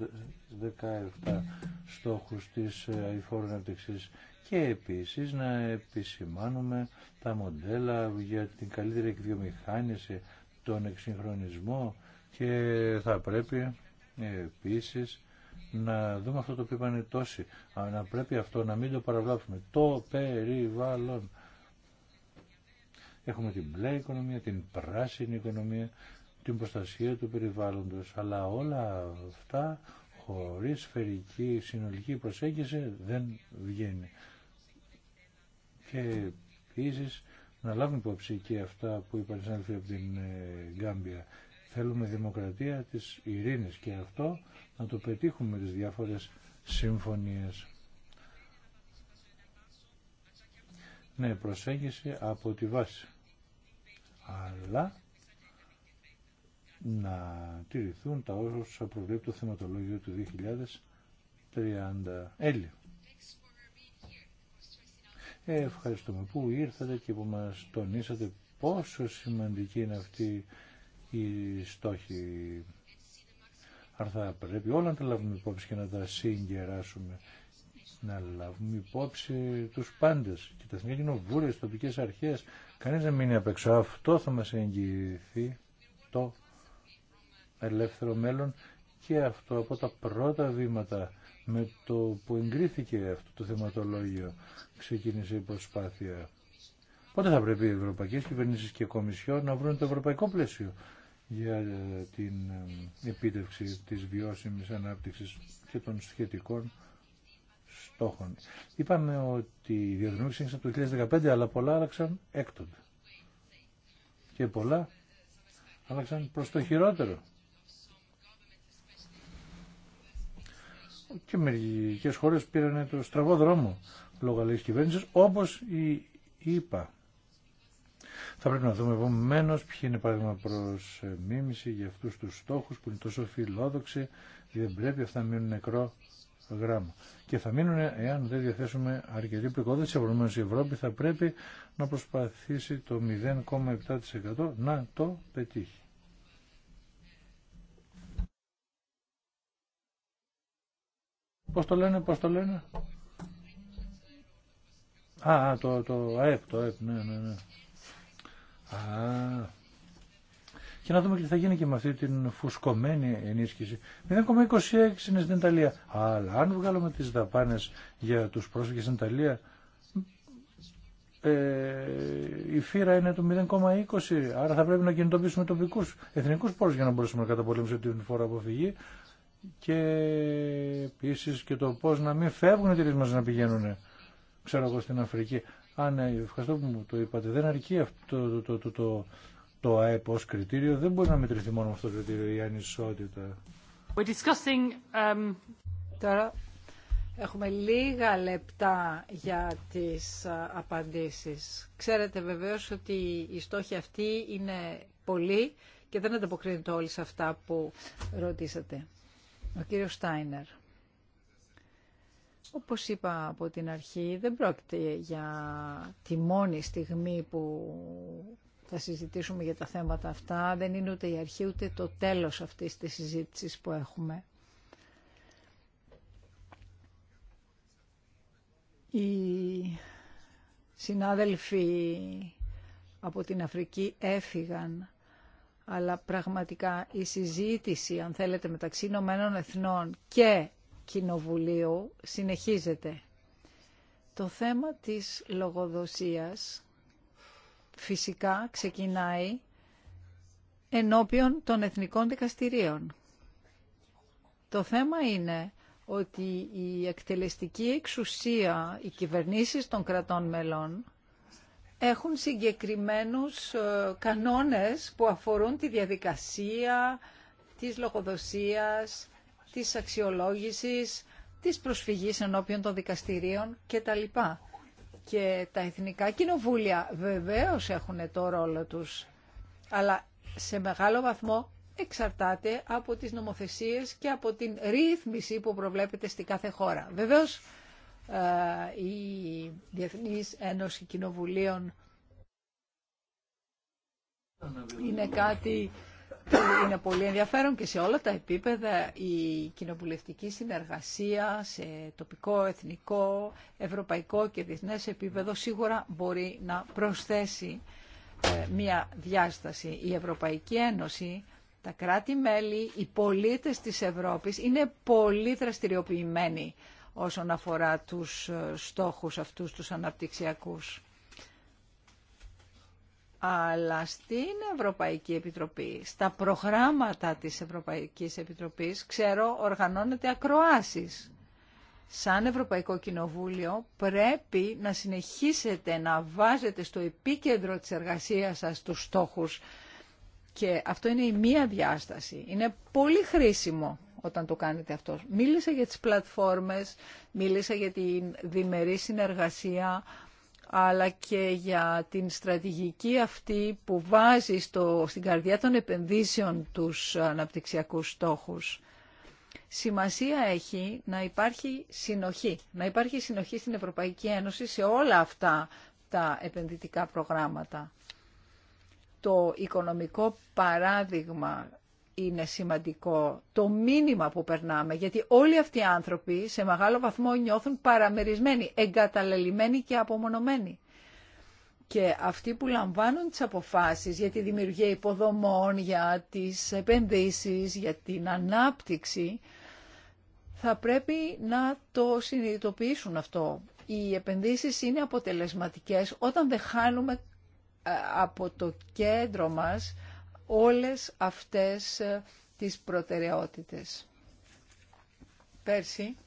17 στόχους της ε, αηφόρου και επίσης να επισημάνουμε τα μοντέλα για την καλύτερη εκβιομηχάνηση, τον εξυγχρονισμό και θα πρέπει επίσης να δούμε αυτό το οποίο είπαν τόσοι. Να πρέπει αυτό να μην το παραβλάψουμε. Το περιβάλλον. Έχουμε την μπλε οικονομία, την πράσινη οικονομία, την προστασία του περιβάλλοντος, αλλά όλα αυτά χωρίς σφαιρική συνολική προσέγγιση δεν βγαίνει. Και επίση να λάβουμε υπόψη και αυτά που είπαν από την ε, Γκάμπια. Θέλουμε δημοκρατία της ειρήνης και αυτό να το πετύχουμε με τις διάφορες συμφωνίες. Ναι, προσέγγιση από τη βάση αλλά να τηρηθούν τα όσα προβλέπει το θεματολόγιο του 2030. Έλλη. Ε, ευχαριστούμε που ήρθατε και που μας τονίσατε πόσο σημαντική είναι αυτή η στόχη. Αν θα πρέπει όλα να τα λάβουμε υπόψη και να τα συγκεράσουμε. Να λάβουμε υπόψη τους πάντες και τα εθνικά κοινοβούλια, τις τοπικές αρχές, Κανείς δεν μείνει απ' έξω. Αυτό θα μας εγγυηθεί το ελεύθερο μέλλον και αυτό από τα πρώτα βήματα με το που εγκρίθηκε αυτό το θεματολόγιο ξεκίνησε η προσπάθεια. Πότε θα πρέπει οι ευρωπαϊκές κυβερνήσεις και κομισιό να βρουν το ευρωπαϊκό πλαίσιο για την ε, επίτευξη της βιώσιμης ανάπτυξης και των σχετικών στόχων. Είπαμε ότι οι διαδρομοί ξεκίνησαν από το 2015, αλλά πολλά άλλαξαν έκτοτε. Και πολλά άλλαξαν προς το χειρότερο. Και μερικές χώρες πήραν το στραβό δρόμο λόγω αλλαγής κυβέρνησης, όπως η Θα πρέπει να δούμε επομένω ποιοι είναι παράδειγμα προ μίμηση για αυτού του στόχου που είναι τόσο φιλόδοξοι. Δεν πρέπει αυτά να μείνουν νεκρό γράμμα. Και θα μείνουν εάν δεν διαθέσουμε αρκετή πληκότητα. Επομένω η Ευρώπη θα πρέπει να προσπαθήσει το 0,7% να το πετύχει. Πώς το λένε, πώς το λένε. Α, το, το ΑΕΠ, το ΑΕΠ, ναι, ναι, ναι. Α, και να δούμε τι θα γίνει και με αυτή την φουσκωμένη ενίσχυση. 0,26 είναι στην Ιταλία. Αλλά αν βγάλουμε τις δαπάνες για τους πρόσφυγες στην Ιταλία, ε, η φύρα είναι το 0,20. Άρα θα πρέπει να κινητοποιήσουμε τοπικούς εθνικούς πόρους για να μπορέσουμε να καταπολέμησουμε την φορά αποφυγή και επίση και το πώς να μην φεύγουν οι μας να πηγαίνουν ξέρω εγώ στην Αφρική. Α, ναι, ευχαριστώ που μου το είπατε. Δεν αρκεί αυτό το, το, το, το το ΑΕΠ ως κριτήριο δεν μπορεί να μετρηθεί μόνο με αυτό το κριτήριο η ανισότητα. We're discussing, um... Τώρα έχουμε λίγα λεπτά για τις απαντήσεις. Ξέρετε βεβαίως ότι η στόχοι αυτή είναι πολύ και δεν ανταποκρίνεται όλοι σε αυτά που ρωτήσατε. Ο κύριος Στάινερ. Όπως είπα από την αρχή, δεν πρόκειται για τη μόνη στιγμή που θα συζητήσουμε για τα θέματα αυτά. Δεν είναι ούτε η αρχή ούτε το τέλος αυτής της συζήτησης που έχουμε. Οι συνάδελφοι από την Αφρική έφυγαν, αλλά πραγματικά η συζήτηση, αν θέλετε, μεταξύ Ηνωμένων Εθνών και Κοινοβουλίου συνεχίζεται. Το θέμα της λογοδοσίας φυσικά ξεκινάει ενώπιον των εθνικών δικαστηρίων. Το θέμα είναι ότι η εκτελεστική εξουσία, οι κυβερνήσεις των κρατών μελών έχουν συγκεκριμένους ε, κανόνες που αφορούν τη διαδικασία της λογοδοσίας, της αξιολόγησης, της προσφυγής ενώπιον των δικαστηρίων κτλ και τα εθνικά κοινοβούλια βεβαίως έχουν το ρόλο τους, αλλά σε μεγάλο βαθμό εξαρτάται από τις νομοθεσίες και από την ρύθμιση που προβλέπεται στη κάθε χώρα. Βεβαίως ε, η Διεθνής Ένωση Κοινοβουλίων είναι κάτι είναι πολύ ενδιαφέρον και σε όλα τα επίπεδα η κοινοβουλευτική συνεργασία σε τοπικό, εθνικό, ευρωπαϊκό και διεθνές επίπεδο σίγουρα μπορεί να προσθέσει ε, μία διάσταση. Η Ευρωπαϊκή Ένωση, τα κράτη-μέλη, οι πολίτες της Ευρώπης είναι πολύ δραστηριοποιημένοι όσον αφορά τους ε, στόχους αυτούς τους αναπτυξιακούς αλλά στην Ευρωπαϊκή Επιτροπή, στα προγράμματα της Ευρωπαϊκής Επιτροπής, ξέρω, οργανώνεται ακροάσεις. Σαν Ευρωπαϊκό Κοινοβούλιο πρέπει να συνεχίσετε να βάζετε στο επίκεντρο της εργασίας σας τους στόχους και αυτό είναι η μία διάσταση. Είναι πολύ χρήσιμο όταν το κάνετε αυτό. Μίλησα για τις πλατφόρμες, μίλησα για τη διμερή συνεργασία αλλά και για την στρατηγική αυτή που βάζει στο, στην καρδιά των επενδύσεων τους αναπτυξιακούς στόχους. Σημασία έχει να υπάρχει συνοχή, να υπάρχει συνοχή στην Ευρωπαϊκή Ένωση σε όλα αυτά τα επενδυτικά προγράμματα. Το οικονομικό παράδειγμα είναι σημαντικό το μήνυμα που περνάμε, γιατί όλοι αυτοί οι άνθρωποι σε μεγάλο βαθμό νιώθουν παραμερισμένοι, εγκαταλελειμμένοι και απομονωμένοι. Και αυτοί που λαμβάνουν τις αποφάσεις για τη δημιουργία υποδομών, για τις επενδύσεις, για την ανάπτυξη, θα πρέπει να το συνειδητοποιήσουν αυτό. Οι επενδύσεις είναι αποτελεσματικές όταν δεν χάνουμε ε, από το κέντρο μας όλες αυτές ε, τις προτεραιότητες. Πέρσι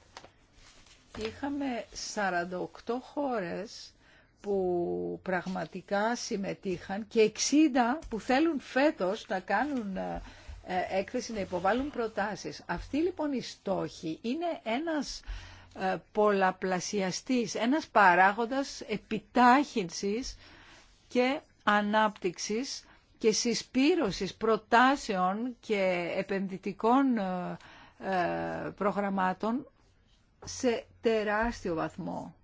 είχαμε 48 χώρες που πραγματικά συμμετείχαν και 60 που θέλουν φέτος να κάνουν ε, ε, έκθεση, να υποβάλουν προτάσεις. Αυτή λοιπόν η στόχη είναι ένας πολλαπλασιαστής, ένας παράγοντας επιτάχυνσης και ανάπτυξης και συσπήρωσης προτάσεων και επενδυτικών ε, ε, προγραμμάτων σε τεράστιο βαθμό.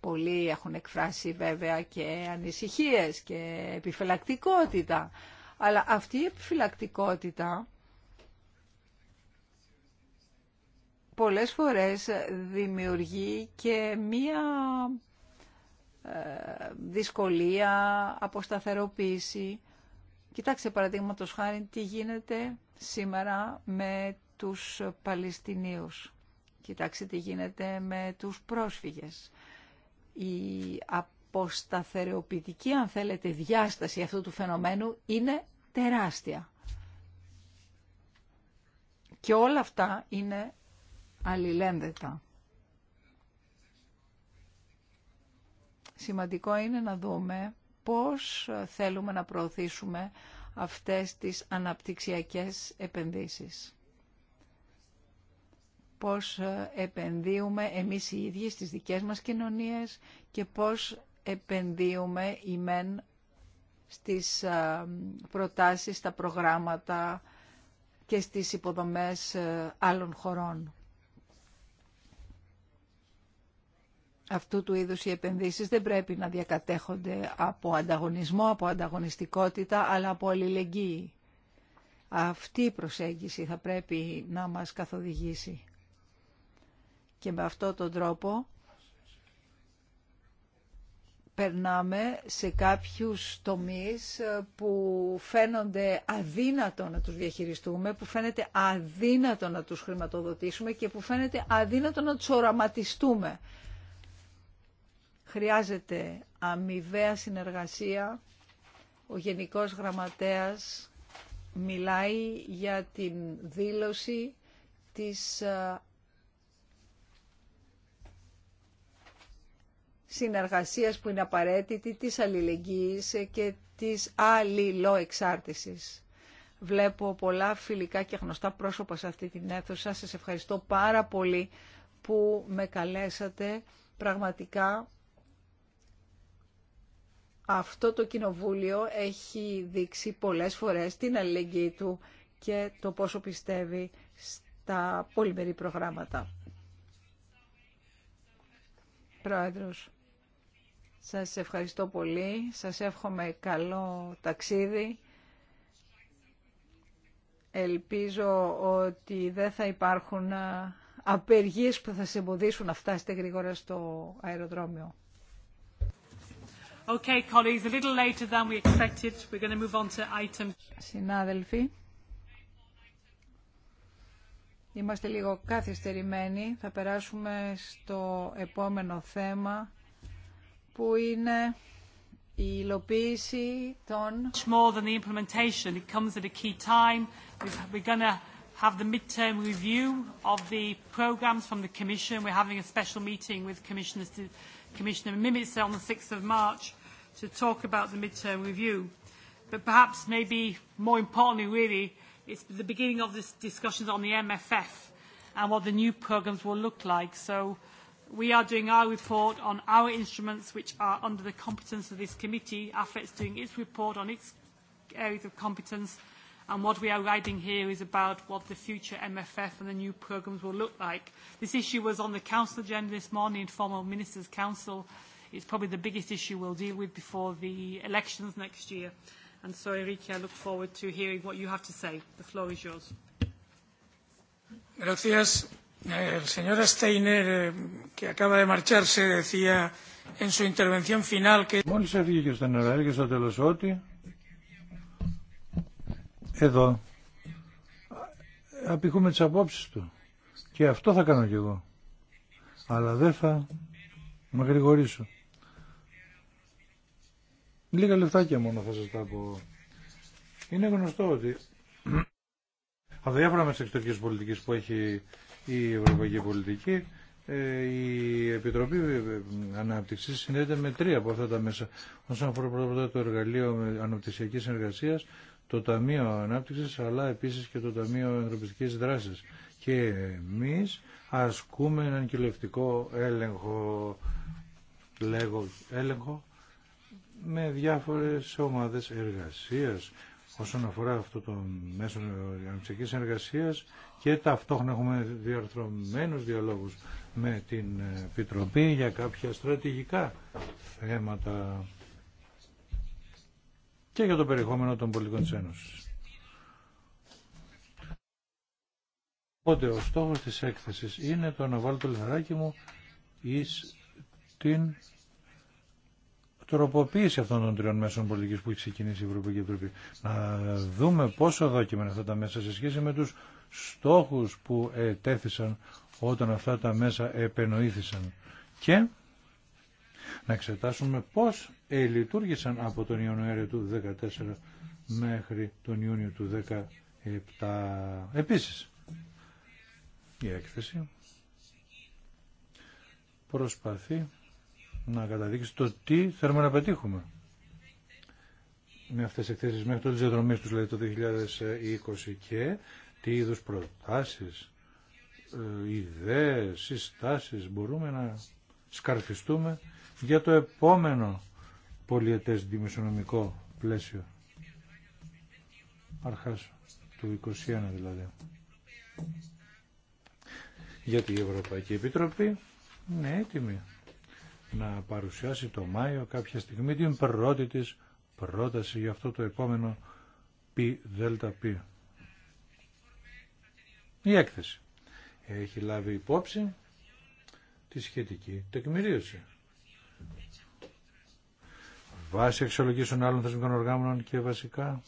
Πολλοί έχουν εκφράσει βέβαια και ανησυχίες και επιφυλακτικότητα. Αλλά αυτή η επιφυλακτικότητα πολλές φορές δημιουργεί και μία ε, δυσκολία, αποσταθεροποίηση. Κοιτάξτε παραδείγματο χάρη τι γίνεται σήμερα με τους Παλαιστινίους. Κοιτάξτε τι γίνεται με τους πρόσφυγες. Η αποσταθεροποιητική, αν θέλετε, διάσταση αυτού του φαινομένου είναι τεράστια. Και όλα αυτά είναι αλληλένδετα. Σημαντικό είναι να δούμε πώς θέλουμε να προωθήσουμε αυτές τις αναπτυξιακές επενδύσεις. Πώς επενδύουμε εμείς οι ίδιοι στις δικές μας κοινωνίες και πώς επενδύουμε οι μεν στις προτάσεις, στα προγράμματα και στις υποδομές άλλων χωρών. αυτού του είδους οι επενδύσεις δεν πρέπει να διακατέχονται από ανταγωνισμό, από ανταγωνιστικότητα, αλλά από αλληλεγγύη. Αυτή η προσέγγιση θα πρέπει να μας καθοδηγήσει. Και με αυτόν τον τρόπο περνάμε σε κάποιους τομείς που φαίνονται αδύνατο να τους διαχειριστούμε, που φαίνεται αδύνατο να τους χρηματοδοτήσουμε και που φαίνεται αδύνατο να τους οραματιστούμε. Χρειάζεται αμοιβαία συνεργασία. Ο Γενικός Γραμματέας μιλάει για την δήλωση της ε, συνεργασίας που είναι απαραίτητη, της αλληλεγγύης και της αλληλοεξάρτησης. Βλέπω πολλά φιλικά και γνωστά πρόσωπα σε αυτή την αίθουσα. Σας ευχαριστώ πάρα πολύ που με καλέσατε. Πραγματικά αυτό το κοινοβούλιο έχει δείξει πολλές φορές την αλληλεγγύη του και το πόσο πιστεύει στα πολυμερή προγράμματα. Πρόεδρος, σας ευχαριστώ πολύ. Σας εύχομαι καλό ταξίδι. Ελπίζω ότι δεν θα υπάρχουν ε, απεργίες που θα σε εμποδίσουν να φτάσετε γρήγορα στο αεροδρόμιο. Okay, colleagues, a little later than we expected. We're going to move on to item. Συνάδελφοι, είμαστε λίγο καθυστερημένοι. Θα περάσουμε στο επόμενο θέμα που είναι η υλοποίηση των... Much more than the implementation. It comes at a key time. We're going to have the midterm review of the programs from the Commission. We're having a special meeting with to... Commissioner Mimica on the 6th of March to talk about the mid term review. But perhaps maybe more importantly really, it's the beginning of this discussions on the MFF and what the new programmes will look like. So we are doing our report on our instruments which are under the competence of this committee. AFET's doing its report on its areas of competence And what we are writing here is about what the future MFF and the new programmes will look like. This issue was on the Council agenda this morning, formal Ministers' Council. It's probably the biggest issue we'll deal with before the elections next year. And so, Enrique, I look forward to hearing what you have to say. The floor is yours. Gracias. El señor Steiner, que acaba de marcharse, decía en su intervención final que... Μόλις έφυγε στον στο τέλος ότι εδώ απηχούμε τις απόψεις του. Και αυτό θα κάνω κι εγώ. Αλλά δεν θα με γρηγορήσω. Λίγα λεφτάκια μόνο θα σας τα πω. Είναι γνωστό ότι από με τι εξωτερικής πολιτικής που έχει η ευρωπαϊκή πολιτική ε, η Επιτροπή ε, ε, Ανάπτυξης συνδέεται με τρία από αυτά τα μέσα όσον αφορά πρώτα το εργαλείο αναπτυξιακή συνεργασία, το Ταμείο Ανάπτυξης αλλά επίσης και το Ταμείο Ανθρωπιστικής Δράσης. Και εμείς ασκούμε έναν κυλευτικό έλεγχο, λέγω έλεγχο, με διάφορες ομάδες εργασίας όσον αφορά αυτό το μέσο αναπτυξιακής εργασίας και ταυτόχρονα έχουμε διαρθρωμένους διαλόγους με την Επιτροπή για κάποια στρατηγικά θέματα και για το περιεχόμενο των πολιτικών της Ένωσης. Οπότε ο στόχος της έκθεσης είναι το να βάλω το λιθαράκι μου εις την τροποποίηση αυτών των τριών μέσων πολιτικής που έχει ξεκινήσει η Ευρωπαϊκή Επιτροπή. Να δούμε πόσο δόκιμα αυτά τα μέσα σε σχέση με τους στόχους που ετέθησαν όταν αυτά τα μέσα επενοήθησαν. Και να εξετάσουμε πώς ε, λειτουργήσαν από τον Ιανουάριο του 2014 μέχρι τον Ιούνιο του 2017. Επίσης, η έκθεση προσπαθεί να καταδείξει το τι θέλουμε να πετύχουμε με αυτές τις εκθέσεις μέχρι το της διαδρομής τους, δηλαδή το 2020 και τι είδους προτάσεις, ε, ιδέες, συστάσεις μπορούμε να σκαρφιστούμε για το επόμενο πολιετές δημοσιονομικό πλαίσιο. Αρχάς του 21 δηλαδή. Γιατί η Ευρωπαϊκή Επιτροπή είναι έτοιμη να παρουσιάσει το Μάιο κάποια στιγμή την πρώτη της πρόταση για αυτό το επόμενο πι δέλτα πι. Η έκθεση έχει λάβει υπόψη τη σχετική τεκμηρίωση βάση εξολογήσεων άλλων θεσμικών οργάνων και βασικά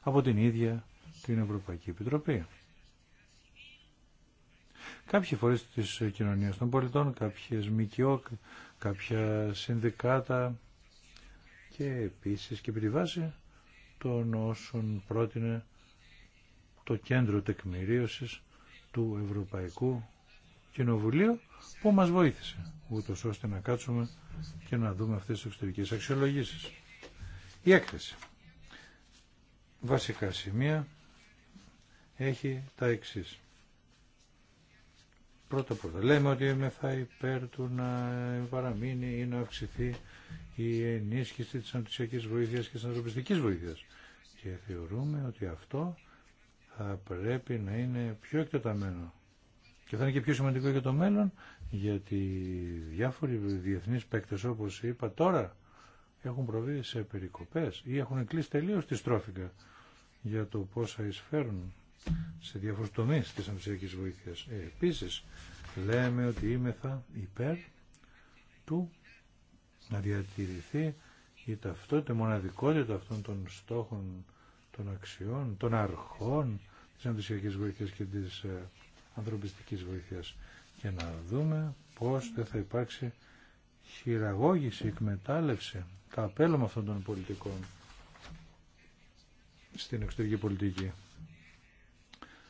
από την ίδια την Ευρωπαϊκή Επιτροπή. Κάποιοι φορείς της κοινωνίας των πολιτών, κάποιες ΜΚΟ, κάποια συνδικάτα και επίσης και επί τη βάση των όσων πρότεινε το κέντρο τεκμηρίωσης του Ευρωπαϊκού Κοινοβουλίο που μας βοήθησε ούτως ώστε να κάτσουμε και να δούμε αυτές τις εξωτερικές αξιολογήσεις. Η έκθεση. Βασικά σημεία έχει τα εξής. Πρώτα πρώτα. Λέμε ότι με θα υπέρ του να παραμείνει ή να αυξηθεί η ενίσχυση της αντισιακής βοήθειας και της ανθρωπιστικής βοήθειας. Και θεωρούμε ότι αυτό θα πρέπει να είναι πιο εκτεταμένο και θα είναι και πιο σημαντικό για το μέλλον, γιατί διάφοροι διεθνείς παίκτες, όπως είπα τώρα, έχουν προβεί σε περικοπές ή έχουν κλείσει τελείω τη στρόφιγγα για το πόσα εισφέρουν σε διάφορους τομείς της αμυσιακής βοήθειας. Ε, επίσης, λέμε ότι είμεθα υπέρ του να διατηρηθεί η ταυτότητα, η μοναδικότητα αυτών των στόχων, των αξιών, των αρχών της αμυσιακής βοήθειας και της ε, ανθρωπιστικής βοήθειας και να δούμε πώς δεν θα υπάρξει χειραγώγηση, εκμετάλλευση, καπέλωμα αυτών των πολιτικών στην εξωτερική πολιτική.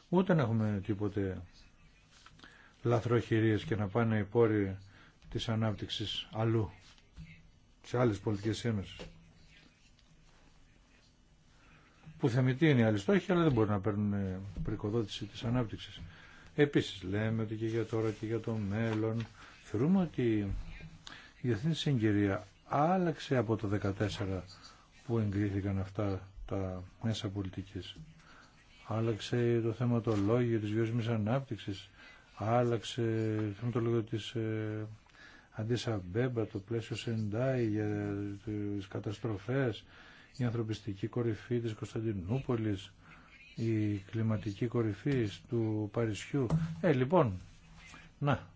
Ούτε να έχουμε τίποτε λαθροχειρίες και να πάνε οι πόροι της ανάπτυξης αλλού, σε άλλες πολιτικές ένωσες. Που θεμητή είναι η αλλά δεν μπορεί να παίρνουν πρικοδότηση της ανάπτυξης. Επίσης λέμε ότι και για τώρα και για το μέλλον θεωρούμε ότι η διεθνή συγκυρία άλλαξε από το 2014 που εγκρίθηκαν αυτά τα μέσα πολιτικής. Άλλαξε το θεματολόγιο της βιώσιμης ανάπτυξης, άλλαξε το θεματολόγιο της ε, Αντισαμπέμπα, το πλαίσιο Σεντάι για τις καταστροφές, η ανθρωπιστική κορυφή της Κωνσταντινούπολης, η κλιματική κορυφή του Παρισιού. Ε, λοιπόν, να,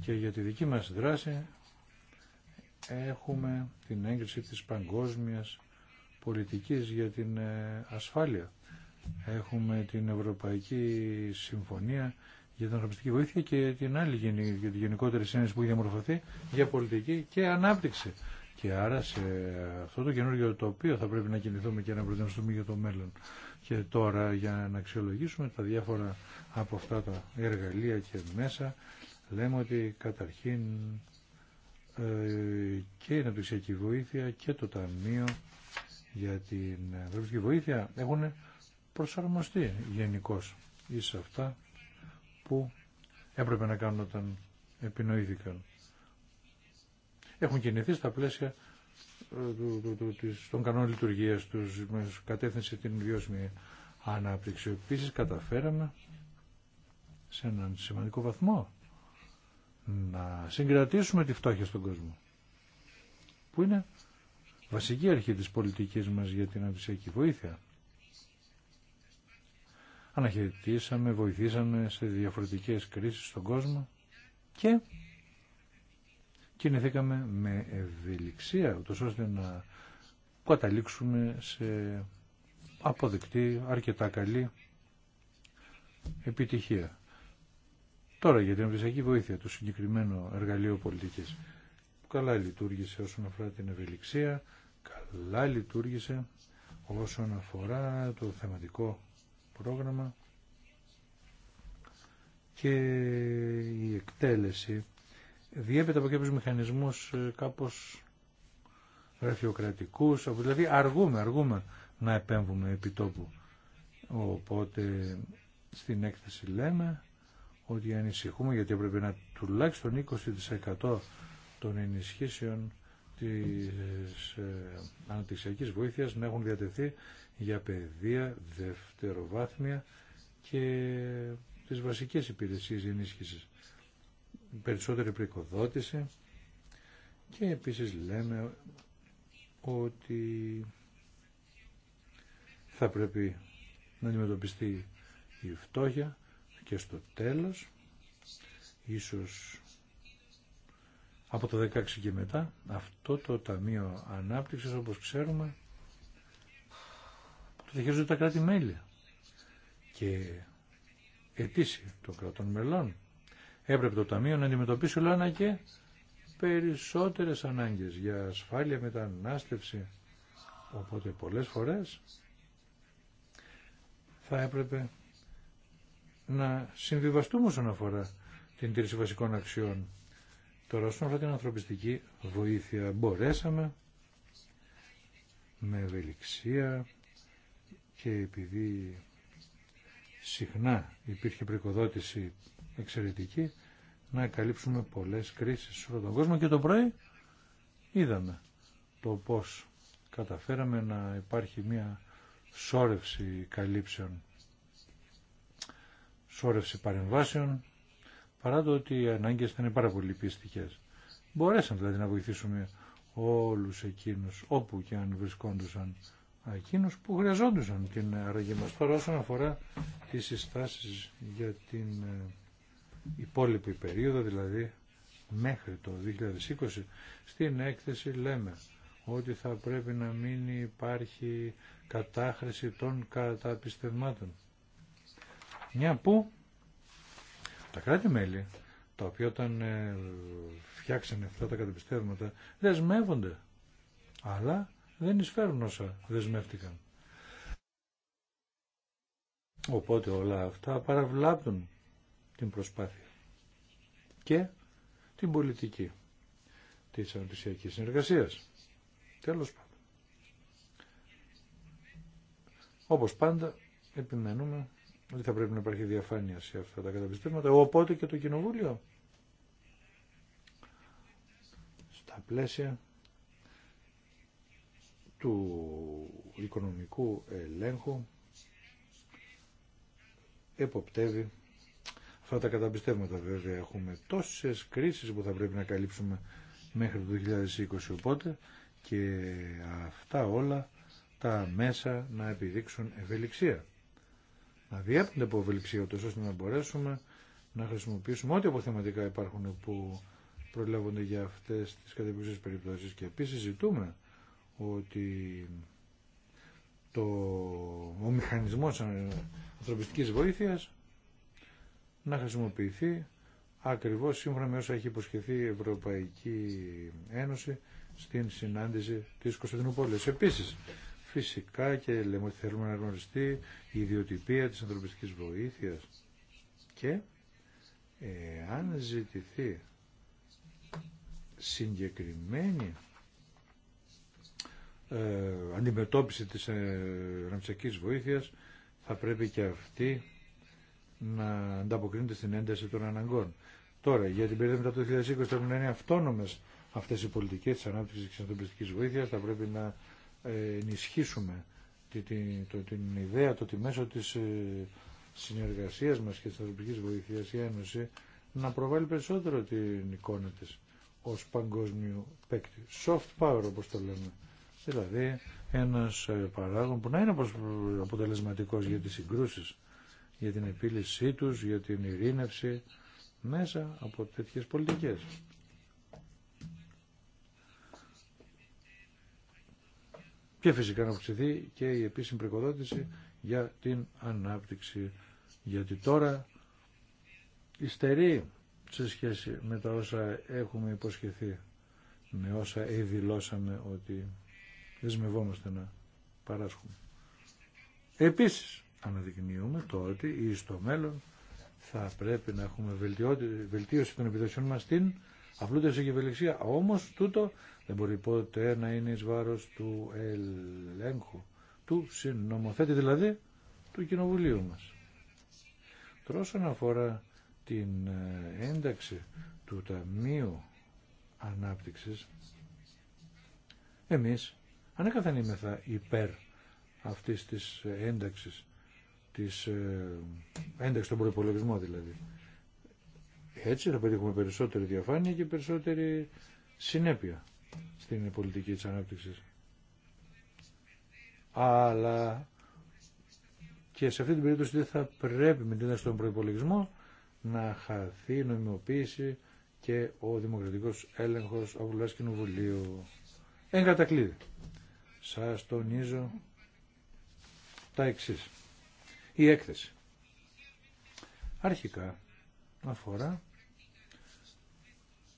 και για τη δική μας δράση έχουμε την έγκριση της παγκόσμιας πολιτικής για την ε, ασφάλεια. Έχουμε την Ευρωπαϊκή Συμφωνία για την ανθρωπιστική βοήθεια και την άλλη γενικότερη σύνδεση που έχει διαμορφωθεί για πολιτική και ανάπτυξη. Και άρα σε αυτό το καινούργιο τοπίο θα πρέπει να κινηθούμε και να προετοιμαστούμε για το μέλλον. Και τώρα για να αξιολογήσουμε τα διάφορα από αυτά τα εργαλεία και μέσα λέμε ότι καταρχήν ε, και η αναπτυξιακή βοήθεια και το Ταμείο για την Ανθρωπιστική βοήθεια έχουν προσαρμοστεί γενικώ σε αυτά που έπρεπε να κάνουν όταν επινοήθηκαν έχουν κινηθεί στα πλαίσια ε, των κανόνων λειτουργίας τους με κατεύθυνση την βιώσιμη ανάπτυξη. Επίσης καταφέραμε σε έναν σημαντικό βαθμό να συγκρατήσουμε τη φτώχεια στον κόσμο που είναι βασική αρχή της πολιτικής μας για την αντιστοιχική βοήθεια. Αναχαιρετήσαμε, βοηθήσαμε σε διαφορετικές κρίσεις στον κόσμο και κινηθήκαμε με ευελιξία, ούτως ώστε να καταλήξουμε σε αποδεκτή, αρκετά καλή επιτυχία. Τώρα για την εμπιστιακή βοήθεια, του συγκεκριμένο εργαλείο πολιτικής, που καλά λειτουργήσε όσον αφορά την ευελιξία, καλά λειτουργήσε όσον αφορά το θεματικό πρόγραμμα και η εκτέλεση διέπεται από κάποιους μηχανισμούς ε, κάπως γραφειοκρατικούς, δηλαδή αργούμε, αργούμε να επέμβουμε επί τόπου. Οπότε στην έκθεση λέμε ότι ανησυχούμε γιατί έπρεπε να τουλάχιστον 20% των ενισχύσεων της ε, αναπτυξιακής βοήθειας να έχουν διατεθεί για παιδεία, δευτεροβάθμια και τις βασικές υπηρεσίες ενίσχυσης περισσότερη πρικοδότηση και επίσης λέμε ότι θα πρέπει να αντιμετωπιστεί η φτώχεια και στο τέλος ίσως από το 16 και μετά αυτό το Ταμείο Ανάπτυξης όπως ξέρουμε το διαχειρίζονται τα κράτη-μέλη και αιτήσει των κρατών μελών Έπρεπε το Ταμείο να αντιμετωπίσει όλα και περισσότερες ανάγκες για ασφάλεια, μετανάστευση. Οπότε πολλές φορές θα έπρεπε να συμβιβαστούμε όσον αφορά την τήρηση βασικών αξιών. Τώρα όσον αφορά την ανθρωπιστική βοήθεια μπορέσαμε με ευελιξία και επειδή συχνά υπήρχε προοικοδότηση εξαιρετική να καλύψουμε πολλές κρίσεις σε όλο τον κόσμο και το πρωί είδαμε το πώς καταφέραμε να υπάρχει μια σόρευση καλύψεων, σόρευση παρεμβάσεων, παρά το ότι οι ανάγκες ήταν πάρα πολύ πιστικές Μπορέσαμε δηλαδή να βοηθήσουμε όλους εκείνους όπου και αν βρισκόντουσαν εκείνους που χρειαζόντουσαν την αραγή μας. Τώρα όσον αφορά τις συστάσεις για την ε, υπόλοιπη περίοδο, δηλαδή μέχρι το 2020, στην έκθεση λέμε ότι θα πρέπει να μην υπάρχει κατάχρηση των καταπιστευμάτων. Μια που τα κράτη-μέλη, τα οποία όταν ε, φτιάξανε αυτά τα καταπιστεύματα, δεσμεύονται, αλλά δεν εισφέρουν όσα δεσμεύτηκαν. Οπότε όλα αυτά παραβλάπτουν την προσπάθεια και την πολιτική της αναπτυσιακής συνεργασίας. Τέλος πάντων. Όπως πάντα επιμένουμε ότι θα πρέπει να υπάρχει διαφάνεια σε αυτά τα καταπιστήματα, οπότε και το Κοινοβούλιο στα πλαίσια του οικονομικού ελέγχου εποπτεύει αυτά τα καταπιστεύματα βέβαια έχουμε τόσες κρίσεις που θα πρέπει να καλύψουμε μέχρι το 2020 οπότε και αυτά όλα τα μέσα να επιδείξουν ευελιξία. Να διέπονται από ευελιξία ούτως ώστε να μπορέσουμε να χρησιμοποιήσουμε ό,τι αποθεματικά υπάρχουν που προλάβονται για αυτές τις κατεπιστές περιπτώσεις και επίσης ζητούμε ότι το, ο μηχανισμός ανθρωπιστικής βοήθειας να χρησιμοποιηθεί ακριβώς σύμφωνα με όσα έχει υποσχεθεί η Ευρωπαϊκή Ένωση στην συνάντηση της Κωνσταντινούπολης. Επίσης, φυσικά και λέμε θέλουμε να γνωριστεί η ιδιωτυπία της ανθρωπιστικής βοήθειας και αν ζητηθεί συγκεκριμένη ε, αντιμετώπιση της ε, βοήθειας θα πρέπει και αυτή να ανταποκρίνεται στην ένταση των αναγκών. Τώρα, για την περίοδο μετά το 2020 θέλουν να είναι αυτόνομε αυτέ οι πολιτικές ανάπτυξη και τη ανθρωπιστική βοήθεια, θα πρέπει να ε, ενισχύσουμε την, την, ιδέα, το ότι μέσω της ε, συνεργασία μα και τη ανθρωπιστική βοήθειας η Ένωση να προβάλλει περισσότερο την εικόνα τη ω παγκόσμιο παίκτη. Soft power όπω το λέμε. Δηλαδή ένα ε, παράγον που να είναι αποτελεσματικό για τι συγκρούσει για την επίλυσή τους, για την ειρήνευση μέσα από τέτοιες πολιτικές. Και φυσικά να αυξηθεί και η επίσημη πρικοδότηση για την ανάπτυξη. Γιατί τώρα ιστερεί σε σχέση με τα όσα έχουμε υποσχεθεί, με όσα δηλώσαμε ότι δεσμευόμαστε να παράσχουμε. Επίσης, αναδεικνύουμε το ότι ή στο μέλλον θα πρέπει να έχουμε βελτίωση των επιδοσιών μας στην απλούτευση και ευελιξία. Όμως τούτο δεν μπορεί ποτέ να είναι εις βάρος του ελέγχου, του συνομοθέτη δηλαδή του κοινοβουλίου μας. Τώρα αφορά την ε, ένταξη του Ταμείου Ανάπτυξης, εμείς ανέκαθεν είμεθα υπέρ αυτής της ένταξης της ε, ένταξης στον προπολογισμό δηλαδή. Έτσι θα πετύχουμε περισσότερη διαφάνεια και περισσότερη συνέπεια στην πολιτική της ανάπτυξης. Αλλά και σε αυτή την περίπτωση δεν θα πρέπει με την ένταξη στον προπολογισμό να χαθεί η νομιμοποίηση και ο δημοκρατικός έλεγχος από Βουλάς κοινοβουλίου. Εν Σας τονίζω τα εξής η έκθεση. Αρχικά αφορά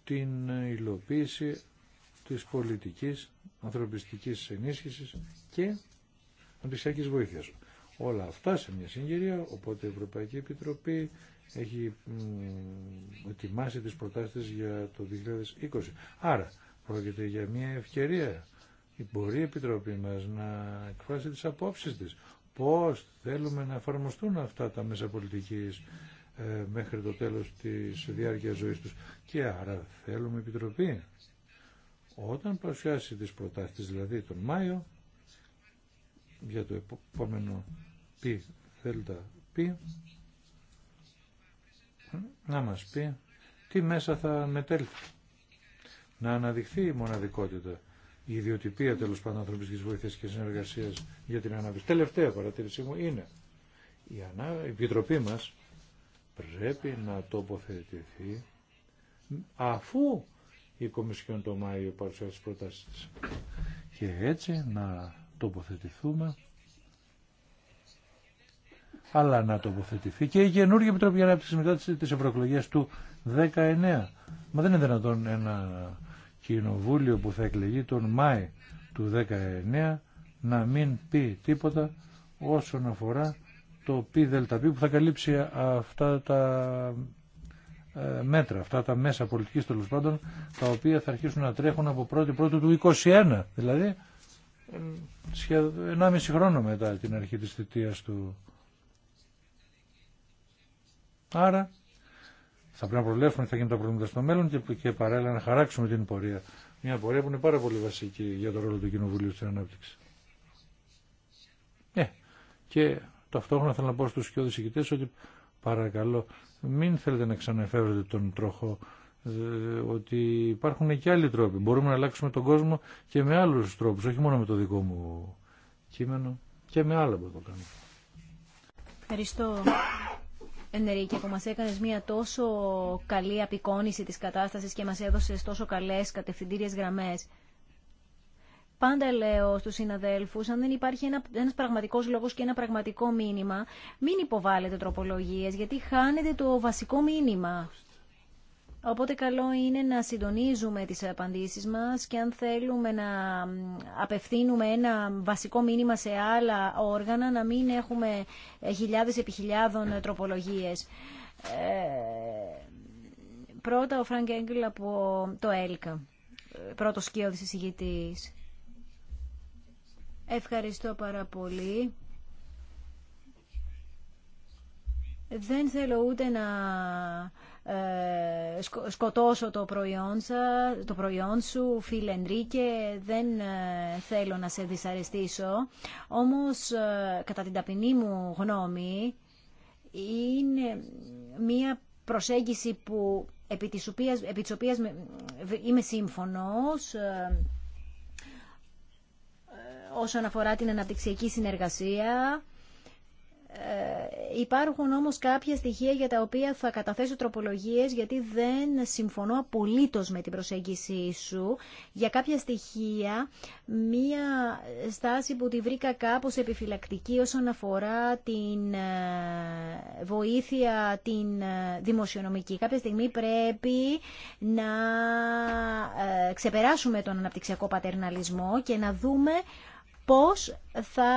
την υλοποίηση της πολιτικής ανθρωπιστικής ενίσχυσης και ανθρωπιστικής βοήθειας. Όλα αυτά σε μια συγκυρία, οπότε η Ευρωπαϊκή Επιτροπή έχει ετοιμάσει τις προτάσεις για το 2020. Άρα πρόκειται για μια ευκαιρία. Μπορεί η Επιτροπή μας να εκφράσει τις απόψεις της πώς θέλουμε να εφαρμοστούν αυτά τα μέσα πολιτικής ε, μέχρι το τέλος της διάρκειας ζωής τους. Και άρα θέλουμε επιτροπή. Όταν παρουσιάσει τις προτάσεις δηλαδή τον Μάιο, για το επόμενο πι θέλτα πι, να μας πει τι μέσα θα μετέλθει. Να αναδειχθεί η μοναδικότητα η ιδιοτυπία τέλο πάντων ανθρωπιστική βοήθεια και συνεργασία για την ανάπτυξη. Τελευταία παρατήρησή μου είναι η, η επιτροπή μα πρέπει να τοποθετηθεί αφού η Κομισιόν το Μάιο παρουσιάσει τι προτάσει τη. Και έτσι να τοποθετηθούμε αλλά να τοποθετηθεί και η καινούργια Επιτροπή Ανάπτυξη μετά τι ευρωεκλογέ του 19. Μα δεν είναι δυνατόν ένα κοινοβούλιο που θα εκλεγεί τον Μάη του 19 να μην πει τίποτα όσον αφορά το πι δελτα που θα καλύψει αυτά τα ε, μέτρα, αυτά τα μέσα πολιτικής τέλο πάντων, τα οποία θα αρχίσουν να τρέχουν πρώτη πρώτη του 21, δηλαδή σχεδόν 1,5 χρόνο μετά την αρχή της θητείας του. Άρα θα πρέπει να προβλέψουμε τι θα γίνουν τα προβλήματα στο μέλλον και, παράλληλα να χαράξουμε την πορεία. Μια πορεία που είναι πάρα πολύ βασική για το ρόλο του Κοινοβουλίου στην ανάπτυξη. Ναι. και ταυτόχρονα θέλω να πω στου και ηγητές ότι παρακαλώ μην θέλετε να ξαναεφεύρετε τον τροχό ε, ότι υπάρχουν και άλλοι τρόποι. Μπορούμε να αλλάξουμε τον κόσμο και με άλλους τρόπους, όχι μόνο με το δικό μου κείμενο και με άλλα που το κάνουμε. Ευχαριστώ Ενερίκη, που μας έκανες μια τόσο καλή απεικόνηση της κατάστασης και μας έδωσε τόσο καλές κατευθυντήριες γραμμές. Πάντα λέω στους συναδέλφους, αν δεν υπάρχει ένα, ένας πραγματικός λόγος και ένα πραγματικό μήνυμα, μην υποβάλλετε τροπολογίες, γιατί χάνετε το βασικό μήνυμα. Οπότε καλό είναι να συντονίζουμε τις απαντήσεις μας και αν θέλουμε να απευθύνουμε ένα βασικό μήνυμα σε άλλα όργανα να μην έχουμε ε, χιλιάδες επί χιλιάδων ε, τροπολογίες. Ε, πρώτα ο Φρανκ Έγκλ από το ΕΛΚΑ, πρώτος της εισηγητής. Ευχαριστώ πάρα πολύ. Δεν θέλω ούτε να ε, σκοτώσω το προϊόν, το προϊόν σου, φίλε Ενρίκε, δεν ε, θέλω να σε δυσαρεστήσω. Όμως, ε, κατά την ταπεινή μου γνώμη, είναι μία προσέγγιση που επί της οποίας, επί της οποίας είμαι σύμφωνος όσον αφορά την αναπτυξιακή συνεργασία ε, υπάρχουν όμως κάποια στοιχεία για τα οποία θα καταθέσω τροπολογίες γιατί δεν συμφωνώ απολύτως με την προσέγγιση σου. Για κάποια στοιχεία, μία στάση που τη βρήκα κάπως επιφυλακτική όσον αφορά την ε, βοήθεια την ε, δημοσιονομική. Κάποια στιγμή πρέπει να ξεπεράσουμε τον αναπτυξιακό πατερναλισμό και να δούμε πώς θα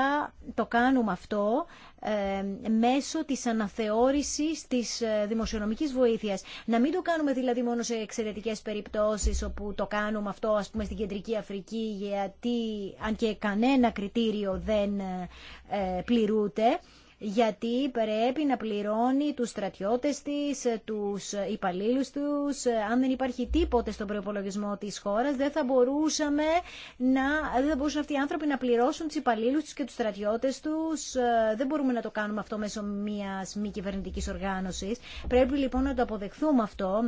το κάνουμε αυτό ε, μέσω της αναθεώρησης της ε, δημοσιονομικής βοήθειας. Να μην το κάνουμε δηλαδή μόνο σε εξαιρετικές περιπτώσεις όπου το κάνουμε αυτό ας πούμε στην Κεντρική Αφρική γιατί αν και κανένα κριτήριο δεν ε, πληρούνται γιατί πρέπει να πληρώνει τους στρατιώτες της, τους υπαλλήλους τους. Αν δεν υπάρχει τίποτε στον προπολογισμό της χώρας, δεν θα, μπορούσαμε να, δεν θα μπορούσαν αυτοί οι άνθρωποι να πληρώσουν τους υπαλλήλους τους και τους στρατιώτες τους. Δεν μπορούμε να το κάνουμε αυτό μέσω μιας μη κυβερνητικής οργάνωσης. Πρέπει λοιπόν να το αποδεχθούμε αυτό,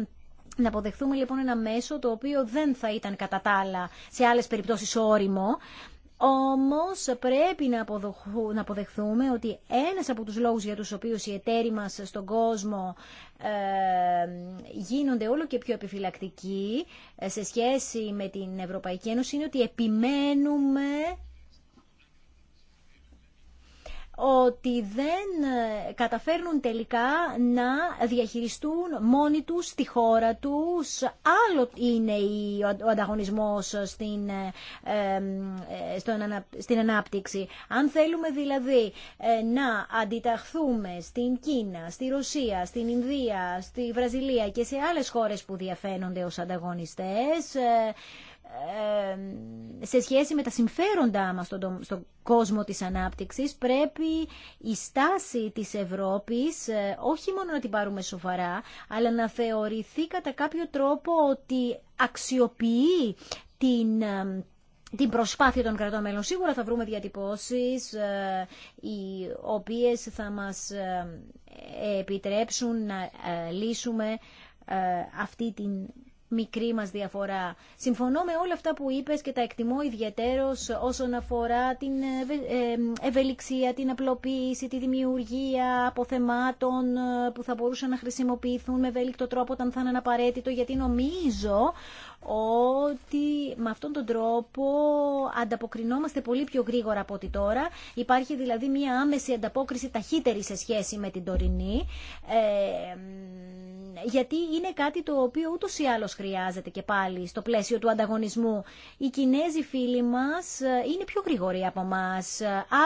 να αποδεχθούμε λοιπόν ένα μέσο το οποίο δεν θα ήταν κατά τα άλλα σε άλλες περιπτώσεις όριμο όμως πρέπει να αποδεχθούμε ότι ένας από τους λόγους για τους οποίους οι εταίροι μας στον κόσμο γίνονται όλο και πιο επιφυλακτικοί ε, σε σχέση με την Ευρωπαϊκή Ένωση είναι ότι επιμένουμε ότι δεν ε, καταφέρνουν τελικά να διαχειριστούν μόνοι τους τη χώρα τους. Άλλο είναι ο ανταγωνισμός στην, ε, ε, στην ανάπτυξη. Αν θέλουμε δηλαδή να αντιταχθούμε στην Κίνα, στη Ρωσία, στην Ινδία, στη Βραζιλία και σε άλλες χώρες που διαφαίνονται ως ανταγωνιστές, ε, σε σχέση με τα συμφέροντά μας στον κόσμο της ανάπτυξης πρέπει η στάση της Ευρώπης ε, όχι μόνο να την πάρουμε σοβαρά αλλά να θεωρηθεί κατά κάποιο τρόπο ότι αξιοποιεί την ε, την προσπάθεια των κρατών μέλων. Σίγουρα θα βρούμε διατυπώσεις οι οποίες θα μας επιτρέψουν να λύσουμε αυτή την μικρή μας διαφορά. Συμφωνώ με όλα αυτά που είπες και τα εκτιμώ ιδιαίτερος όσον αφορά την ε, ε, ευελιξία, την απλοποίηση, τη δημιουργία αποθεμάτων ε, που θα μπορούσαν να χρησιμοποιηθούν με ευέλικτο τρόπο όταν θα είναι απαραίτητο, γιατί νομίζω ότι με αυτόν τον τρόπο ανταποκρινόμαστε πολύ πιο γρήγορα από ό,τι τώρα. Υπάρχει δηλαδή μια άμεση ανταπόκριση ταχύτερη σε σχέση με την τωρινή, ε, γιατί είναι κάτι το οποίο ούτως ή άλλως χρειάζεται και πάλι στο πλαίσιο του ανταγωνισμού. Οι Κινέζοι φίλοι μας ε, είναι πιο γρήγοροι από μας.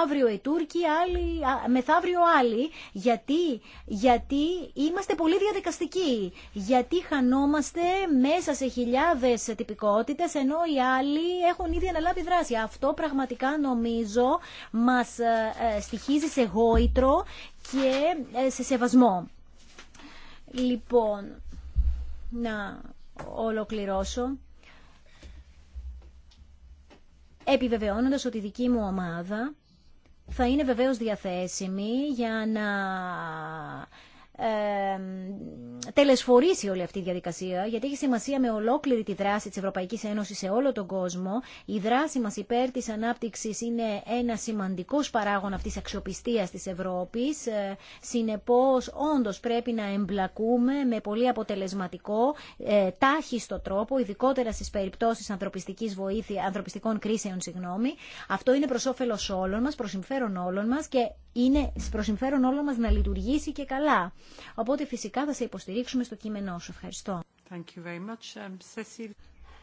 Αύριο οι Τούρκοι, άλλοι, μεθαύριο άλλοι. Γιατί, γιατί είμαστε πολύ διαδικαστικοί. Γιατί χανόμαστε μέσα σε χιλιάδες ομάδε τυπικότητες, ενώ οι άλλοι έχουν ήδη αναλάβει δράση. Αυτό πραγματικά νομίζω μας ε, ε, στοιχίζει σε γόητρο και ε, σε σεβασμό. Λοιπόν, να ολοκληρώσω. Επιβεβαιώνοντας ότι η δική μου ομάδα θα είναι βεβαίως διαθέσιμη για να τελεσφορήσει όλη αυτή η διαδικασία, γιατί έχει σημασία με ολόκληρη τη δράση τη Ευρωπαϊκή Ένωση σε όλο τον κόσμο. Η δράση μα υπέρ τη ανάπτυξη είναι ένα σημαντικός παράγον αυτής της αξιοπιστίας Ευρώπη. Ευρώπης. Ε, συνεπώς, όντω πρέπει να εμπλακούμε με πολύ αποτελεσματικό, ε, τάχιστο τρόπο, ειδικότερα στι περιπτώσει ανθρωπιστική βοήθεια, ανθρωπιστικών κρίσεων. Συγγνώμη. Αυτό είναι προ όφελο όλων μα, προ συμφέρον όλων μα και είναι προ συμφέρον όλων μα να λειτουργήσει και καλά. Οπότε φυσικά θα σε υποστηρίξουμε στο κείμενό σου. Ευχαριστώ. Thank you very much. Um,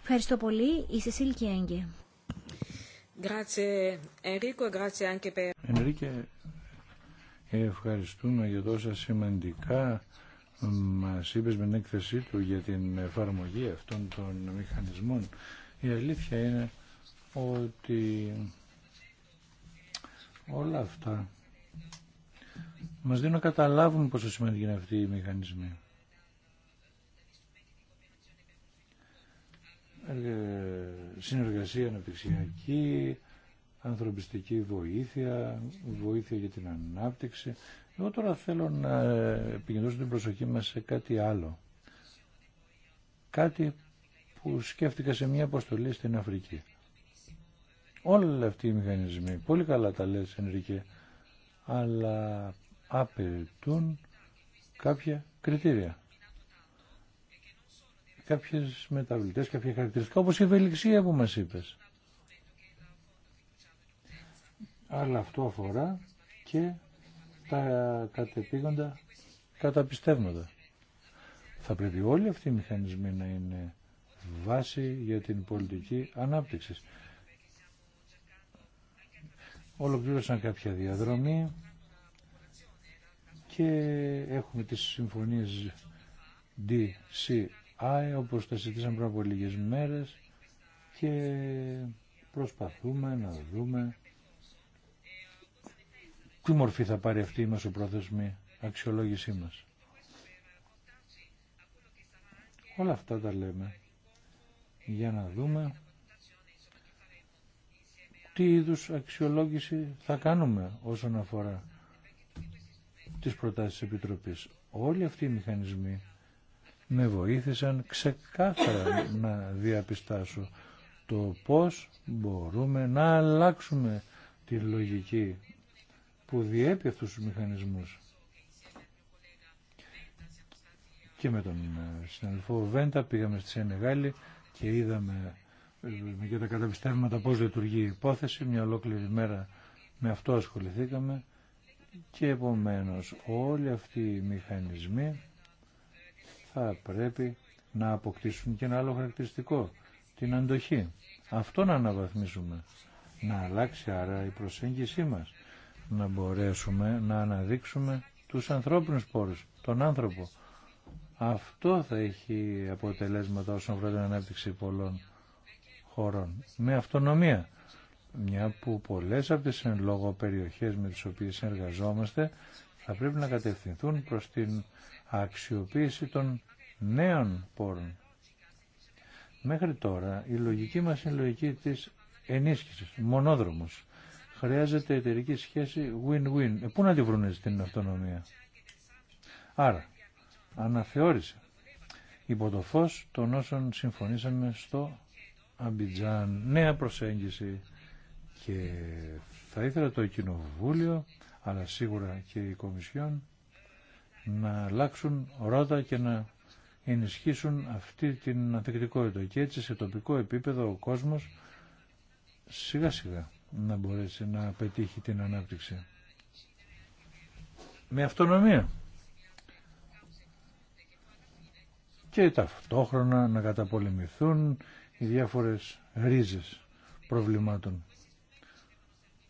Ευχαριστώ πολύ. Η Σεσίλ Κιέγγε. Ενρίκε, ευχαριστούμε για τόσα σημαντικά μας είπες με την έκθεσή του για την εφαρμογή αυτών των μηχανισμών. Η αλήθεια είναι ότι όλα αυτά μας δίνουν να καταλάβουν πόσο σημαντικοί είναι αυτοί οι μηχανισμοί. Ε, συνεργασία αναπτυξιακή, ανθρωπιστική βοήθεια, βοήθεια για την ανάπτυξη. Εγώ τώρα θέλω να επικεντρώσω την προσοχή μας σε κάτι άλλο. Κάτι που σκέφτηκα σε μια αποστολή στην Αφρική. Όλοι αυτοί οι μηχανισμοί, πολύ καλά τα λες Ενρικέ, αλλά απαιτούν κάποια κριτήρια. Κάποιε μεταβλητέ, κάποια χαρακτηριστικά, όπω η ευελιξία που μα είπες. Αλλά αυτό αφορά και τα κατεπίγοντα καταπιστεύματα. Θα πρέπει όλοι αυτοί οι μηχανισμοί να είναι βάση για την πολιτική ανάπτυξη. Ολοκλήρωσαν κάποια διαδρομή και έχουμε τις συμφωνίες DCI όπως τα συζητήσαμε πριν από λίγες μέρες και προσπαθούμε να δούμε τι μορφή θα πάρει αυτή η μεσοπρόθεσμη αξιολόγησή μας. Όλα αυτά τα λέμε για να δούμε τι είδους αξιολόγηση θα κάνουμε όσον αφορά τις προτάσεις της Επιτροπής. Όλοι αυτοί οι μηχανισμοί με βοήθησαν ξεκάθαρα να διαπιστάσω το πώς μπορούμε να αλλάξουμε τη λογική που διέπει αυτούς τους μηχανισμούς. Και με τον ε, συναδελφό Βέντα πήγαμε στη Σενεγάλη και είδαμε για ε, τα καταπιστεύματα πώς λειτουργεί η υπόθεση. Μια ολόκληρη μέρα με αυτό ασχοληθήκαμε και επομένως όλοι αυτοί οι μηχανισμοί θα πρέπει να αποκτήσουν και ένα άλλο χαρακτηριστικό, την αντοχή. Αυτό να αναβαθμίσουμε, να αλλάξει άρα η προσέγγιση μας, να μπορέσουμε να αναδείξουμε τους ανθρώπινους πόρους, τον άνθρωπο. Αυτό θα έχει αποτελέσματα όσον αφορά την ανάπτυξη πολλών χωρών. Με αυτονομία μια που πολλές από τις εν λόγω περιοχές με τις οποίες εργαζόμαστε θα πρέπει να κατευθυνθούν προς την αξιοποίηση των νέων πόρων. Μέχρι τώρα η λογική μας είναι η λογική της ενίσχυσης, μονόδρομος. Χρειάζεται εταιρική σχέση win-win. Ε, πού να τη βρούνε στην αυτονομία. Άρα, αναθεώρησε υπό το φως των όσων συμφωνήσαμε στο Αμπιτζάν. Νέα προσέγγιση. Και θα ήθελα το Κοινοβούλιο, αλλά σίγουρα και η Κομισιόν, να αλλάξουν ρότα και να ενισχύσουν αυτή την ανθεκτικότητα. Και έτσι σε τοπικό επίπεδο ο κόσμος σιγά σιγά να μπορέσει να πετύχει την ανάπτυξη. Με αυτονομία. Και ταυτόχρονα να καταπολεμηθούν οι διάφορες ρίζες προβλημάτων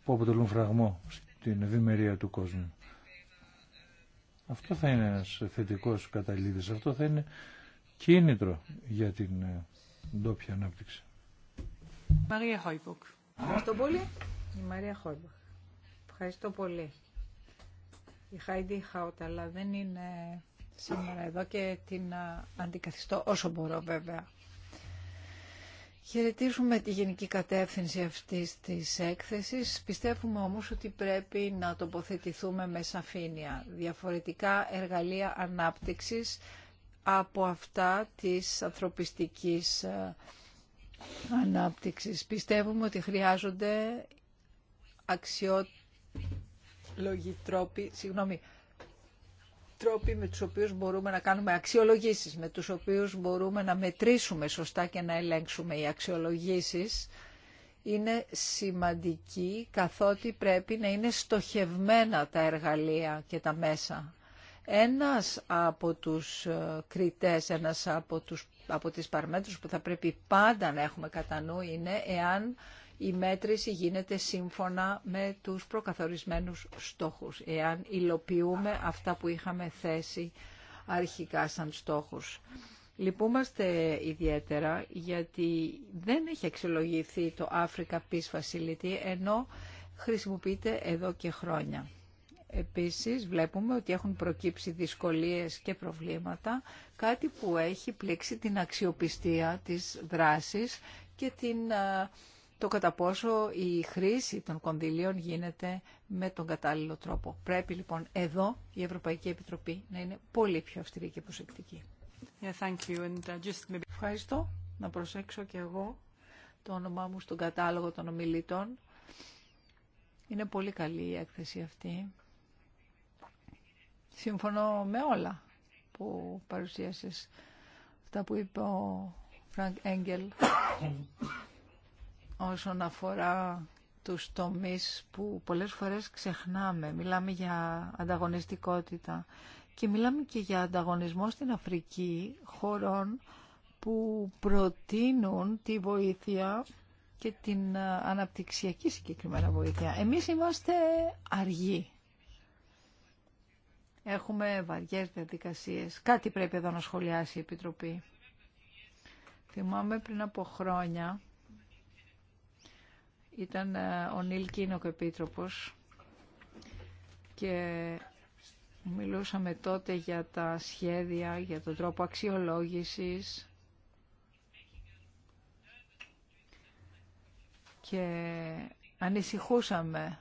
που αποτελούν φραγμό στην ευημερία του κόσμου. Αυτό θα είναι ένας θετικός καταλήτης, αυτό θα είναι κίνητρο για την ε, ντόπια ανάπτυξη. Μαρία Χόιμποκ. Ευχαριστώ πολύ. Η Μαρία Χόιμποκ. Ευχαριστώ πολύ. Η Χάιντι Χαουταλά δεν είναι σήμερα εδώ και την ε, αντικαθιστώ όσο μπορώ βέβαια. Χαιρετίζουμε τη γενική κατεύθυνση αυτής της έκθεσης. Πιστεύουμε όμως ότι πρέπει να τοποθετηθούμε με σαφήνεια. Διαφορετικά εργαλεία ανάπτυξης από αυτά της ανθρωπιστικής ε, ανάπτυξης. Πιστεύουμε ότι χρειάζονται αξιόλογοι τρόποι, συγγνώμη, τρόποι με τους οποίους μπορούμε να κάνουμε αξιολογήσεις, με τους οποίους μπορούμε να μετρήσουμε σωστά και να ελέγξουμε οι αξιολογήσεις, είναι σημαντική καθότι πρέπει να είναι στοχευμένα τα εργαλεία και τα μέσα. Ένας από τους ε, κριτές, ένας από, τους, από τις παραμέτρους που θα πρέπει πάντα να έχουμε κατά νου είναι εάν η μέτρηση γίνεται σύμφωνα με τους προκαθορισμένους στόχους, εάν υλοποιούμε αυτά που είχαμε θέσει αρχικά σαν στόχους. Λυπούμαστε ιδιαίτερα γιατί δεν έχει αξιολογηθεί το Africa Peace Facility, ενώ χρησιμοποιείται εδώ και χρόνια. Επίσης βλέπουμε ότι έχουν προκύψει δυσκολίες και προβλήματα, κάτι που έχει πλήξει την αξιοπιστία της δράσης και την το κατά πόσο η χρήση των κονδυλίων γίνεται με τον κατάλληλο τρόπο. Πρέπει λοιπόν εδώ η Ευρωπαϊκή Επιτροπή να είναι πολύ πιο αυστηρή και προσεκτική. Yeah, thank you. And uh, just maybe... Ευχαριστώ. Να προσέξω και εγώ το όνομά μου στον κατάλογο των ομιλητών. Είναι πολύ καλή η έκθεση αυτή. Συμφωνώ με όλα που παρουσίασες. Αυτά που είπε ο Φρανκ Έγγελ όσον αφορά τους τομείς που πολλές φορές ξεχνάμε. Μιλάμε για ανταγωνιστικότητα και μιλάμε και για ανταγωνισμό στην Αφρική χωρών που προτείνουν τη βοήθεια και την αναπτυξιακή συγκεκριμένα βοήθεια. Εμείς είμαστε αργοί. Έχουμε βαριές διαδικασίες. Κάτι πρέπει εδώ να σχολιάσει η Επιτροπή. Θυμάμαι πριν από χρόνια ήταν ε, ο Νίλ Κίνοκ επίτροπος και μιλούσαμε τότε για τα σχέδια, για τον τρόπο αξιολόγησης και ανησυχούσαμε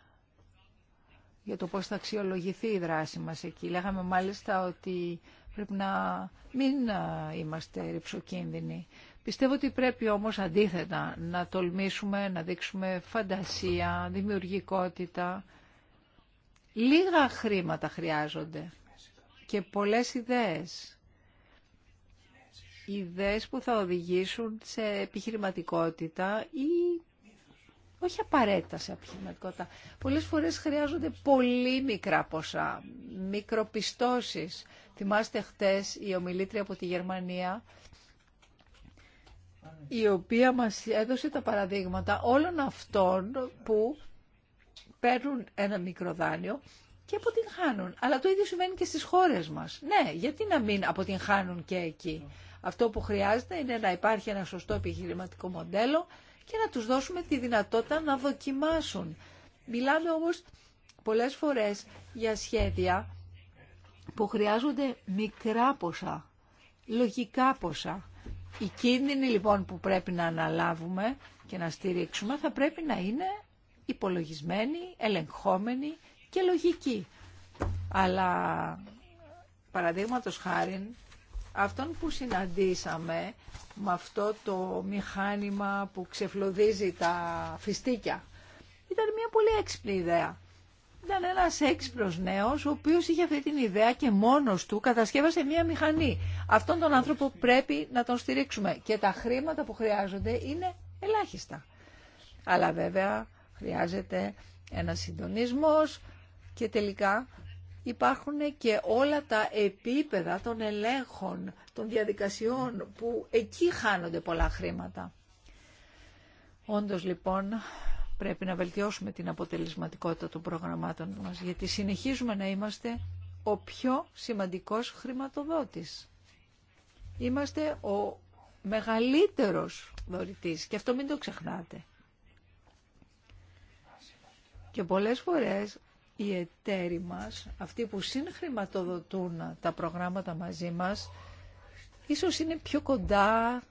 για το πώς θα αξιολογηθεί η δράση μας εκεί. Λέγαμε μάλιστα ότι πρέπει να μην ε, είμαστε ρηψοκίνδυνοι. Πιστεύω ότι πρέπει όμως αντίθετα να τολμήσουμε, να δείξουμε φαντασία, δημιουργικότητα. Λίγα χρήματα χρειάζονται και πολλές ιδέες. Ιδέες που θα οδηγήσουν σε επιχειρηματικότητα ή όχι απαραίτητα σε επιχειρηματικότητα. Πολλές φορές χρειάζονται πολύ μικρά ποσά, μικροπιστώσεις. Θυμάστε χτες η ομιλήτρια από τη Γερμανία η οποία μας έδωσε τα παραδείγματα όλων αυτών που παίρνουν ένα μικρό δάνειο και αποτυγχάνουν. Αλλά το ίδιο συμβαίνει και στις χώρες μας. Ναι, γιατί να μην αποτυγχάνουν και εκεί. Αυτό που χρειάζεται είναι να υπάρχει ένα σωστό επιχειρηματικό μοντέλο και να τους δώσουμε τη δυνατότητα να δοκιμάσουν. Μιλάμε όμως πολλές φορές για σχέδια που χρειάζονται μικρά ποσά, λογικά ποσά. Οι κίνδυνοι λοιπόν που πρέπει να αναλάβουμε και να στηρίξουμε θα πρέπει να είναι υπολογισμένοι, ελεγχόμενοι και λογική. Αλλά παραδείγματος χάρη αυτόν που συναντήσαμε με αυτό το μηχάνημα που ξεφλωδίζει τα φιστίκια ήταν μια πολύ έξυπνη ιδέα ήταν ένας έξυπνος νέος ο οποίος είχε αυτή την ιδέα και μόνος του κατασκεύασε μία μηχανή. Αυτόν τον άνθρωπο πρέπει να τον στηρίξουμε και τα χρήματα που χρειάζονται είναι ελάχιστα. Αλλά βέβαια χρειάζεται ένα συντονισμός και τελικά υπάρχουν και όλα τα επίπεδα των ελέγχων, των διαδικασιών που εκεί χάνονται πολλά χρήματα. Όντως λοιπόν Πρέπει να βελτιώσουμε την αποτελεσματικότητα των προγραμμάτων μας, γιατί συνεχίζουμε να είμαστε ο πιο σημαντικός χρηματοδότης. Είμαστε ο μεγαλύτερος δωρητής και αυτό μην το ξεχνάτε. Και πολλές φορές οι εταίροι μας, αυτοί που συγχρηματοδοτούν τα προγράμματα μαζί μας, ίσως είναι πιο κοντά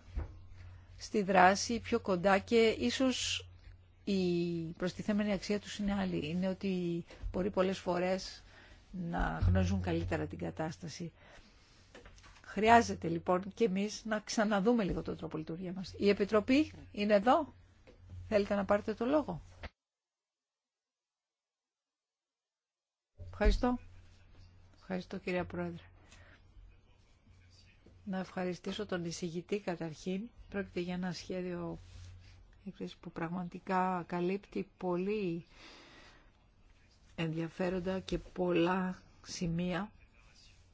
στη δράση, πιο κοντά και ίσως η προστιθέμενη αξία τους είναι άλλη. Είναι ότι μπορεί πολλές φορές να γνωρίζουν καλύτερα την κατάσταση. Χρειάζεται λοιπόν και εμείς να ξαναδούμε λίγο τον τρόπο λειτουργία μας. Η Επιτροπή είναι εδώ. Θέλετε να πάρετε το λόγο. Ευχαριστώ. Ευχαριστώ κυρία Πρόεδρε. Να ευχαριστήσω τον εισηγητή καταρχήν. Πρόκειται για ένα σχέδιο που πραγματικά καλύπτει πολύ ενδιαφέροντα και πολλά σημεία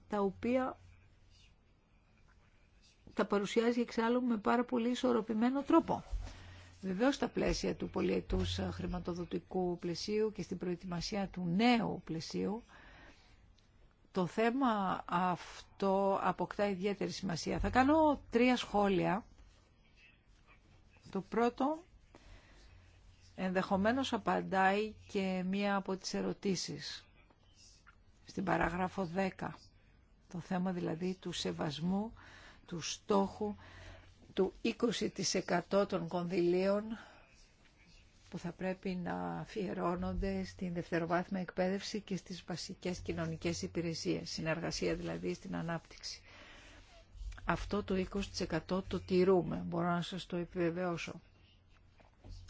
τα οποία τα παρουσιάζει εξάλλου με πάρα πολύ ισορροπημένο τρόπο. Βεβαίως στα πλαίσια του πολιετούς χρηματοδοτικού πλαισίου και στην προετοιμασία του νέου πλαισίου το θέμα αυτό αποκτά ιδιαίτερη σημασία. Θα κάνω τρία σχόλια το πρώτο ενδεχομένως απαντάει και μία από τις ερωτήσεις στην παράγραφο 10. Το θέμα δηλαδή του σεβασμού, του στόχου του 20% των κονδυλίων που θα πρέπει να αφιερώνονται στην δευτεροβάθμια εκπαίδευση και στις βασικές κοινωνικές υπηρεσίες, συνεργασία δηλαδή στην ανάπτυξη αυτό το 20% το τηρούμε, μπορώ να σας το επιβεβαιώσω.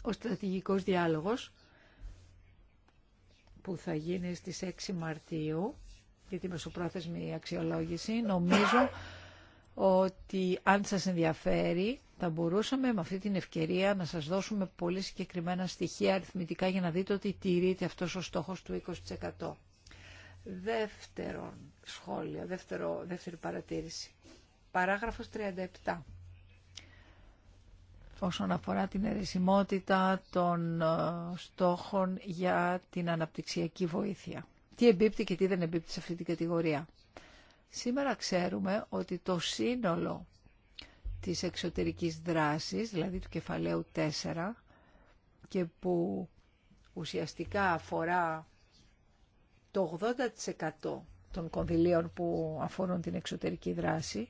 Ο στρατηγικός διάλογος που θα γίνει στις 6 Μαρτίου για τη μεσοπρόθεσμη αξιολόγηση, νομίζω ότι αν σας ενδιαφέρει θα μπορούσαμε με αυτή την ευκαιρία να σας δώσουμε πολύ συγκεκριμένα στοιχεία αριθμητικά για να δείτε ότι τηρείται αυτός ο στόχος του 20%. Δεύτερο σχόλιο, δεύτερο, δεύτερη παρατήρηση. Παράγραφος 37. Όσον αφορά την ερεσιμότητα των ε, στόχων για την αναπτυξιακή βοήθεια. Τι εμπίπτει και τι δεν εμπίπτει σε αυτή την κατηγορία. Σήμερα ξέρουμε ότι το σύνολο της εξωτερικής δράσης, δηλαδή του κεφαλαίου 4, και που ουσιαστικά αφορά το 80% των κονδυλίων που αφορούν την εξωτερική δράση,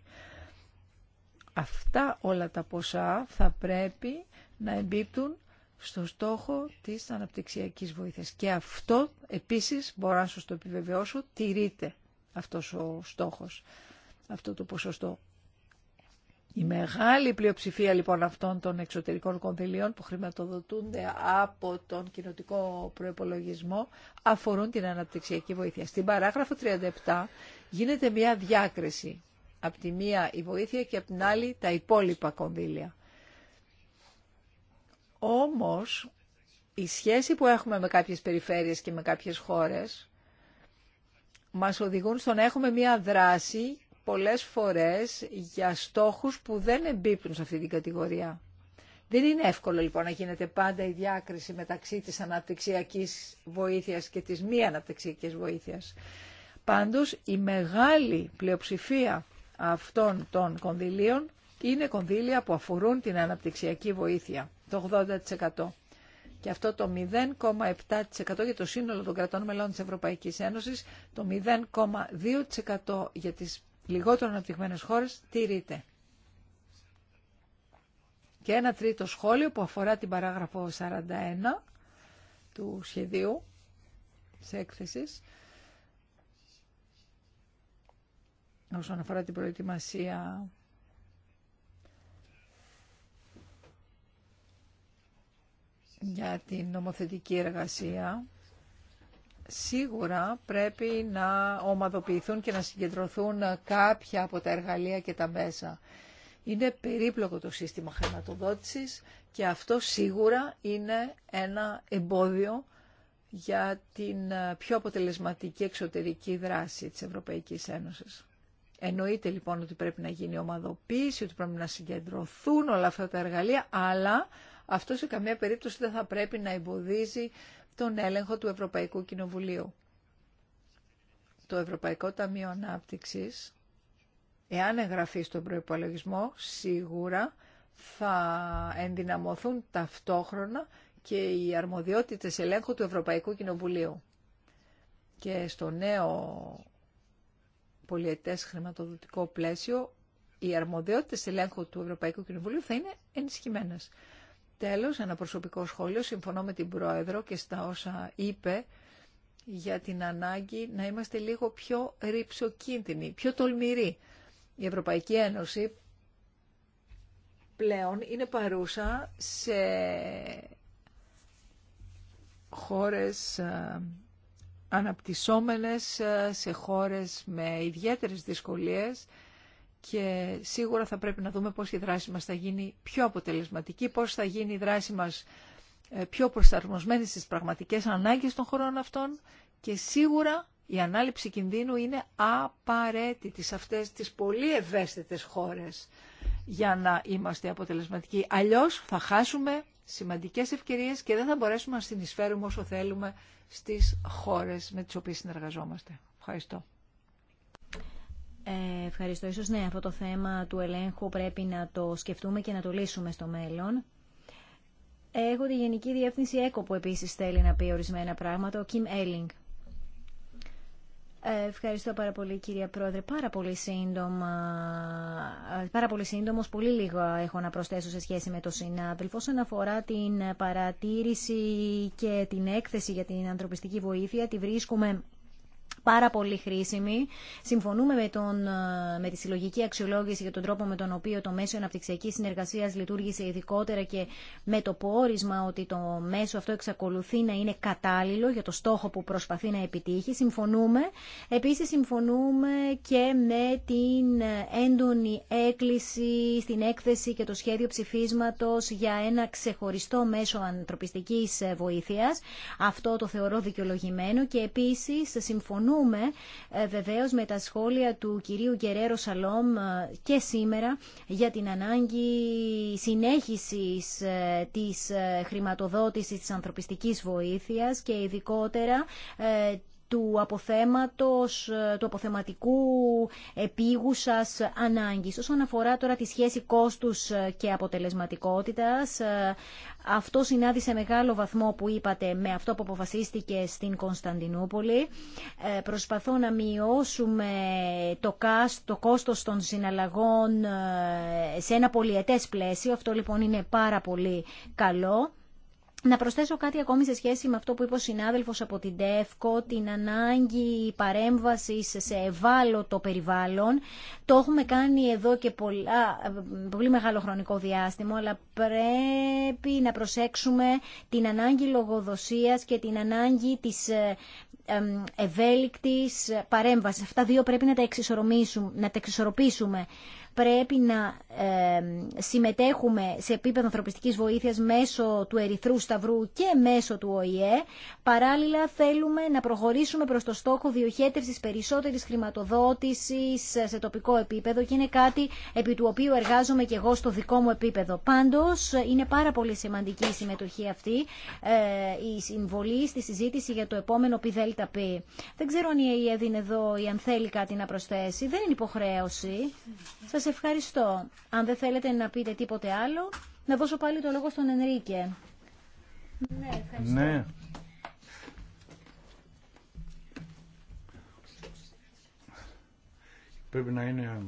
Αυτά όλα τα ποσά θα πρέπει να εμπίπτουν στο στόχο της αναπτυξιακής βοήθειας. Και αυτό επίσης, μπορώ να σας το επιβεβαιώσω, τηρείται αυτός ο στόχος, αυτό το ποσοστό. Η μεγάλη πλειοψηφία λοιπόν αυτών των εξωτερικών κονδυλίων που χρηματοδοτούνται από τον κοινοτικό προϋπολογισμό αφορούν την αναπτυξιακή βοήθεια. Στην παράγραφο 37 γίνεται μια διάκριση από τη μία η βοήθεια και από την άλλη τα υπόλοιπα κονδύλια. Όμως, η σχέση που έχουμε με κάποιες περιφέρειες και με κάποιες χώρες μας οδηγούν στο να έχουμε μία δράση πολλές φορές για στόχους που δεν εμπίπτουν σε αυτή την κατηγορία. Δεν είναι εύκολο λοιπόν να γίνεται πάντα η διάκριση μεταξύ της αναπτυξιακής βοήθειας και της μη αναπτυξιακής βοήθειας. Πάντως η μεγάλη πλειοψηφία αυτών των κονδυλίων είναι κονδύλια που αφορούν την αναπτυξιακή βοήθεια, το 80%. Και αυτό το 0,7% για το σύνολο των κρατών μελών της Ευρωπαϊκής Ένωσης, το 0,2% για τις λιγότερο αναπτυγμένες χώρες τηρείται. Και ένα τρίτο σχόλιο που αφορά την παράγραφο 41 του σχεδίου της έκθεσης όσον αφορά την προετοιμασία για την νομοθετική εργασία σίγουρα πρέπει να ομαδοποιηθούν και να συγκεντρωθούν κάποια από τα εργαλεία και τα μέσα. Είναι περίπλοκο το σύστημα χρηματοδότησης και αυτό σίγουρα είναι ένα εμπόδιο για την πιο αποτελεσματική εξωτερική δράση της Ευρωπαϊκής Ένωσης. Εννοείται λοιπόν ότι πρέπει να γίνει ομαδοποίηση, ότι πρέπει να συγκεντρωθούν όλα αυτά τα εργαλεία, αλλά αυτό σε καμία περίπτωση δεν θα πρέπει να εμποδίζει τον έλεγχο του Ευρωπαϊκού Κοινοβουλίου. Το Ευρωπαϊκό Ταμείο Ανάπτυξης, εάν εγγραφεί στον προϋπολογισμό, σίγουρα θα ενδυναμωθούν ταυτόχρονα και οι αρμοδιότητες ελέγχου του Ευρωπαϊκού Κοινοβουλίου. Και στο νέο πολιετές χρηματοδοτικό πλαίσιο, οι αρμοδιότητε ελέγχου του Ευρωπαϊκού Κοινοβουλίου θα είναι ενισχυμένε. Τέλος, ένα προσωπικό σχόλιο, συμφωνώ με την Πρόεδρο και στα όσα είπε για την ανάγκη να είμαστε λίγο πιο ρηψοκίνδυνοι, πιο τολμηροί. Η Ευρωπαϊκή Ένωση πλέον είναι παρούσα σε χώρες ε, αναπτυσσόμενες ε, σε χώρες με ιδιαίτερες δυσκολίες και σίγουρα θα πρέπει να δούμε πώς η δράση μας θα γίνει πιο αποτελεσματική, πώς θα γίνει η δράση μας ε, πιο προσαρμοσμένη στις πραγματικές ανάγκες των χωρών αυτών και σίγουρα η ανάληψη κινδύνου είναι απαραίτητη σε αυτές τις πολύ ευαίσθητες χώρες για να είμαστε αποτελεσματικοί. Αλλιώς θα χάσουμε σημαντικές ευκαιρίες και δεν θα μπορέσουμε να συνεισφέρουμε όσο θέλουμε στις χώρες με τις οποίες συνεργαζόμαστε. Ευχαριστώ. Ε, ευχαριστώ. Ίσως ναι, αυτό το θέμα του ελέγχου πρέπει να το σκεφτούμε και να το λύσουμε στο μέλλον. Έχω τη Γενική Διεύθυνση ΕΚΟ που επίσης θέλει να πει ορισμένα πράγματα, ο Κιμ Έλινγκ. Ευχαριστώ πάρα πολύ κυρία Πρόεδρε. Πάρα πολύ, σύντομα, πάρα πολύ σύντομος, πολύ λίγο έχω να προσθέσω σε σχέση με το συνάδελφο. Όσον αφορά την παρατήρηση και την έκθεση για την ανθρωπιστική βοήθεια, τη βρίσκουμε πάρα πολύ χρήσιμη. Συμφωνούμε με, τον, ε, με τη συλλογική αξιολόγηση για τον τρόπο με τον οποίο το μέσο αναπτυξιακή συνεργασία λειτουργήσε ειδικότερα και με το πόρισμα ότι το μέσο αυτό εξακολουθεί να είναι κατάλληλο για το στόχο που προσπαθεί να επιτύχει. Συμφωνούμε. Επίση, συμφωνούμε και με την έντονη έκκληση στην έκθεση και το σχέδιο ψηφίσματο για ένα ξεχωριστό μέσο ανθρωπιστική βοήθεια. Αυτό το θεωρώ δικαιολογημένο και επίση συμφωνούμε συμφωνούμε ε, βεβαίως με τα σχόλια του κυρίου Γκερέρο Σαλόμ ε, και σήμερα για την ανάγκη συνέχισης ε, της χρηματοδότησης της ανθρωπιστικής βοήθειας και ειδικότερα του αποθέματος, ε, του αποθεματικού επίγουσας ανάγκης. Όσον αφορά τώρα τη σχέση κόστους ε, και αποτελεσματικότητας, ε, αυτό συνάδει μεγάλο βαθμό που είπατε με αυτό που αποφασίστηκε στην Κωνσταντινούπολη. Προσπαθώ να μειώσουμε το, κάσ, το κόστος των συναλλαγών σε ένα πολυετές πλαίσιο. Αυτό λοιπόν είναι πάρα πολύ καλό. Να προσθέσω κάτι ακόμη σε σχέση με αυτό που είπε ο συνάδελφος από την ΤΕΦΚΟ, την ανάγκη παρέμβασης σε ευάλωτο περιβάλλον. Το έχουμε κάνει εδώ και πολλά, πολύ μεγάλο χρονικό διάστημα, αλλά πρέπει να προσέξουμε την ανάγκη λογοδοσίας και την ανάγκη της ε, ευέλικτης παρέμβασης. Αυτά δύο πρέπει να τα εξισορροπήσουμε πρέπει να συμμετέχουμε σε επίπεδο ανθρωπιστικής βοήθειας μέσω του Ερυθρού Σταυρού και μέσω του ΟΗΕ. Παράλληλα θέλουμε να προχωρήσουμε προς το στόχο διοχέτευσης περισσότερης χρηματοδότησης σε τοπικό επίπεδο και είναι κάτι επί του οποίου εργάζομαι και εγώ στο δικό μου επίπεδο. Πάντως είναι πάρα πολύ σημαντική η συμμετοχή αυτή, ε, η συμβολή στη συζήτηση για το επόμενο ΠΔΠ. Δεν ξέρω αν η ΕΕΔ είναι εδώ ή αν θέλει κάτι να προσθέσει. Δεν είναι υποχρέωση. Σας ευχαριστώ. Αν δεν θέλετε να πείτε τίποτε άλλο, να δώσω πάλι το λόγο στον Ενρίκε. Ναι, ευχαριστώ. Ναι. Πρέπει να είναι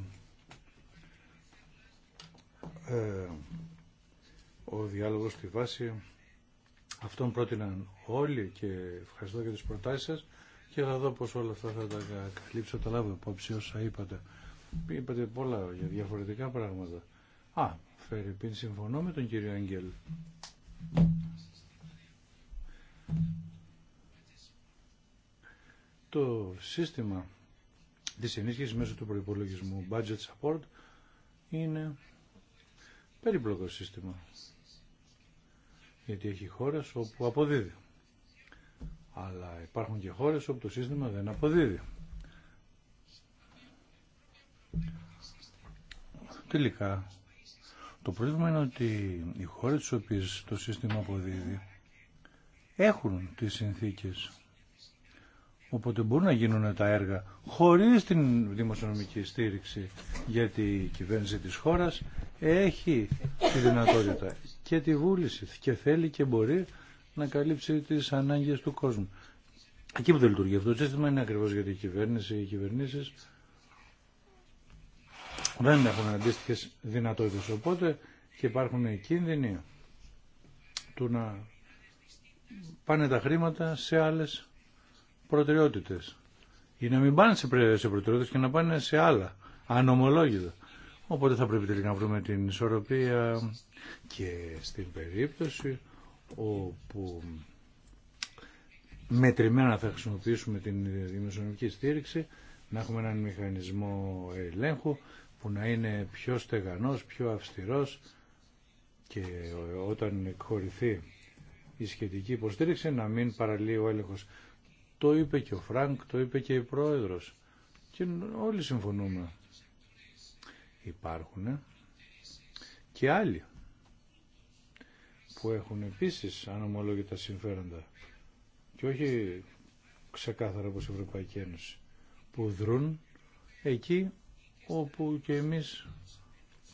ε, ο διάλογος στη βάση αυτόν πρότειναν όλοι και ευχαριστώ για τις προτάσεις σας και θα δω πως όλα αυτά θα τα καλύψω, τα λάβω υπόψη όσα είπατε είπατε πολλά για διαφορετικά πράγματα. Α, Φερρυπίν, συμφωνώ με τον κύριο Αγγέλ. Το σύστημα της ενίσχυσης μέσω του προϋπολογισμού budget support είναι περίπλοκο σύστημα. Γιατί έχει χώρες όπου αποδίδει. Αλλά υπάρχουν και χώρες όπου το σύστημα δεν αποδίδει. Τελικά, το πρόβλημα είναι ότι οι χώρες τις οποίες το σύστημα αποδίδει έχουν τις συνθήκες. Οπότε μπορούν να γίνουν τα έργα χωρίς την δημοσιονομική στήριξη γιατί η κυβέρνηση της χώρας έχει τη δυνατότητα και τη βούληση και θέλει και μπορεί να καλύψει τις ανάγκες του κόσμου. Εκεί που δεν λειτουργεί αυτό το σύστημα είναι ακριβώς γιατί η κυβέρνηση, οι κυβερνήσεις δεν έχουν αντίστοιχε δυνατότητες. Οπότε και υπάρχουν οι κίνδυνοι του να πάνε τα χρήματα σε άλλες προτεραιότητες. Ή να μην πάνε σε προτεραιότητες και να πάνε σε άλλα, ανομολόγητα. Οπότε θα πρέπει τελικά να βρούμε την ισορροπία και στην περίπτωση όπου μετρημένα θα χρησιμοποιήσουμε την δημοσιονομική στήριξη, να έχουμε έναν μηχανισμό ελέγχου που να είναι πιο στεγανός, πιο αυστηρός και όταν εκχωρηθεί η σχετική υποστήριξη να μην παραλύει ο έλεγχος. Το είπε και ο Φρανκ, το είπε και η Πρόεδρος και όλοι συμφωνούμε. Υπάρχουν και άλλοι που έχουν επίσης ανομολόγητα συμφέροντα και όχι ξεκάθαρα όπως η Ευρωπαϊκή Ένωση που δρούν εκεί όπου και εμείς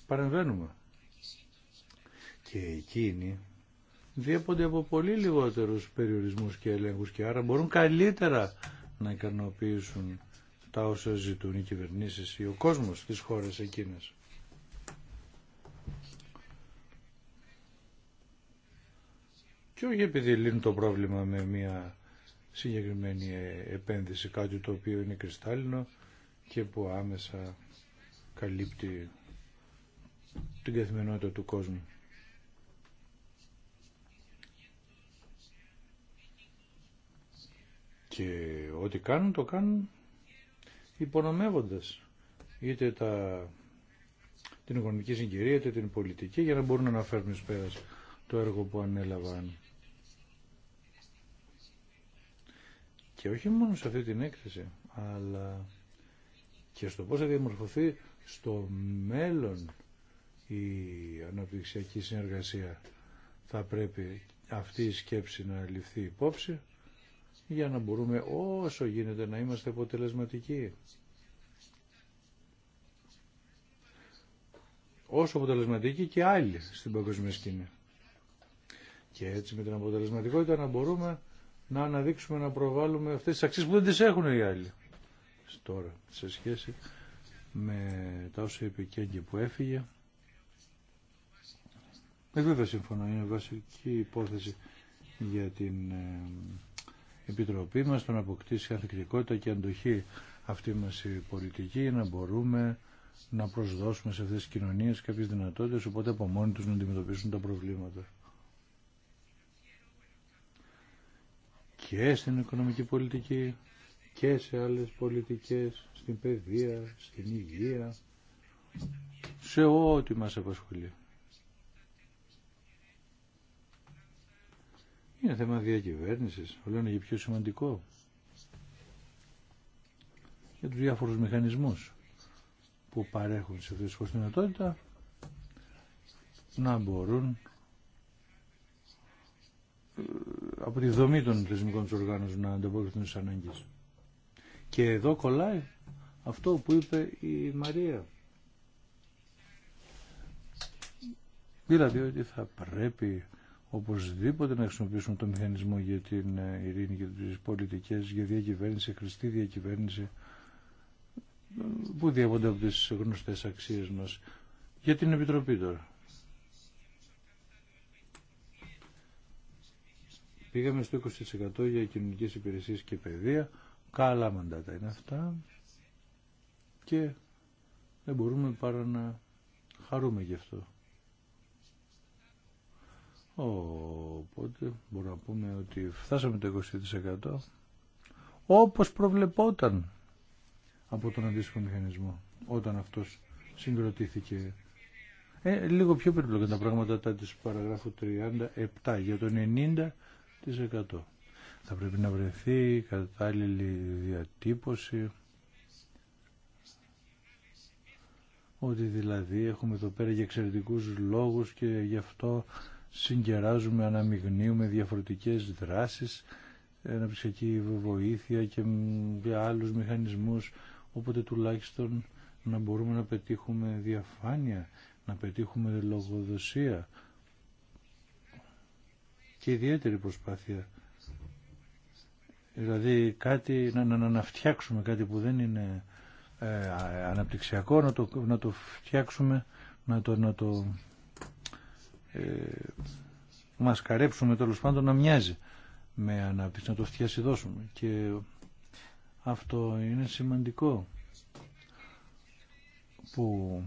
παρεμβαίνουμε. Και εκείνοι διέπονται από πολύ λιγότερους περιορισμούς και ελέγχους και άρα μπορούν καλύτερα να ικανοποιήσουν τα όσα ζητούν οι κυβερνήσεις ή ο κόσμος στις χώρες εκείνες. Και όχι επειδή λύνει το πρόβλημα με μια συγκεκριμένη επένδυση, κάτι το οποίο είναι κρυστάλλινο και που άμεσα καλύπτει την καθημερινότητα του κόσμου. Και ό,τι κάνουν, το κάνουν υπονομεύοντας είτε τα, την οικονομική συγκυρία, είτε την πολιτική, για να μπορούν να φέρουν εις το έργο που ανέλαβαν. Και όχι μόνο σε αυτή την έκθεση, αλλά και στο πώς θα διαμορφωθεί στο μέλλον η αναπτυξιακή συνεργασία θα πρέπει αυτή η σκέψη να ληφθεί υπόψη για να μπορούμε όσο γίνεται να είμαστε αποτελεσματικοί. Όσο αποτελεσματικοί και άλλοι στην παγκόσμια σκηνή. Και έτσι με την αποτελεσματικότητα να μπορούμε να αναδείξουμε, να προβάλλουμε αυτές τις αξίες που δεν τις έχουν οι άλλοι. Τώρα, σε σχέση με τα όσα είπε που έφυγε. Ε, βέβαια συμφωνώ, είναι βασική υπόθεση για την ε, Επιτροπή μας, το να αποκτήσει ανθεκτικότητα και αντοχή αυτή μας η πολιτική, να μπορούμε να προσδώσουμε σε αυτές τις κοινωνίες κάποιες δυνατότητες, οπότε από μόνοι τους να αντιμετωπίσουν τα προβλήματα. Και στην οικονομική πολιτική και σε άλλες πολιτικές, στην παιδεία, στην υγεία, σε ό,τι μας απασχολεί. Είναι θέμα διακυβέρνησης, όλο είναι και πιο σημαντικό για τους διάφορους μηχανισμούς που παρέχουν σε αυτές τις δυνατότητα να μπορούν ε, από τη δομή των θεσμικών του οργάνων να ανταποκριθούν στις ανάγκες. Και εδώ κολλάει αυτό που είπε η Μαρία. Δηλαδή ότι θα πρέπει οπωσδήποτε να χρησιμοποιήσουμε το μηχανισμό για την ε, ειρήνη και τις πολιτικές, για διακυβέρνηση, χρηστή διακυβέρνηση που διαβόνται από τις γνωστές αξίες μας. Για την Επιτροπή τώρα. Πήγαμε στο 20% για κοινωνικές υπηρεσίες και παιδεία. Καλά μαντάτα είναι αυτά και δεν μπορούμε παρά να χαρούμε γι' αυτό. Οπότε μπορούμε να πούμε ότι φτάσαμε το 20% όπως προβλεπόταν από τον αντίστοιχο μηχανισμό όταν αυτός συγκροτήθηκε. Ε, λίγο πιο περίπλοκα τα πράγματα τα της παραγράφου 37 για τον 90%. Θα πρέπει να βρεθεί κατάλληλη διατύπωση ότι δηλαδή έχουμε εδώ πέρα για εξαιρετικούς λόγους και γι' αυτό συγκεράζουμε, αναμειγνύουμε διαφορετικές δράσεις, ψυχική βοήθεια και άλλους μηχανισμούς, οπότε τουλάχιστον να μπορούμε να πετύχουμε διαφάνεια, να πετύχουμε λογοδοσία και ιδιαίτερη προσπάθεια Δηλαδή κάτι, να, να, να φτιάξουμε κάτι που δεν είναι ε, αναπτυξιακό, να το, να το φτιάξουμε, να το, να το ε, μασκαρέψουμε τέλο πάντων να μοιάζει με ανάπτυξη, να το φτιασιδώσουμε. Και αυτό είναι σημαντικό που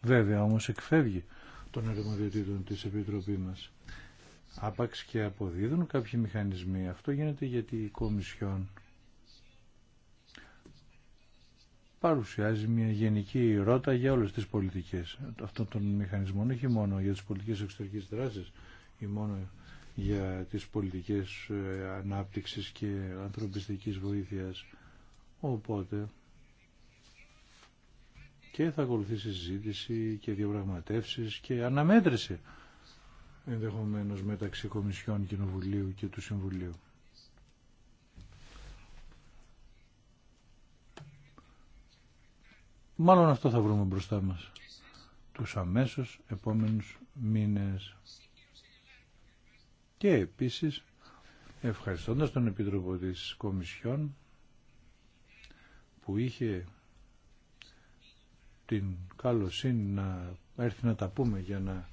βέβαια όμως εκφεύγει των αρμοδιοτήτων της Επιτροπής μας άπαξ και αποδίδουν κάποιοι μηχανισμοί. Αυτό γίνεται γιατί η Κομισιόν παρουσιάζει μια γενική ρότα για όλες τις πολιτικές αυτών των μηχανισμών, όχι μόνο για τις πολιτικές εξωτερικής δράσης ή μόνο για τις πολιτικές ε, ανάπτυξης και ανθρωπιστικής βοήθειας. Οπότε και θα ακολουθήσει συζήτηση και διαπραγματεύσεις και αναμέτρηση ενδεχομένως μεταξύ Κομισιών Κοινοβουλίου και του Συμβουλίου. Μάλλον αυτό θα βρούμε μπροστά μας τους αμέσως επόμενους μήνες. Και επίσης, ευχαριστώντας τον Επίτροπο της Κομισιόν που είχε την καλοσύνη να έρθει να τα πούμε για να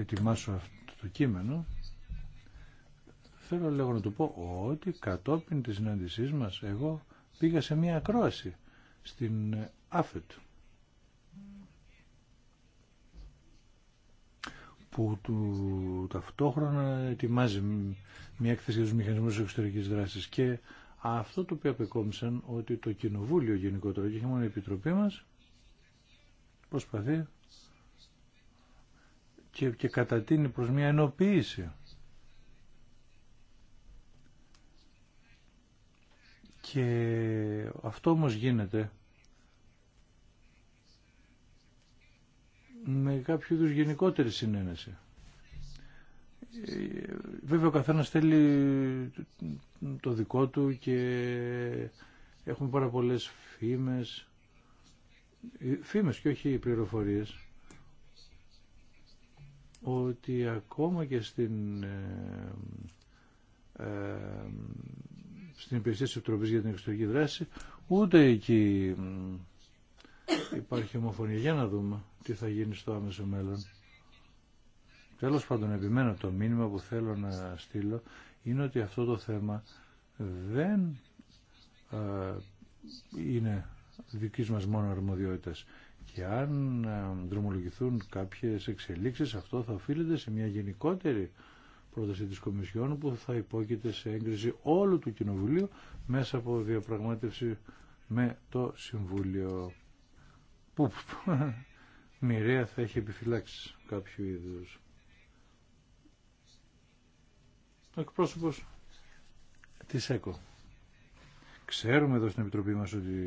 ετοιμάσω αυτό το κείμενο, θέλω λίγο να του πω ότι κατόπιν της συνάντησή μας εγώ πήγα σε μια ακρόαση στην ΑΦΕΤ που του, ταυτόχρονα ετοιμάζει μια έκθεση για τους μηχανισμούς εξωτερικής δράσης και αυτό το οποίο απεκόμισαν ότι το Κοινοβούλιο γενικότερα και μόνο η Επιτροπή μας προσπαθεί και, και κατατείνει προς μια ενοποίηση. Και αυτό όμως γίνεται με κάποιο είδους γενικότερη συνένεση. Βέβαια ο καθένας θέλει το δικό του και έχουμε πάρα πολλές φήμες, φήμες και όχι πληροφορίες ότι ακόμα και στην, ε, ε, στην υπηρεσία της Επιτροπής για την Εξωτερική Δράση ούτε εκεί υπάρχει ομοφωνία. Για να δούμε τι θα γίνει στο άμεσο μέλλον. Τέλος πάντων, επιμένω το μήνυμα που θέλω να στείλω είναι ότι αυτό το θέμα δεν ε, είναι δικής μας μόνο αρμοδιότητας και αν ε, δρομολογηθούν κάποιες εξελίξεις αυτό θα οφείλεται σε μια γενικότερη πρόταση της Κομισιόν που θα υπόκειται σε έγκριση όλου του Κοινοβουλίου μέσα από διαπραγμάτευση με το Συμβούλιο που μοιραία θα έχει επιφυλάξει κάποιο είδους. Ο εκπρόσωπος της ΕΚΟ. Ξέρουμε εδώ στην Επιτροπή μας ότι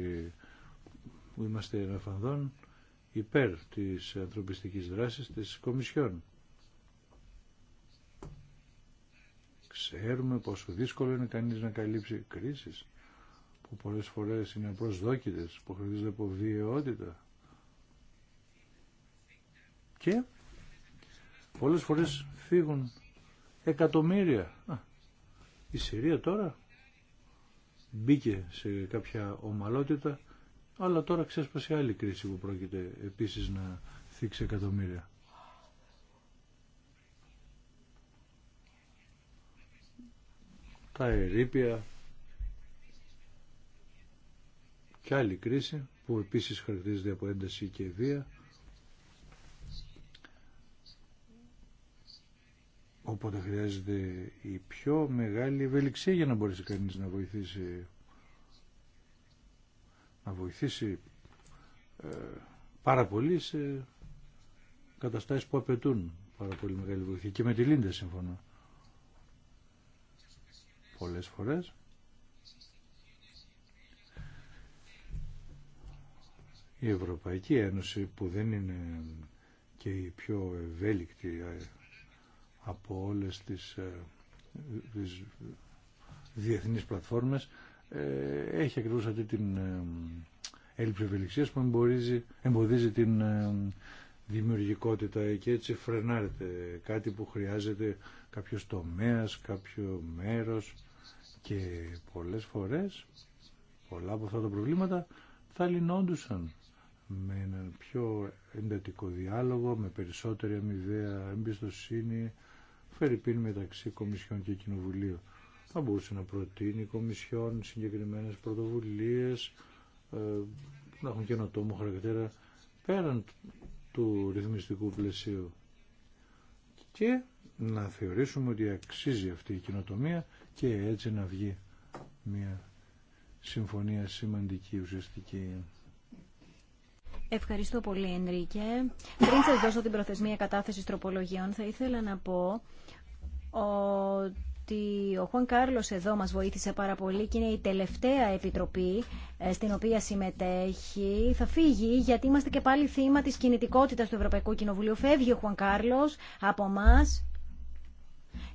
είμαστε εναφανδόν υπέρ της ανθρωπιστικής δράσης της Κομισιόν. Ξέρουμε πόσο δύσκολο είναι κανείς να καλύψει κρίσεις που πολλές φορές είναι προσδόκητες, που χρειάζονται από βιαιότητα. Και πολλές φορές φύγουν εκατομμύρια. Α, η Συρία τώρα μπήκε σε κάποια ομαλότητα αλλά τώρα ξέσπασε άλλη κρίση που πρόκειται επίσης να θίξει εκατομμύρια. Τα ερήπια και άλλη κρίση που επίσης χαρακτηρίζεται από ένταση και βία. Οπότε χρειάζεται η πιο μεγάλη ευελιξία για να μπορέσει κανείς να βοηθήσει να βοηθήσει ε, πάρα πολύ σε καταστάσεις που απαιτούν πάρα πολύ μεγάλη βοήθεια. Και με τη Λίντα σύμφωνα, Πολλές φορές. Η Ευρωπαϊκή Ένωση που δεν είναι και η πιο ευέλικτη ε, από όλες τις, ε, τις διεθνείς πλατφόρμες ε, έχει ακριβώς αυτή την ε, έλλειψη ευελιξίας που εμποδίζει, εμποδίζει την ε, δημιουργικότητα και έτσι φρενάρεται κάτι που χρειάζεται κάποιο τομέας, κάποιο μέρος και πολλές φορές πολλά από αυτά τα προβλήματα θα λυνόντουσαν με έναν πιο εντατικό διάλογο, με περισσότερη αμοιβαία εμπιστοσύνη, φερειπίν μεταξύ Κομισιών και Κοινοβουλίου θα μπορούσε να προτείνει η Κομισιόν συγκεκριμένες πρωτοβουλίες ε, να έχουν καινοτόμο χαρακτήρα πέραν του ρυθμιστικού πλαισίου και να θεωρήσουμε ότι αξίζει αυτή η κοινοτομία και έτσι να βγει μια συμφωνία σημαντική ουσιαστική. Ευχαριστώ πολύ, Ενρίκε. Πριν σας δώσω την προθεσμία κατάθεση τροπολογιών, θα ήθελα να πω ότι ότι ο Χουάν Κάρλος εδώ μας βοήθησε πάρα πολύ και είναι η τελευταία επιτροπή ε, στην οποία συμμετέχει. Θα φύγει γιατί είμαστε και πάλι θύμα της κινητικότητας του Ευρωπαϊκού Κοινοβουλίου. Φεύγει ο Χουάν Κάρλος από εμά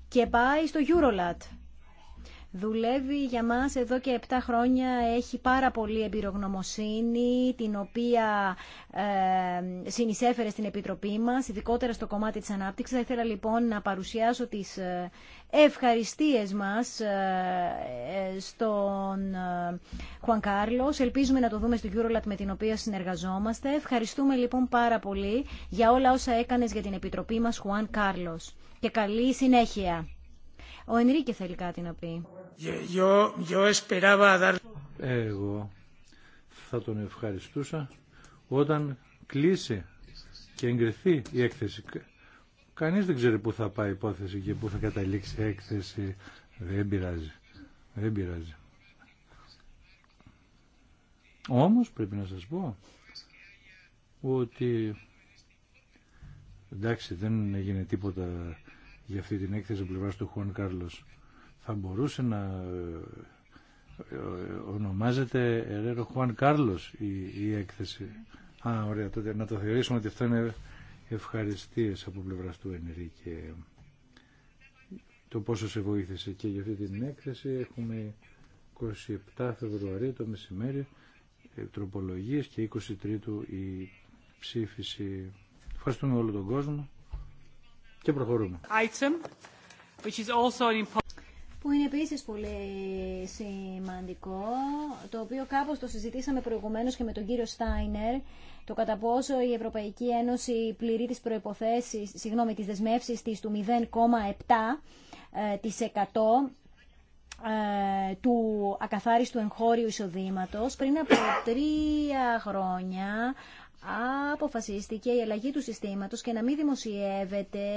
και πάει στο Eurolat. Δουλεύει για μας εδώ και 7 χρόνια, έχει πάρα πολύ εμπειρογνωμοσύνη, την οποία ε, συνεισέφερε στην Επιτροπή μας, ειδικότερα στο κομμάτι της ανάπτυξης. Θα ήθελα λοιπόν να παρουσιάσω τις ε, ευχαριστίες μας ε, ε, στον Χουαν Κάρλος. Ελπίζουμε να το δούμε στο Eurolat με την οποία συνεργαζόμαστε. Ευχαριστούμε λοιπόν πάρα πολύ για όλα όσα έκανες για την Επιτροπή μας, Χουαν Κάρλος. Και καλή συνέχεια. Ο Ενρίκε θέλει κάτι να πει. Εγώ θα τον ευχαριστούσα όταν κλείσει και εγκριθεί η έκθεση. Κανείς δεν ξέρει πού θα πάει η υπόθεση και πού θα καταλήξει η έκθεση. Δεν πειράζει. Δεν πειράζει. Όμως πρέπει να σας πω ότι εντάξει δεν έγινε τίποτα για αυτή την έκθεση πλευρά του Χουάν Κάρλος. Θα μπορούσε να ε, ε, ονομάζεται Ερέρο Χουάν Κάρλος η, έκθεση. Α, ωραία, τότε να το θεωρήσουμε ότι αυτό είναι ευχαριστίε από πλευρά του Ενρίκε το πόσο σε βοήθησε και για αυτή την έκθεση έχουμε 27 Φεβρουαρίου το μεσημέρι ε, τροπολογίες και 23 η ψήφιση. Ευχαριστούμε όλο τον κόσμο προχωρούμε. Item, which is also an που είναι επίση πολύ σημαντικό, το οποίο κάπως το συζητήσαμε προηγουμένως και με τον κύριο Στάινερ, το κατά πόσο η Ευρωπαϊκή Ένωση πληρεί τι προϋποθέσεις, συγγνώμη, τις δεσμεύσεις της του 0,7% ε, ε, του ακαθάριστου εγχώριου εισοδήματος πριν από τρία χρόνια αποφασίστηκε η αλλαγή του συστήματος και να μην δημοσιεύεται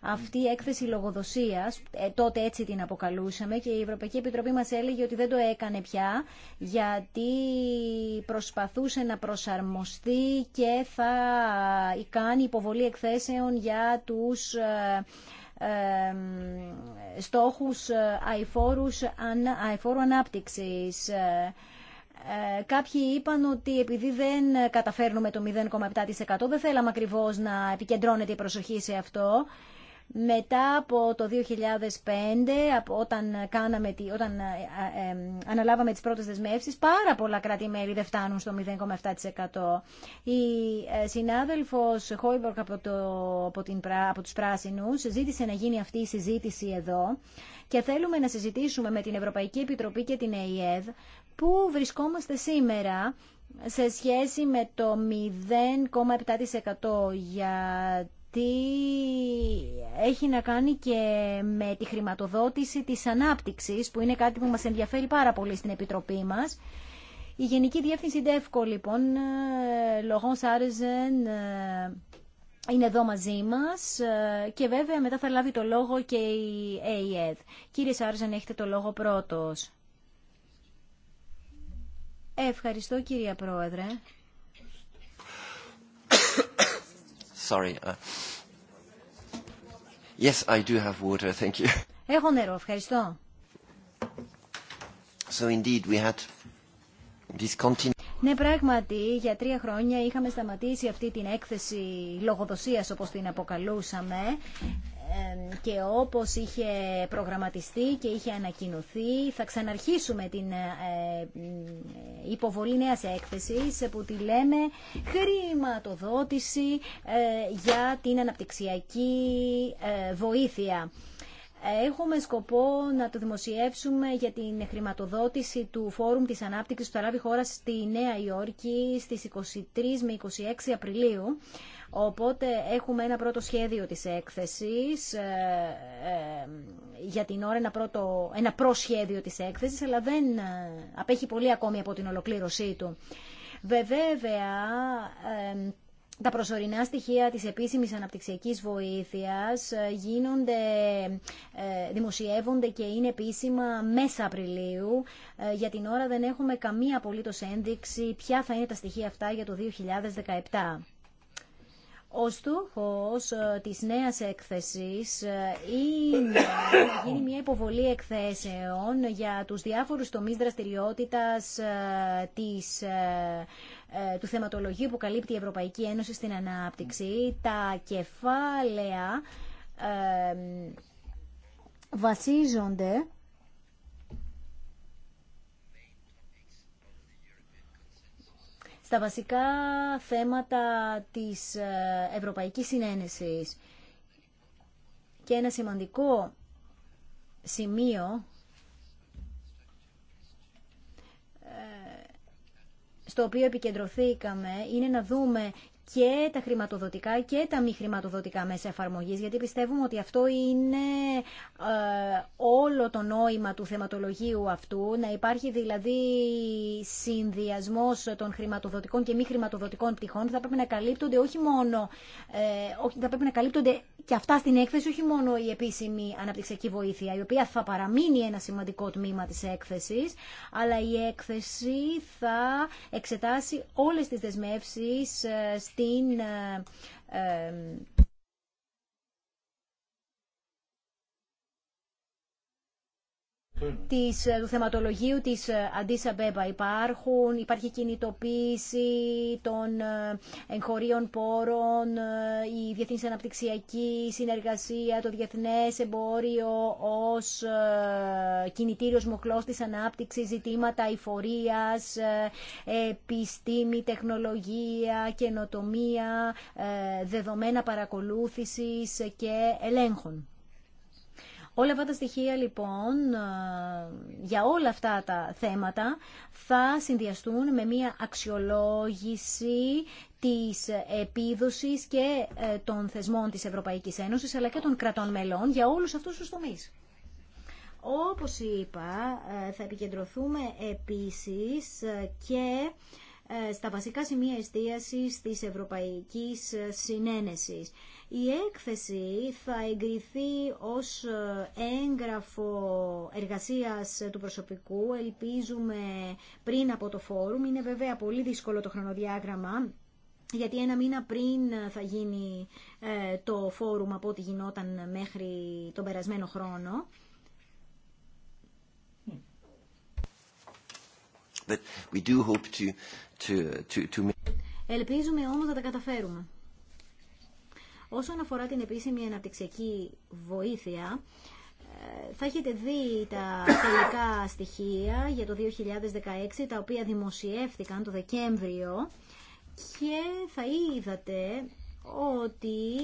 αυτή η έκθεση λογοδοσίας, ε, τότε έτσι την αποκαλούσαμε και η Ευρωπαϊκή Επιτροπή μας έλεγε ότι δεν το έκανε πια γιατί προσπαθούσε να προσαρμοστεί και θα κάνει υποβολή εκθέσεων για τους ε, ε, στόχους αηφόρου ανάπτυξης. Ε, κάποιοι είπαν ότι επειδή δεν καταφέρνουμε το 0,7% δεν θέλαμε ακριβώς να επικεντρώνεται η προσοχή σε αυτό. Μετά από το 2005, από όταν, κάναμε, όταν ε, ε, αναλάβαμε τις πρώτες δεσμεύσεις, πάρα πολλά κράτη-μέλη δεν φτάνουν στο 0,7%. Η ε, συνάδελφος Χόιμπορκ από, το, από, τους Πράσινους ζήτησε να γίνει αυτή η συζήτηση εδώ και θέλουμε να συζητήσουμε με την Ευρωπαϊκή Επιτροπή και την ΕΕΔ Πού βρισκόμαστε σήμερα σε σχέση με το 0,7% για τι έχει να κάνει και με τη χρηματοδότηση της ανάπτυξης, που είναι κάτι που μας ενδιαφέρει πάρα πολύ στην Επιτροπή μας. Η Γενική Διεύθυνση ΔΕΦΚΟ, λοιπόν, Λογόν ε, Σάριζεν, είναι εδώ μαζί μας ε, και βέβαια μετά θα λάβει το λόγο και η ΑΕΔ. E Κύριε Σάριζεν, έχετε το λόγο πρώτος. Ευχαριστώ κυρία Πρόεδρε. Sorry. Uh, yes, I do have water. Thank you. Έχω νερό. Ευχαριστώ. So indeed we had this Ναι, πράγματι, για τρία χρόνια είχαμε σταματήσει αυτή την έκθεση λογοδοσίας, όπως την αποκαλούσαμε και όπως είχε προγραμματιστεί και είχε ανακοινωθεί θα ξαναρχίσουμε την ε, ε, υποβολή νέας έκθεσης που τη λέμε χρηματοδότηση ε, για την αναπτυξιακή βοήθεια. Έχουμε σκοπό να το δημοσιεύσουμε για την χρηματοδότηση του Φόρουμ της Ανάπτυξης που θα λάβει χώρα στη Νέα Υόρκη στις 23 με 26 Απριλίου. Οπότε έχουμε ένα πρώτο σχέδιο της έκθεσης, ε, ε, για την ώρα ένα, πρώτο, ένα προσχέδιο της έκθεσης, αλλά δεν ε, απέχει πολύ ακόμη από την ολοκλήρωσή του. Βέβαια, τα προσωρινά στοιχεία της επίσημης αναπτυξιακής βοήθειας γίνονται, δημοσιεύονται και είναι επίσημα μέσα Απριλίου. Για την ώρα δεν έχουμε καμία απολύτως ένδειξη ποια θα είναι τα στοιχεία αυτά για το 2017. Ο στόχος ε, της νέας έκθεσης ε, είναι να γίνει μια υποβολή εκθέσεων για τους διάφορους τομείς δραστηριότητας ε, της, του θεματολογίου που καλύπτει η Ευρωπαϊκή Ένωση στην ανάπτυξη, τα κεφάλαια βασίζονται στα βασικά θέματα της ε, Ευρωπαϊκής Συνένεσης. Και ένα σημαντικό σημείο ε, στο οποίο επικεντρωθήκαμε είναι να δούμε και τα χρηματοδοτικά και τα μη χρηματοδοτικά μέσα εφαρμογή, γιατί πιστεύουμε ότι αυτό είναι ε, όλο το νόημα του θεματολογίου αυτού, να υπάρχει δηλαδή συνδυασμό των χρηματοδοτικών και μη χρηματοδοτικών πτυχών, θα πρέπει να καλύπτονται όχι μόνο, ε, θα πρέπει να καλύπτονται και αυτά στην έκθεση, όχι μόνο η επίσημη αναπτυξιακή βοήθεια, η οποία θα παραμείνει ένα σημαντικό τμήμα τη έκθεσης, αλλά η έκθεση θα εξετάσει όλες τις δεσμεύσεις ε, την ε, ε, της, ε, του θεματολογίου της Αντίσα ε, Μπέμπα. Υπάρχουν, υπάρχει κινητοποίηση των ε, εγχωρίων πόρων, η διεθνής αναπτυξιακή συνεργασία, το διεθνές εμπόριο ως κινητήριος μοχλός της ανάπτυξης, ζητήματα υφορίας, επιστήμη, τεχνολογία, καινοτομία, δεδομένα παρακολούθησης και ελέγχων. Όλα αυτά τα στοιχεία λοιπόν ε, για όλα αυτά τα θέματα θα συνδυαστούν με μια αξιολόγηση της επίδοσης και ε, των θεσμών της Ευρωπαϊκής Ένωσης αλλά και των κρατών μελών για όλους αυτούς τους τομείς. Όπως είπα, ε, θα επικεντρωθούμε επίσης και ε, στα βασικά σημεία εστίασης της Ευρωπαϊκής Συνένεσης. Η έκθεση θα εγκριθεί ως ε, έγγραφο εργασίας του προσωπικού, ελπίζουμε πριν από το φόρουμ. Είναι βέβαια πολύ δύσκολο το χρονοδιάγραμμα, γιατί ένα μήνα πριν θα γίνει ε, το φόρουμ από ό,τι γινόταν μέχρι τον περασμένο χρόνο. we do hope to Ελπίζουμε όμως να τα καταφέρουμε. Όσον αφορά την επίσημη αναπτυξιακή βοήθεια, ε, θα έχετε δει τα τελικά στοιχεία για το 2016, τα οποία δημοσιεύτηκαν το Δεκέμβριο και θα είδατε ότι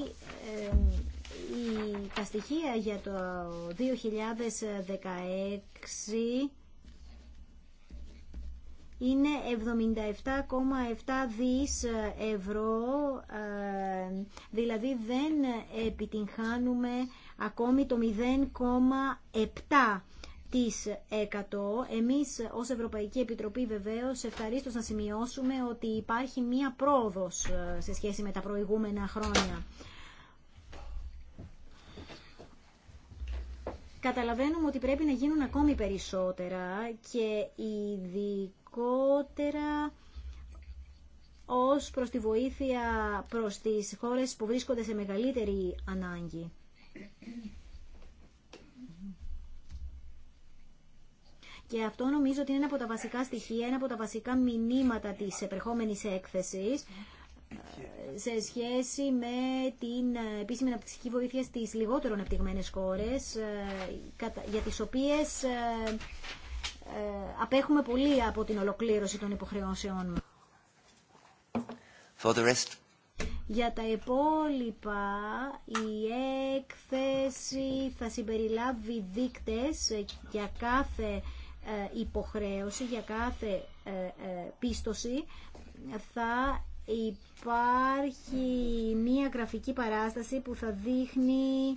η, τα στοιχεία για το 2016 είναι 77,7 δις ε, ευρώ, ε, δηλαδή δεν επιτυγχάνουμε ακόμη το 0,7 της 100. Εμείς ως Ευρωπαϊκή Επιτροπή βεβαίως ευχαρίστως να σημειώσουμε ότι υπάρχει μία πρόοδος ε, σε σχέση με τα προηγούμενα χρόνια. Καταλαβαίνουμε ότι πρέπει να γίνουν ακόμη περισσότερα και ειδικά ειδικότερα ως προς τη βοήθεια προς τις χώρες που βρίσκονται σε μεγαλύτερη ανάγκη. Και αυτό νομίζω ότι είναι ένα από τα βασικά στοιχεία, ένα από τα βασικά μηνύματα της επερχόμενης έκθεσης σε σχέση με την επίσημη αναπτυξική βοήθεια στις λιγότερο αναπτυγμένες χώρες ε, για τις οποίες ε, ε, απέχουμε πολύ από την ολοκλήρωση των υποχρεώσεων. For Για τα υπόλοιπα, η έκθεση θα συμπεριλάβει δείκτες για κάθε ε, υποχρέωση, για κάθε ε, πίστοση. Θα υπάρχει μία γραφική παράσταση που θα δείχνει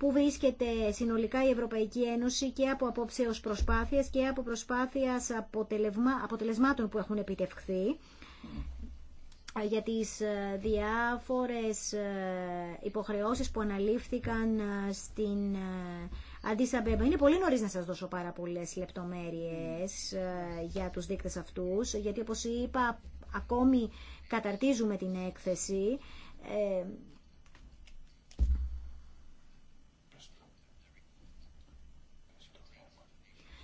πού βρίσκεται συνολικά η Ευρωπαϊκή Ένωση και από απόψεως προσπάθειας και από προσπάθειας αποτελεσμάτων που έχουν επιτευχθεί για τις ε, διάφορες ε, υποχρεώσεις που αναλήφθηκαν ε, στην Αντισαμπέμπα. Είναι πολύ νωρίς να σας δώσω πάρα πολλές λεπτομέρειες για τους δείκτες αυτούς, γιατί όπως είπα ακόμη καταρτίζουμε την έκθεση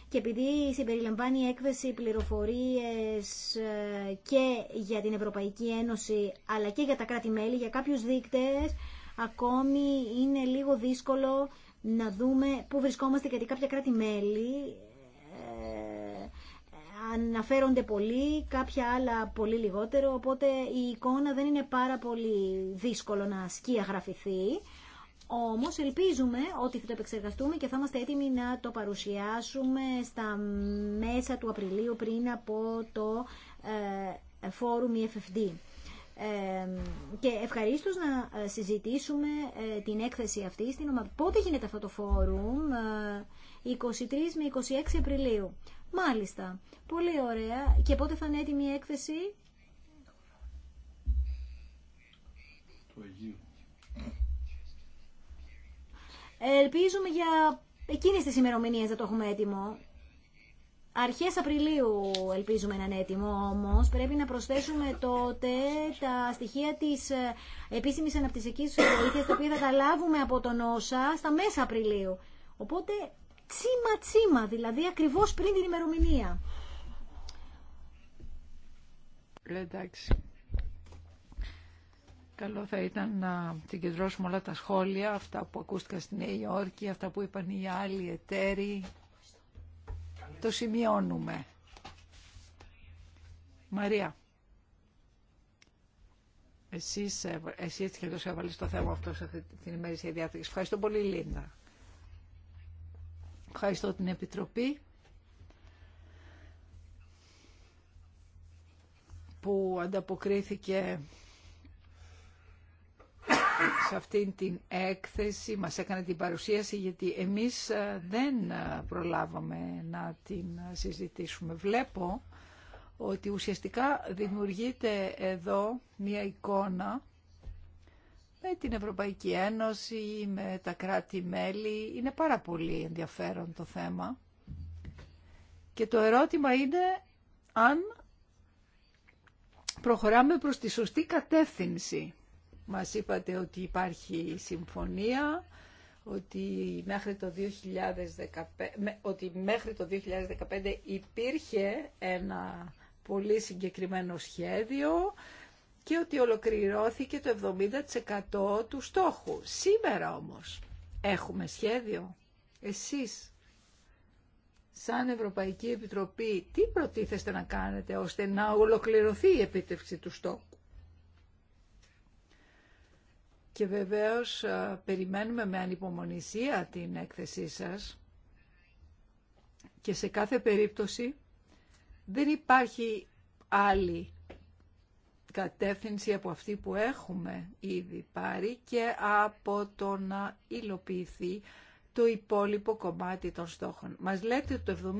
και επειδή συμπεριλαμβάνει έκθεση πληροφορίες ε, και για την Ευρωπαϊκή Ένωση αλλά και για τα κράτη-μέλη, για κάποιους δείκτες ακόμη είναι λίγο δύσκολο να δούμε πού βρισκόμαστε γιατί κάποια κράτη-μέλη ε, αναφέρονται πολύ, κάποια άλλα πολύ λιγότερο, οπότε η εικόνα δεν είναι πάρα πολύ δύσκολο να σκιαγραφηθεί. Όμως ελπίζουμε ότι θα το επεξεργαστούμε και θα είμαστε έτοιμοι να το παρουσιάσουμε στα μέσα του Απριλίου πριν από το ε, φόρουμ EFFD. Ε, και ευχαρίστω να ε, συζητήσουμε την έκθεση αυτή στην ομάδα. Πότε γίνεται αυτό το φόρουμ, 23 με 26 Απριλίου. Μάλιστα, πολύ ωραία. Και πότε θα είναι έτοιμη η έκθεση. Ελπίζουμε για εκείνες τις ημερομηνίες να το έχουμε έτοιμο. Αρχές Απριλίου ελπίζουμε να είναι έτοιμο όμως. Πρέπει να προσθέσουμε τότε τα στοιχεία της ε, επίσημης αναπτυσσικής βοήθειας, τα οποία θα τα λάβουμε από τον ΩΣΑ στα μέσα Απριλίου. Οπότε τσίμα τσίμα, δηλαδή ακριβώς πριν την ημερομηνία. Εντάξει. Καλό θα ήταν να συγκεντρώσουμε όλα τα σχόλια, αυτά που ακούστηκαν στη Νέα Υόρκη, αυτά που είπαν οι άλλοι εταίροι. Το σημειώνουμε. Μαρία, εσύ εσύ έτσι και το έβαλες το θέμα αυτό σε αυτή την ημερήσια διάθεση. Ευχαριστώ πολύ Λίντα. Ευχαριστώ την Επιτροπή. που ανταποκρίθηκε σε αυτή την έκθεση, μας έκανε την παρουσίαση γιατί εμείς ε, δεν ε, προλάβαμε να την συζητήσουμε. Βλέπω ότι ουσιαστικά δημιουργείται εδώ μια εικόνα με την Ευρωπαϊκή Ένωση, με τα κράτη-μέλη. Είναι πάρα πολύ ενδιαφέρον το θέμα. Και το ερώτημα είναι αν προχωράμε προς τη σωστή κατεύθυνση. Μας είπατε ότι υπάρχει συμφωνία, ότι μέχρι το 2015, ότι μέχρι το 2015 υπήρχε ένα πολύ συγκεκριμένο σχέδιο και ότι ολοκληρώθηκε το 70% του στόχου. Σήμερα όμως έχουμε σχέδιο. Εσείς, σαν Ευρωπαϊκή Επιτροπή, τι προτίθεστε να κάνετε ώστε να ολοκληρωθεί η επίτευξη του στόχου και βεβαίως περιμένουμε με ανυπομονησία την έκθεσή σας και σε κάθε περίπτωση δεν υπάρχει άλλη κατεύθυνση από αυτή που έχουμε ήδη πάρει και από το να υλοποιηθεί το υπόλοιπο κομμάτι των στόχων. Μας λέτε ότι το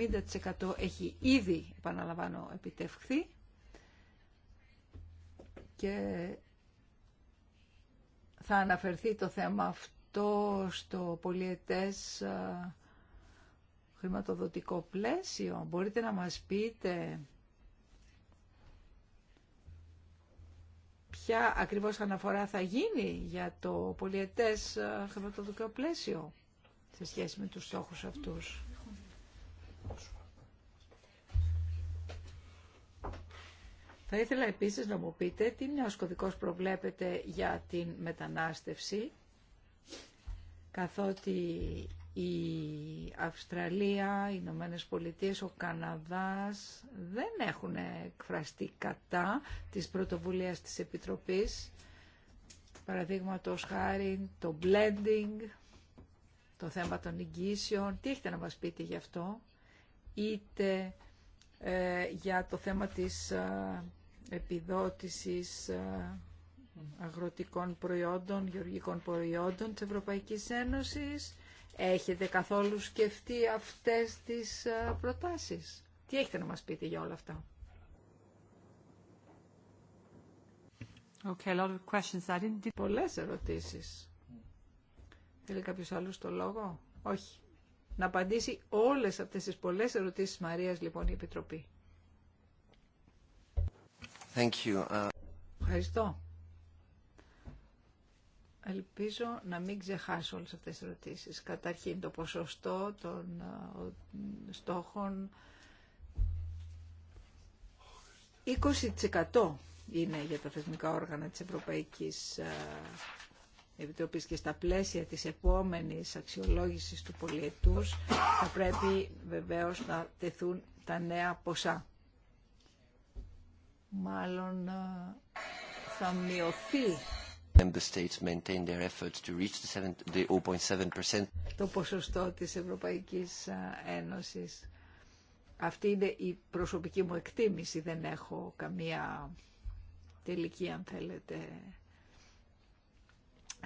70% έχει ήδη, επαναλαμβάνω, επιτευχθεί και θα αναφερθεί το θέμα αυτό στο πολιετές χρηματοδοτικό πλαίσιο. Μπορείτε να μας πείτε ποια ακριβώς αναφορά θα γίνει για το πολιετές χρηματοδοτικό πλαίσιο σε σχέση με τους στόχους αυτούς. Θα ήθελα επίσης να μου πείτε τι νέος κωδικός προβλέπετε για την μετανάστευση, καθότι η Αυστραλία, οι Ηνωμένε Πολιτείες, ο Καναδάς δεν έχουν εκφραστεί κατά της πρωτοβουλίας της Επιτροπής. Παραδείγματος χάρη το blending, το θέμα των εγγύσεων. Τι έχετε να μας πείτε γι' αυτό, είτε ε, για το θέμα της ε, επιδότησης ε, αγροτικών προϊόντων, γεωργικών προϊόντων της Ευρωπαϊκής Ένωσης. Έχετε καθόλου σκεφτεί αυτές τις ε, προτάσεις. Τι έχετε να μας πείτε για όλα αυτά. Okay, a lot of questions. I didn't... Πολλές ερωτήσεις. Θέλει κάποιος άλλος το λόγο. Όχι. Να απαντήσει όλες αυτές τις πολλές ερωτήσεις Μαρίας, λοιπόν, η Επιτροπή. Thank you. Uh, Ευχαριστώ. Ελπίζω να μην ξεχάσω όλες αυτές τις ερωτήσεις. Καταρχήν το ποσοστό των ε, στόχων 20% είναι για τα θεσμικά όργανα της Ευρωπαϊκής ε, Επιτροπής και στα πλαίσια της επόμενης αξιολόγησης του πολιετούς θα πρέπει βεβαίως να τεθούν τα νέα ποσά μάλλον ε, θα μειωθεί το ποσοστό της Ευρωπαϊκής ε, Ένωσης. Αυτή είναι η προσωπική μου εκτίμηση. Δεν έχω καμία τελική, αν θέλετε,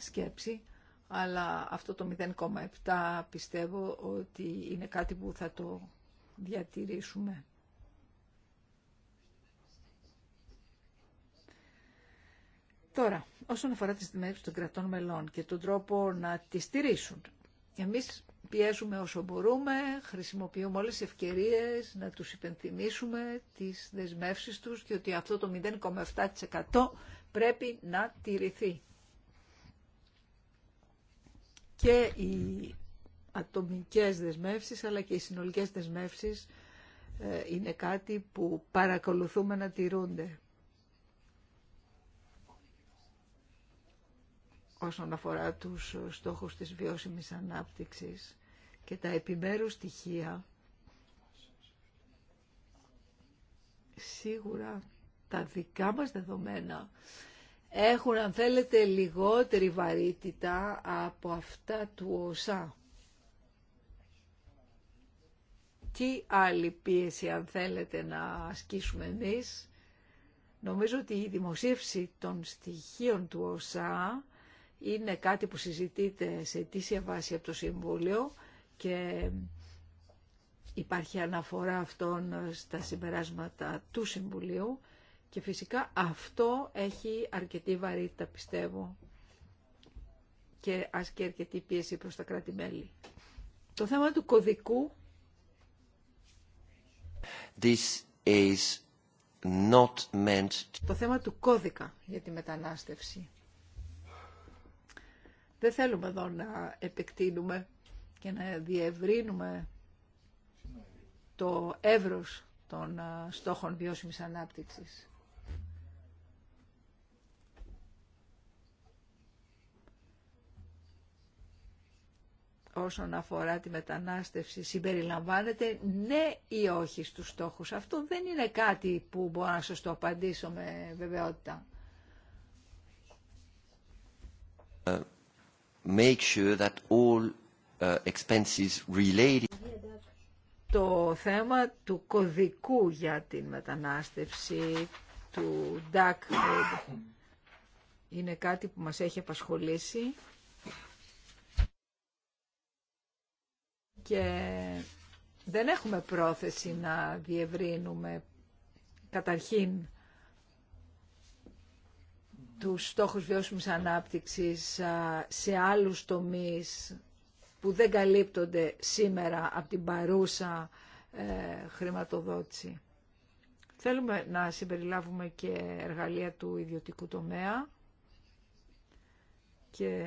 σκέψη. Αλλά αυτό το 0,7 πιστεύω ότι είναι κάτι που θα το διατηρήσουμε. Τώρα, όσον αφορά τις δημιουργίες των κρατών μελών και τον τρόπο να τις στηρίσουν, εμείς πιέζουμε όσο μπορούμε, χρησιμοποιούμε όλες τις ευκαιρίες να τους υπενθυμίσουμε τις δεσμεύσεις τους και ότι αυτό το 0,7% πρέπει να τηρηθεί. Και οι ατομικές δεσμεύσεις αλλά και οι συνολικές δεσμεύσεις ε, είναι κάτι που παρακολουθούμε να τηρούνται. όσον αφορά τους στόχους της βιώσιμης ανάπτυξης και τα επιμέρους στοιχεία σίγουρα τα δικά μας δεδομένα έχουν αν θέλετε λιγότερη βαρύτητα από αυτά του ΟΣΑ. Τι άλλη πίεση αν θέλετε να ασκήσουμε εμείς. Νομίζω ότι η δημοσίευση των στοιχείων του ΟΣΑ είναι κάτι που συζητείται σε αιτήσια βάση από το Συμβούλιο και υπάρχει αναφορά αυτών στα συμπεράσματα του Συμβουλίου και φυσικά αυτό έχει αρκετή βαρύτητα πιστεύω και ασκεί αρκετή πίεση προς τα κράτη-μέλη. Το θέμα του κωδικού This is not meant... το θέμα του κώδικα για τη μετανάστευση δεν θέλουμε εδώ να επεκτείνουμε και να διευρύνουμε το εύρος των στόχων βιώσιμης ανάπτυξης. όσον αφορά τη μετανάστευση συμπεριλαμβάνεται ναι ή όχι στους στόχους. Αυτό δεν είναι κάτι που μπορώ να σας το απαντήσω με βεβαιότητα. Ε, Uh, το θέμα του κωδικού για την μετανάστευση του DAC είναι κάτι που μας έχει απασχολήσει και δεν έχουμε πρόθεση να διευρύνουμε καταρχήν τους στόχους βιώσιμης ανάπτυξης σε άλλους τομείς που δεν καλύπτονται σήμερα από την παρούσα ε, χρηματοδότηση. Θέλουμε να συμπεριλάβουμε και εργαλεία του ιδιωτικού τομέα και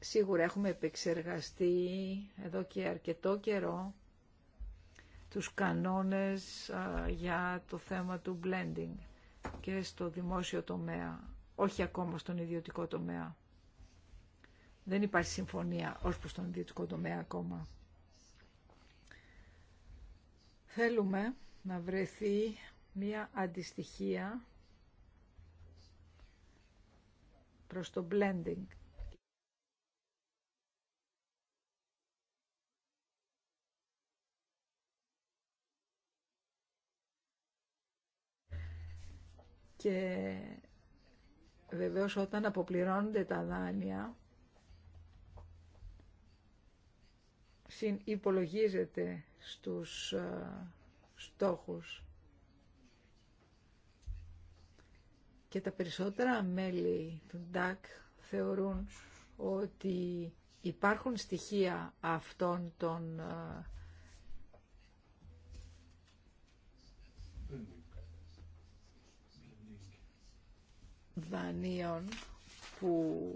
σίγουρα έχουμε επεξεργαστεί εδώ και αρκετό καιρό τους κανόνες για το θέμα του blending και στο δημόσιο τομέα, όχι ακόμα στον ιδιωτικό τομέα. Δεν υπάρχει συμφωνία ως προς τον ιδιωτικό τομέα ακόμα. Θέλουμε να βρεθεί μία αντιστοιχία προς το blending, και βεβαίως όταν αποπληρώνονται τα δάνεια υπολογίζεται στους ε, στόχους και τα περισσότερα μέλη του ΝΤΑΚ θεωρούν ότι υπάρχουν στοιχεία αυτών των ε, δανείων που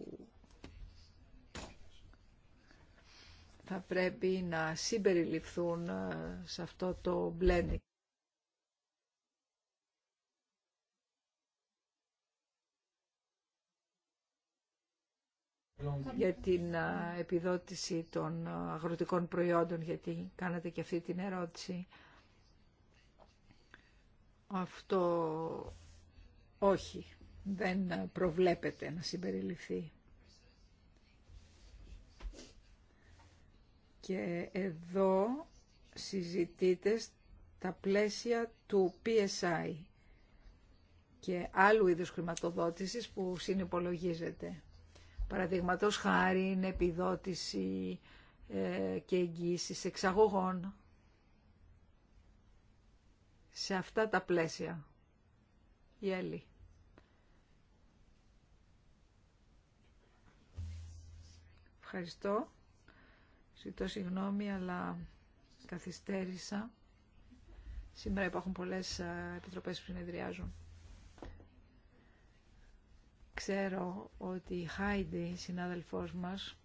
θα πρέπει να συμπεριληφθούν ε, σε αυτό το blending. για την ε, επιδότηση των ε, αγροτικών προϊόντων, γιατί κάνατε και αυτή την ερώτηση. Αυτό όχι δεν προβλέπεται να συμπεριληφθεί. Και εδώ συζητείτε τα πλαίσια του PSI και άλλου είδους χρηματοδότησης που συνυπολογίζεται. Παραδείγματος χάρη είναι επιδότηση ε, και εγγύηση εξαγωγών σε αυτά τα πλαίσια. Η Έλλη. Ευχαριστώ. Ζητώ συγγνώμη, αλλά καθυστέρησα. Σήμερα υπάρχουν πολλές ε, επιτροπές που συνεδριάζουν. Ξέρω ότι η Χάιντι, συνάδελφός μας,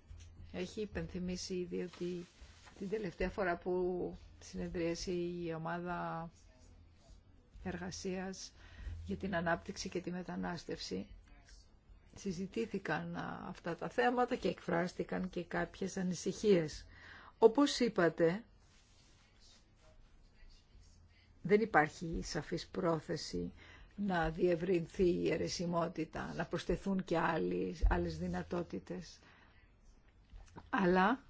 έχει υπενθυμίσει ήδη ότι την τελευταία φορά που συνεδρίασε η ομάδα εργασίας για την ανάπτυξη και τη μετανάστευση συζητήθηκαν αυτά τα θέματα και εκφράστηκαν και κάποιες ανησυχίες. Όπως είπατε, δεν υπάρχει σαφής πρόθεση να διευρυνθεί η αιρεσιμότητα, να προσθεθούν και άλλοι, άλλες δυνατότητες. Αλλά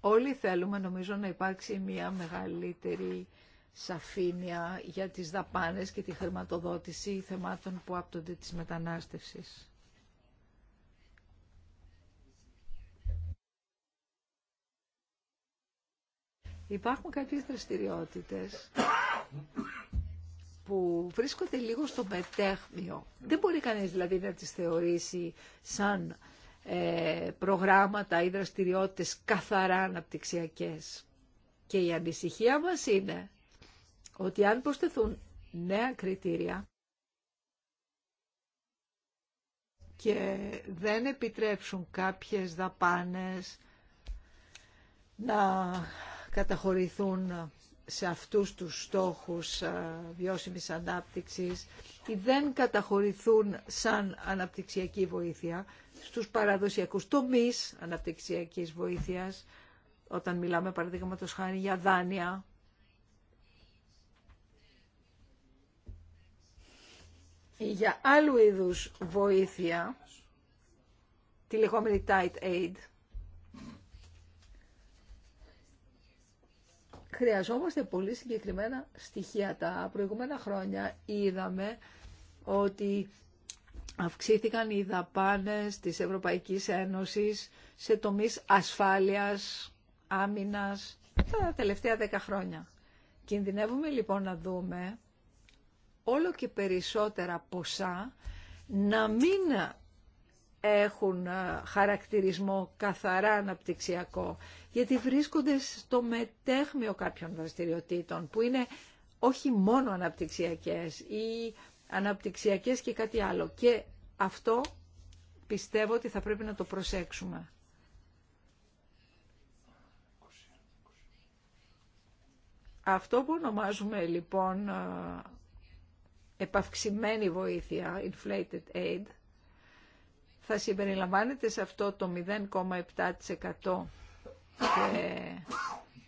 όλοι θέλουμε νομίζω να υπάρξει μια μεγαλύτερη σαφήνεια για τις δαπάνες και τη χρηματοδότηση θεμάτων που άπτονται της μετανάστευσης. Υπάρχουν κάποιες δραστηριότητες που βρίσκονται λίγο στο μετέχμιο. Δεν μπορεί κανείς δηλαδή να τις θεωρήσει σαν ε, προγράμματα ή δραστηριότητες καθαρά αναπτυξιακές. Και η ανησυχία μας είναι ότι αν προσθεθούν νέα κριτήρια και δεν επιτρέψουν κάποιες δαπάνες να καταχωρηθούν σε αυτούς τους στόχους ε, βιώσιμης ανάπτυξης ή δεν καταχωρηθούν σαν αναπτυξιακή βοήθεια στους παραδοσιακούς τομείς αναπτυξιακής βοήθειας, όταν μιλάμε παραδείγματος χάρη για δάνεια για άλλου είδους βοήθεια, τη λεγόμενη tight aid, χρειαζόμαστε πολύ συγκεκριμένα στοιχεία. Τα προηγούμενα χρόνια είδαμε ότι αυξήθηκαν οι δαπάνες της Ευρωπαϊκής Ένωσης σε τομείς ασφάλειας, άμυνας τα τελευταία δέκα χρόνια. Κινδυνεύουμε λοιπόν να δούμε όλο και περισσότερα ποσά να μην έχουν ε, χαρακτηρισμό καθαρά αναπτυξιακό, γιατί βρίσκονται στο μετέχμιο κάποιων δραστηριοτήτων που είναι όχι μόνο αναπτυξιακές ή αναπτυξιακές και κάτι άλλο. Και αυτό πιστεύω ότι θα πρέπει να το προσέξουμε. Αυτό που ονομάζουμε λοιπόν ε, επαυξημένη βοήθεια, inflated aid, θα συμπεριλαμβάνεται σε αυτό το 0,7% και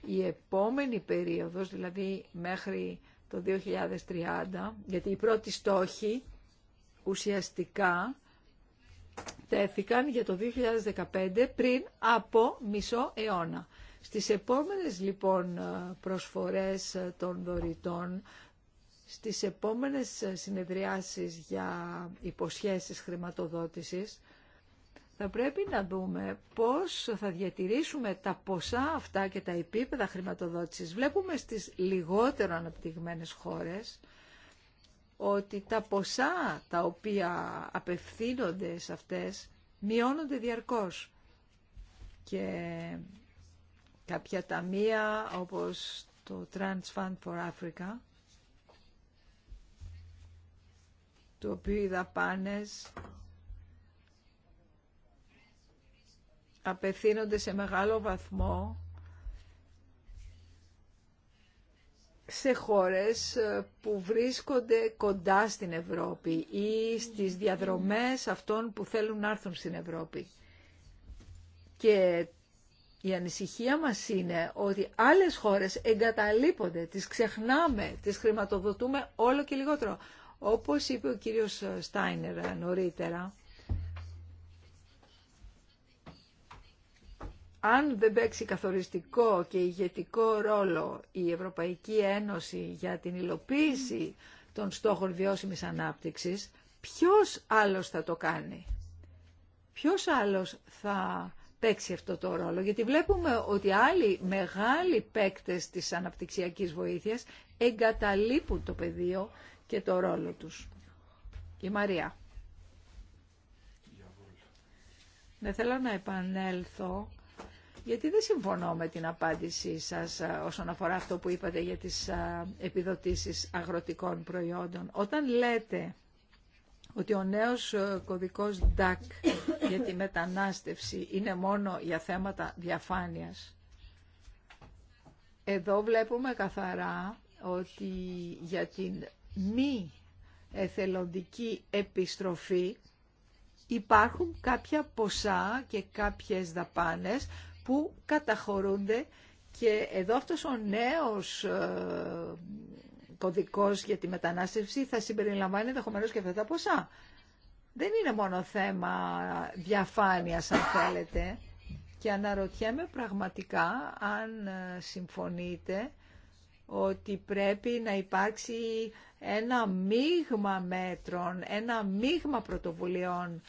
η επόμενη περίοδος, δηλαδή μέχρι το 2030, γιατί οι πρώτοι στόχοι ουσιαστικά τέθηκαν για το 2015 πριν από μισό αιώνα. Στις επόμενες λοιπόν προσφορές των δωρητών στις επόμενες ε, συνεδριάσεις για υποσχέσεις χρηματοδότησης θα πρέπει να δούμε πώς θα διατηρήσουμε τα ποσά αυτά και τα επίπεδα χρηματοδότησης. Βλέπουμε στις λιγότερο αναπτυγμένες χώρες ότι τα ποσά τα οποία απευθύνονται σε αυτές μειώνονται διαρκώς. Και κάποια ταμεία όπως το Trans Fund for Africa το οποίο οι δαπάνες απευθύνονται σε μεγάλο βαθμό σε χώρες ε, που βρίσκονται κοντά στην Ευρώπη ή στις διαδρομές αυτών που θέλουν να έρθουν στην Ευρώπη. Και η ανησυχία μας είναι ότι άλλες χώρες εγκαταλείπονται, τις ξεχνάμε, τις χρηματοδοτούμε όλο και λιγότερο. Όπως είπε ο κύριος Στάινερ νωρίτερα, αν δεν παίξει καθοριστικό και ηγετικό ρόλο η Ευρωπαϊκή Ένωση για την υλοποίηση των στόχων βιώσιμης ανάπτυξης, ποιος άλλος θα το κάνει. Ποιος άλλος θα παίξει αυτό το ρόλο. Γιατί βλέπουμε ότι άλλοι μεγάλοι παίκτες της αναπτυξιακής βοήθειας εγκαταλείπουν το πεδίο και το ρόλο τους. Η Μαρία. Δεν θέλω να επανέλθω, γιατί δεν συμφωνώ με την απάντησή σας όσον αφορά αυτό που είπατε για τις επιδοτήσεις αγροτικών προϊόντων. Όταν λέτε ότι ο νέος κωδικός DAC για τη μετανάστευση είναι μόνο για θέματα διαφάνειας. Εδώ βλέπουμε καθαρά ότι για την μη εθελοντική επιστροφή υπάρχουν κάποια ποσά και κάποιες δαπάνες που καταχωρούνται και εδώ αυτός ο νέος ε, κωδικός για τη μετανάστευση θα συμπεριλαμβάνει ενδεχομένω και αυτά τα ποσά. Δεν είναι μόνο θέμα διαφάνειας αν θέλετε και αναρωτιέμαι πραγματικά αν ε, συμφωνείτε ότι πρέπει να υπάρξει ένα μείγμα μέτρων, ένα μείγμα πρωτοβουλειών.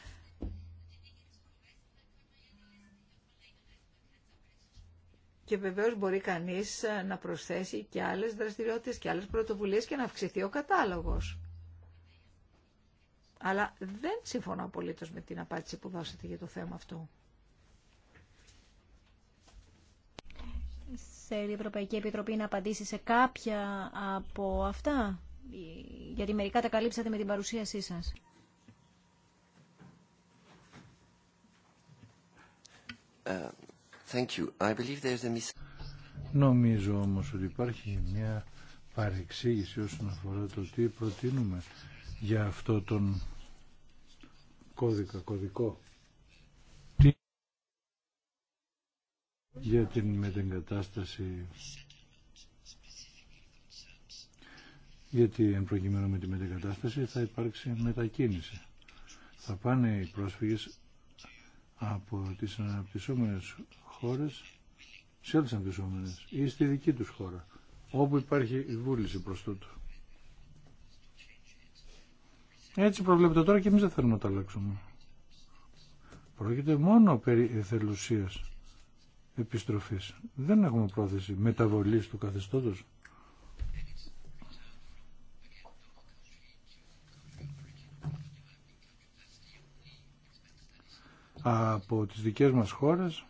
Και βεβαίως μπορεί κανείς να προσθέσει και άλλες δραστηριότητες και άλλες πρωτοβουλίες και να αυξηθεί ο κατάλογος. Αλλά δεν συμφωνώ απολύτως με την απάντηση που δώσατε για το θέμα αυτό. Σε η Ευρωπαϊκή Επιτροπή να απαντήσει σε κάποια από αυτά γιατί μερικά τα καλύψατε με την παρουσίασή σας. Ε, Νομίζω όμως ότι υπάρχει μια παρεξήγηση όσον αφορά το τι προτείνουμε για αυτό τον κώδικα, κωδικό. για την μετεγκατάσταση γιατί εν προκειμένου με τη μετακατάσταση θα υπάρξει μετακίνηση. Θα πάνε οι πρόσφυγες από τις αναπτυσσόμενες χώρες σε άλλες αναπτυσσόμενες ή στη δική τους χώρα, όπου υπάρχει η βούληση προς τούτο. Έτσι προβλέπεται τώρα και εμείς δεν θέλουμε να τα αλλάξουμε. Πρόκειται μόνο περί εθελουσίας επιστροφής. Δεν έχουμε πρόθεση μεταβολής του καθεστώτος. από τις δικές μας χώρες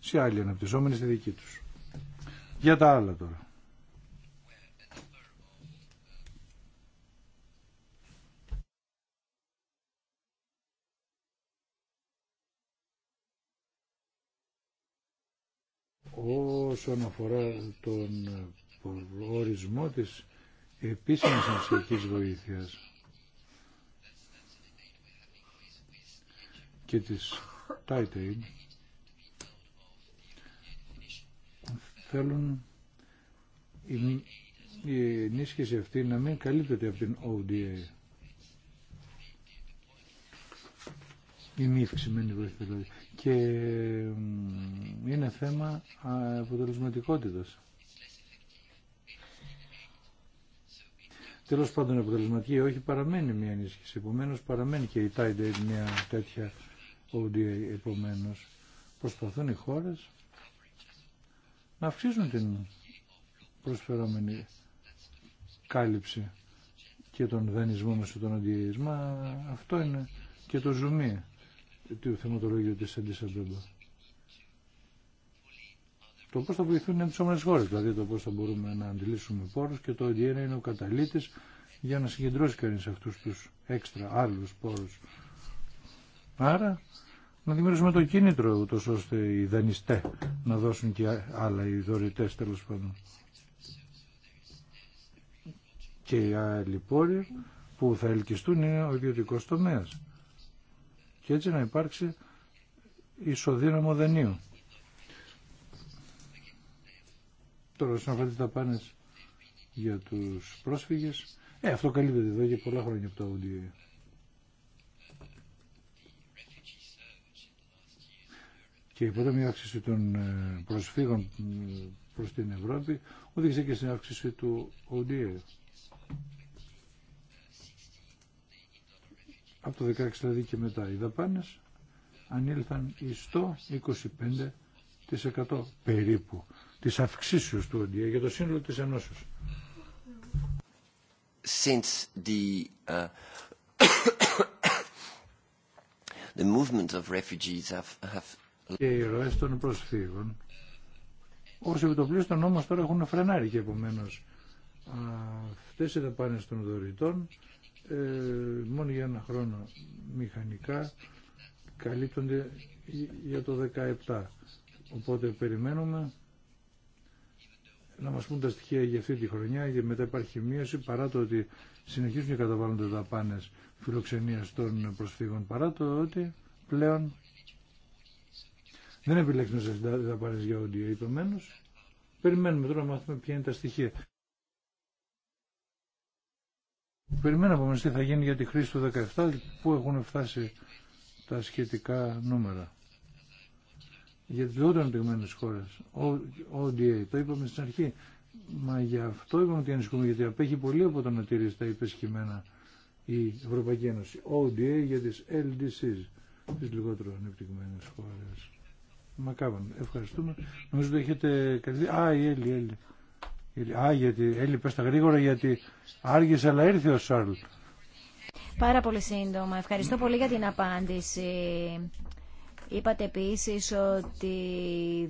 σε άλλοι αναπτυσσόμενοι στη δική τους. Για τα άλλα τώρα. όσον αφορά τον ορισμό της επίσημης ανησυχικής βοήθειας. και της Titan θέλουν η, η ενίσχυση αυτή να μην καλύπτεται από την ODA. Η μη αυξημένη βοήθεια δηλαδή. Και είναι θέμα αποτελεσματικότητας. Τέλος πάντων αποτελεσματική όχι παραμένει μια ενίσχυση. Επομένως παραμένει και η Tide μια τέτοια ODA επομένως προσπαθούν οι χώρες να αυξήσουν την προσφερόμενη κάλυψη και τον δανεισμό μας στον τον Μα Αυτό είναι και το ζουμί του θεματολογίου της Αντισαμπέμπα. Το πώς θα βοηθούν τις όμορες χώρες, δηλαδή το πώς θα μπορούμε να αντιλήσουμε πόρους και το ODA είναι ο καταλήτης για να συγκεντρώσει κανείς αυτούς τους έξτρα άλλους πόρους Άρα να δημιουργήσουμε το κίνητρο ούτως ώστε οι δανειστέ να δώσουν και άλλα οι δωρητές τέλος πάντων. Και οι άλλοι πόροι που θα ελκυστούν είναι ο ιδιωτικό τομέα. Και έτσι να υπάρξει ισοδύναμο δανείο. Τώρα, όσον αφορά τι δαπάνε για του πρόσφυγε. ε, αυτό καλύπτεται εδώ για πολλά χρόνια από τα ODA. Και η πρώτη αύξηση των ε, προσφύγων προς την Ευρώπη οδήγησε και στην αύξηση του ODA. Από το 16 δηλαδή και μετά οι δαπάνες ανήλθαν στο 25% περίπου της αυξήσεως του ODA για το σύνολο της ενώσεως. Since the, uh, the movement of refugees have, have και οι ροές των προσφύγων το επιτοπλίστων όμως τώρα έχουν φρενάρει και επομένω. Αυτέ οι δαπάνε των δωρητών ε, μόνο για ένα χρόνο μηχανικά καλύπτονται για το 17. Οπότε περιμένουμε να μας πούν τα στοιχεία για αυτή τη χρονιά γιατί μετά υπάρχει μείωση παρά το ότι συνεχίζουν και καταβάλλονται δαπάνε φιλοξενίας των προσφύγων παρά το ότι πλέον δεν επιλέξουμε σε δαπάνε για όντιο, επομένω. Περιμένουμε τώρα να μάθουμε ποια είναι τα στοιχεία. Περιμένουμε όμως τι θα γίνει για τη χρήση του 17, πού έχουν φτάσει τα σχετικά νούμερα. Για τις λιγότερο ανεπτυγμένες χώρες, ODA, το είπαμε στην αρχή, μα για αυτό είπαμε ότι ανησυχούμε, γιατί απέχει πολύ από το να τηρήσει τα υπεσχημένα η Ευρωπαϊκή Ένωση. ODA για τις LDCs, τις λιγότερο ανεπτυγμένες χώρες. Μακάβαν. Ευχαριστούμε. Νομίζω ότι έχετε καλή. Α, η Έλλη, Έλλη. Α, γιατί Έλλη, πες τα γρήγορα, γιατί άργησε, αλλά ήρθε ο Σάρλ. Πάρα πολύ σύντομα. Ευχαριστώ πολύ για την απάντηση. Είπατε επίση ότι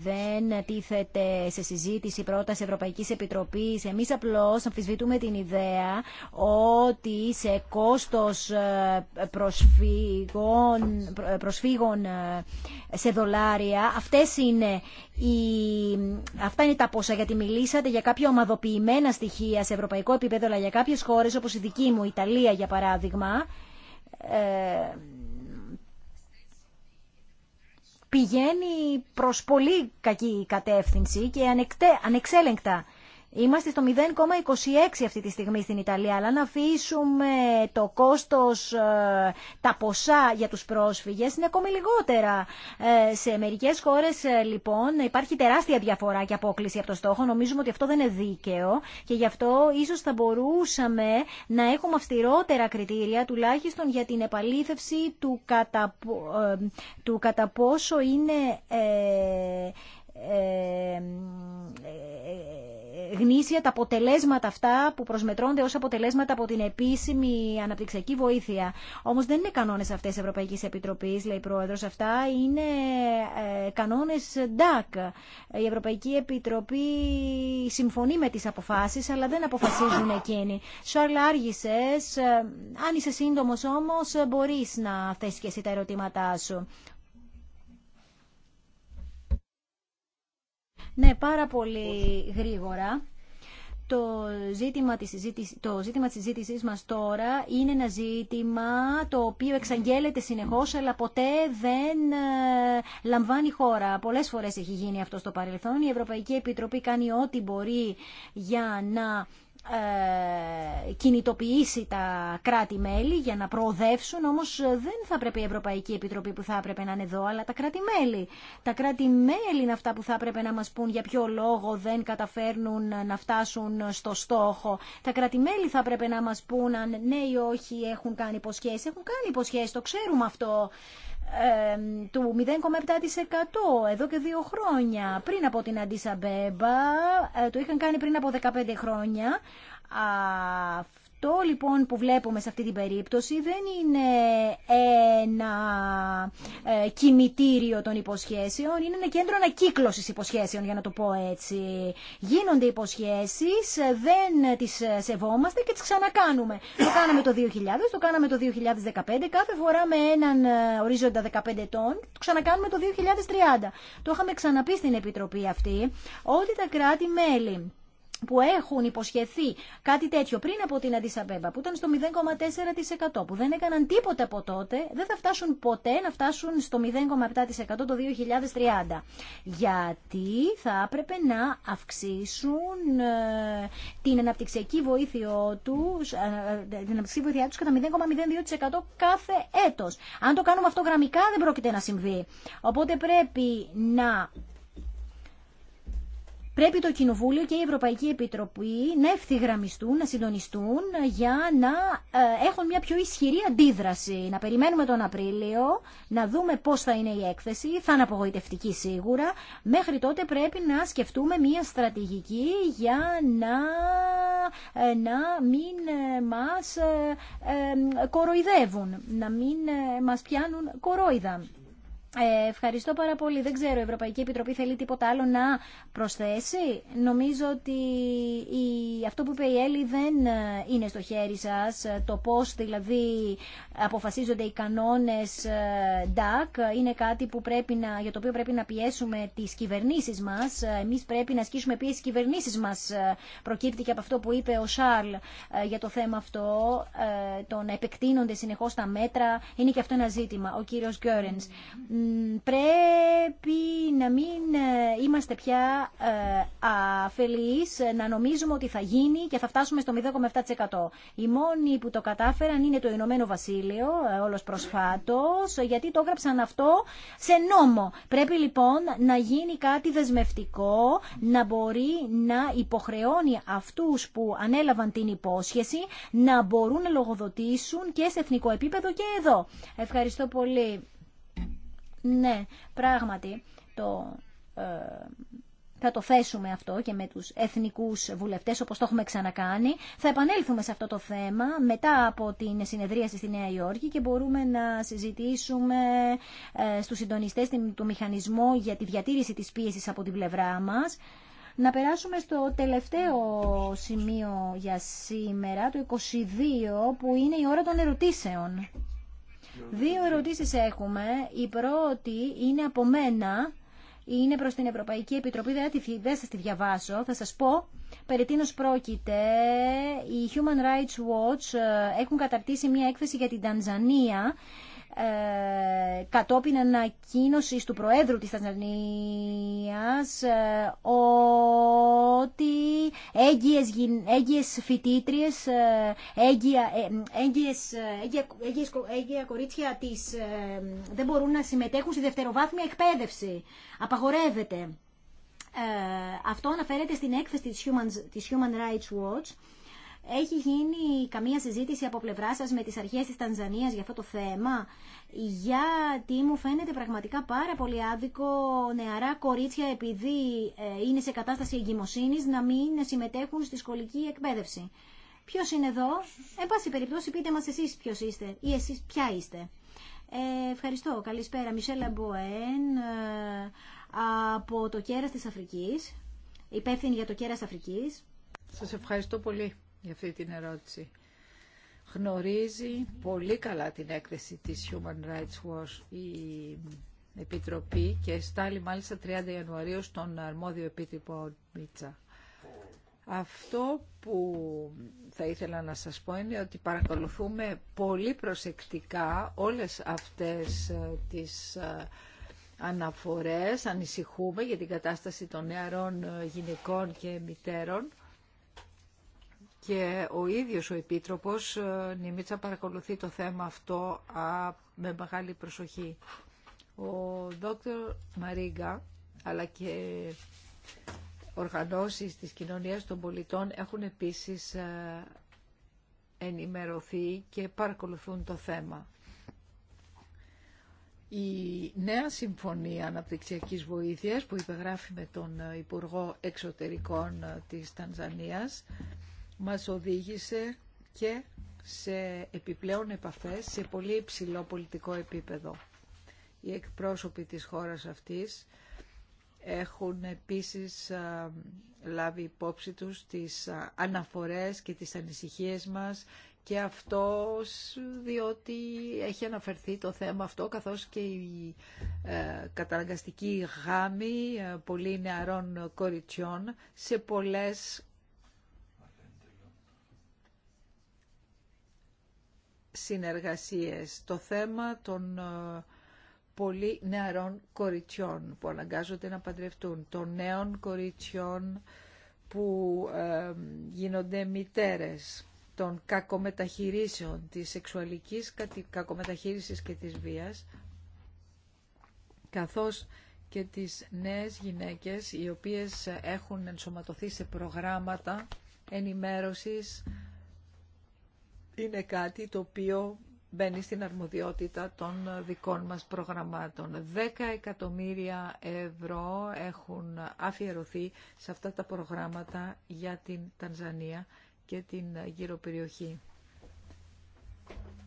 δεν τίθεται σε συζήτηση πρόταση ευρωπαϊκή Επιτροπή. Εμεί απλώ αμφισβητούμε την ιδέα ότι σε κόστο ε, προσφύγων, ε, προσφύγων ε, σε δολάρια, αυτές είναι οι, αυτά είναι τα πόσα, γιατί μιλήσατε για κάποια ομαδοποιημένα στοιχεία σε ευρωπαϊκό επίπεδο, αλλά για κάποιε χώρε όπω η δική μου, η Ιταλία για παράδειγμα, πηγαίνει προς πολύ κακή κατεύθυνση και ανεξέλεγκτα Είμαστε στο 0,26 αυτή τη στιγμή στην Ιταλία, αλλά να αφήσουμε το κόστος, ε, τα ποσά για τους πρόσφυγες είναι ακόμη λιγότερα. Ε, σε μερικές χώρες ε, λοιπόν υπάρχει τεράστια διαφορά και απόκληση από το στόχο. Νομίζουμε ότι αυτό δεν είναι δίκαιο και γι' αυτό ίσως θα μπορούσαμε να έχουμε αυστηρότερα κριτήρια, τουλάχιστον για την επαλήθευση του κατά, του πόσο είναι... ε, ε, γνήσια τα αποτελέσματα αυτά που προσμετρώνται ως αποτελέσματα από την επίσημη αναπτυξιακή βοήθεια. Όμως δεν είναι κανόνες αυτές Ευρωπαϊκή Επιτροπή, λέει η Πρόεδρος. Αυτά είναι ε, κανόνες DAC. Η Ευρωπαϊκή Επιτροπή συμφωνεί με τις αποφάσεις, αλλά δεν αποφασίζουν εκείνοι. Σαρλ, άργησες. Ε, αν είσαι σύντομο όμω, μπορεί να θέσει και εσύ τα ερωτήματά σου. Ναι, πάρα πολύ γρήγορα. Το ζήτημα, της συζήτησης, το ζήτημα της συζήτησής μας τώρα είναι ένα ζήτημα το οποίο εξαγγέλλεται συνεχώς αλλά ποτέ δεν ε, λαμβάνει χώρα. Πολλές φορές έχει γίνει αυτό στο παρελθόν. Η Ευρωπαϊκή Επιτροπή κάνει ό,τι μπορεί για να ε, κινητοποιήσει τα κράτη-μέλη για να προοδεύσουν, όμως ε, δεν θα πρέπει η Ευρωπαϊκή Επιτροπή που θα έπρεπε να είναι εδώ, αλλά τα κράτη-μέλη. Τα κράτη-μέλη είναι αυτά που θα έπρεπε να μας πούν για ποιο λόγο δεν καταφέρνουν να φτάσουν στο στόχο. Τα κράτη-μέλη θα έπρεπε να μας πούν αν ναι ή όχι έχουν κάνει υποσχέσεις. Έχουν κάνει υποσχέσεις, το ξέρουμε αυτό του 0,7% εδώ και δύο χρόνια πριν από την Αντίσα Μπέμπα ε, το είχαν κάνει πριν από 15 χρόνια το λοιπόν που βλέπουμε σε αυτή την περίπτωση δεν είναι ένα ε, κημητήριο των υποσχέσεων, είναι ένα κέντρο ανακύκλωσης υποσχέσεων για να το πω έτσι. Γίνονται υποσχέσεις, δεν τις ε, σεβόμαστε και τις ξανακάνουμε. Το κάναμε το 2000, το κάναμε το 2015, κάθε φορά με έναν ε, ορίζοντα 15 ετών, το ξανακάνουμε το 2030. Το είχαμε ξαναπεί στην Επιτροπή αυτή, ότι τα κράτη-μέλη που έχουν υποσχεθεί κάτι τέτοιο πριν από την Αντισαμπέμπα, που ήταν στο 0,4%, που δεν έκαναν τίποτα από τότε, δεν θα φτάσουν ποτέ να φτάσουν στο 0,7% το 2030. Γιατί θα έπρεπε να αυξήσουν ε, την αναπτυξιακή βοήθεια τους, ε, ε, την αναπτυξιακή βοήθεια του κατά 0,02% κάθε έτος. Αν το κάνουμε αυτό γραμμικά δεν πρόκειται να συμβεί. Οπότε πρέπει να Πρέπει το Κοινοβούλιο και η Ευρωπαϊκή Επιτροπή να ευθυγραμμιστούν, να συντονιστούν για να ε, έχουν μια πιο ισχυρή αντίδραση. Να περιμένουμε τον Απρίλιο, να δούμε πώς θα είναι η έκθεση, θα είναι απογοητευτική σίγουρα. Μέχρι τότε πρέπει να σκεφτούμε μια στρατηγική για να, ε, να μην ε, μας κοροϊδεύουν, να μην μας πιάνουν κορόιδα. Ε, ευχαριστώ πάρα πολύ. Δεν ξέρω, η Ευρωπαϊκή Επιτροπή θέλει τίποτα άλλο να προσθέσει. Νομίζω ότι η, αυτό που είπε η Έλλη δεν ε, είναι στο χέρι σας. Το πώς δηλαδή αποφασίζονται οι κανόνες DAC ε, είναι κάτι που πρέπει να, για το οποίο πρέπει να πιέσουμε τις κυβερνήσεις μας. Εμείς πρέπει να ασκήσουμε πίεση στις κυβερνήσεις μας. Προκύπτει και από αυτό που είπε ο Σάρλ για το θέμα αυτό. Το να επεκτείνονται συνεχώς τα μέτρα είναι και αυτό ένα ζήτημα. Ο κύριος Γκέρενς πρέπει να μην ε, είμαστε πια ε, αφελείς, να νομίζουμε ότι θα γίνει και θα φτάσουμε στο 0,7%. Οι μόνοι που το κατάφεραν είναι το Ηνωμένο Βασίλειο, ε, όλος προσφάτως, γιατί το έγραψαν αυτό σε νόμο. Πρέπει λοιπόν να γίνει κάτι δεσμευτικό, να μπορεί να υποχρεώνει αυτούς που ανέλαβαν την υπόσχεση, να μπορούν να λογοδοτήσουν και σε εθνικό επίπεδο και εδώ. Ευχαριστώ πολύ. Ναι, πράγματι το ε, θα το θέσουμε αυτό και με τους εθνικούς βουλευτές όπως το έχουμε ξανακάνει. Θα επανέλθουμε σε αυτό το θέμα μετά από την συνεδρίαση στη Νέα Υόρκη και μπορούμε να συζητήσουμε ε, στους συντονιστές του μηχανισμό για τη διατήρηση της πίεσης από την πλευρά μας. Να περάσουμε στο τελευταίο σημείο για σήμερα, το 22, που είναι η ώρα των ερωτήσεων. Δύο ερωτήσεις έχουμε. Η πρώτη είναι από μένα. Είναι προς την Ευρωπαϊκή Επιτροπή, δεν, θα σας τη διαβάσω, θα σας πω περί τίνος πρόκειται. Οι Human Rights Watch ε, έχουν καταρτήσει μια έκθεση για την Τανζανία ε, κατόπιν ανακοίνωση του Προέδρου της ε, ότι έγκυες, έγκυες φοιτήτριες, ε, έγκυα, ε, έγκυα, κορίτσια της, δεν μπορούν να συμμετέχουν στη δευτεροβάθμια εκπαίδευση. Απαγορεύεται. αυτό αναφέρεται στην έκθεση της Human, της Human Rights Watch έχει γίνει καμία συζήτηση από πλευρά σας με τις αρχές της Τανζανίας για αυτό το θέμα, γιατί μου φαίνεται πραγματικά πάρα πολύ άδικο νεαρά κορίτσια επειδή ε, είναι σε κατάσταση εγκυμοσύνης να μην συμμετέχουν στη σχολική εκπαίδευση. Ποιος είναι εδώ, εν πάση περιπτώσει πείτε μας εσείς ποιος είστε ή εσείς ποια είστε. Ε, ευχαριστώ. Καλησπέρα. Μισέλα Μποέν ε, από το κέρας της Αφρικής. Υπεύθυνη για το κέρας Αφρικής. Σας ευχαριστώ πολύ για αυτή την ερώτηση. Γνωρίζει πολύ καλά την έκθεση της Human Rights Watch η Επιτροπή και στάλει μάλιστα 30 Ιανουαρίου στον αρμόδιο επίτυπο Μίτσα. Αυτό που θα ήθελα να σας πω είναι ότι παρακολουθούμε πολύ προσεκτικά όλες αυτές ε, τις ε, αναφορές, ανησυχούμε για την κατάσταση των νεαρών ε, γυναικών και μητέρων και ο ίδιος ο Επίτροπος ε, Νιμίτσα παρακολουθεί το θέμα αυτό με μεγάλη προσοχή. Ο Δόκτωρ Μαρίγκα αλλά και οργανώσεις της κοινωνίας των πολιτών έχουν επίσης ε, ενημερωθεί και παρακολουθούν το θέμα. Η νέα συμφωνία αναπτυξιακής βοήθειας που υπεγράφει με τον ε, Υπουργό Εξωτερικών της Τανζανίας μας οδήγησε και σε επιπλέον επαφές σε πολύ υψηλό πολιτικό επίπεδο. Οι εκπρόσωποι της χώρας αυτής έχουν επίσης λάβει υπόψη τους τις αναφορές και τις ανησυχίες μας και αυτός διότι έχει αναφερθεί το θέμα αυτό καθώς και η ε, καταναγκαστική γάμη ε, πολύ νεαρών κοριτσιών σε πολλές συνεργασίες, το θέμα των ε, πολύ νεαρών κοριτσιών που αναγκάζονται να παντρευτούν, των νέων κοριτσιών που ε, γίνονται μητέρες, των κακομεταχειρήσεων, της σεξουαλικής κακομεταχείρισης και της βίας, καθώς και τις νέες γυναίκες οι οποίες έχουν ενσωματωθεί σε προγράμματα ενημέρωσης είναι κάτι το οποίο μπαίνει στην αρμοδιότητα των δικών μας προγραμμάτων. 10 εκατομμύρια ευρώ έχουν αφιερωθεί σε αυτά τα προγράμματα για την Τανζανία και την γύρω περιοχή.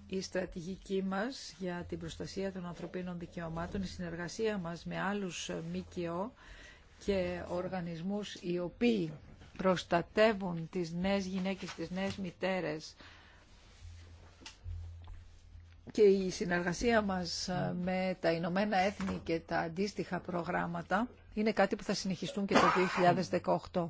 Η στρατηγική μας για την προστασία των ανθρωπίνων δικαιωμάτων, η συνεργασία μας με άλλους ΜΚΟ και οργανισμούς οι οποίοι προστατεύουν τις νέες γυναίκες, τις νέες μητέρες, και η συνεργασία μας ε, με τα Ηνωμένα Έθνη και τα αντίστοιχα προγράμματα είναι κάτι που θα συνεχιστούν και το 2018.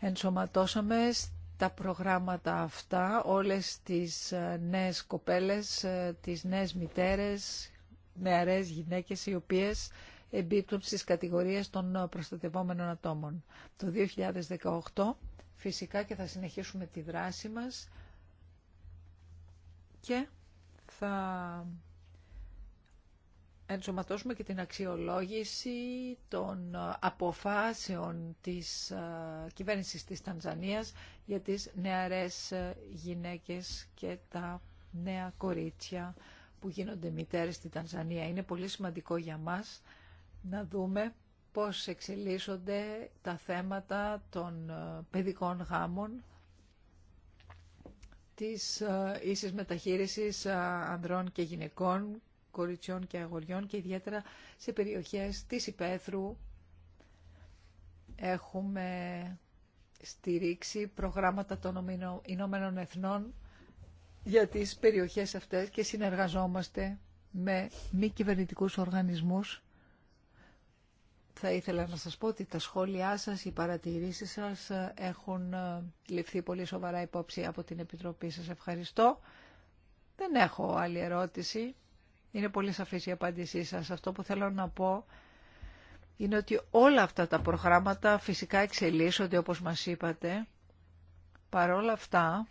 Ενσωματώσαμε τα προγράμματα αυτά όλες τις ε, νέες κοπέλες, ε, τις νέες μητέρες, νεαρές γυναίκες οι οποίες εμπίπτουν στις κατηγορίες των προστατευόμενων ατόμων. Το 2018 φυσικά και θα συνεχίσουμε τη δράση μας και θα ενσωματώσουμε και την αξιολόγηση των αποφάσεων της ε, κυβέρνησης της Τανζανίας για τις νεαρές ε, γυναίκες και τα νέα κορίτσια που γίνονται μητέρες στη Τανζανία. Είναι πολύ σημαντικό για μας να δούμε πώς εξελίσσονται τα θέματα των ε, παιδικών γάμων της ε, ίσης μεταχείρισης ε, ανδρών και γυναικών, κοριτσιών και αγοριών και ιδιαίτερα σε περιοχές της υπαίθρου έχουμε στηρίξει προγράμματα των Ηνωμένων Εθνών για τις περιοχές αυτές και συνεργαζόμαστε με μη κυβερνητικού οργανισμούς θα ήθελα να σας πω ότι τα σχόλιά σας, οι παρατηρήσεις σας έχουν ε, ληφθεί πολύ σοβαρά υπόψη από την Επιτροπή. Σας ευχαριστώ. Δεν έχω άλλη ερώτηση. Είναι πολύ σαφής η απάντησή σας. Αυτό που θέλω να πω είναι ότι όλα αυτά τα προγράμματα φυσικά εξελίσσονται όπως μας είπατε. Παρόλα αυτά,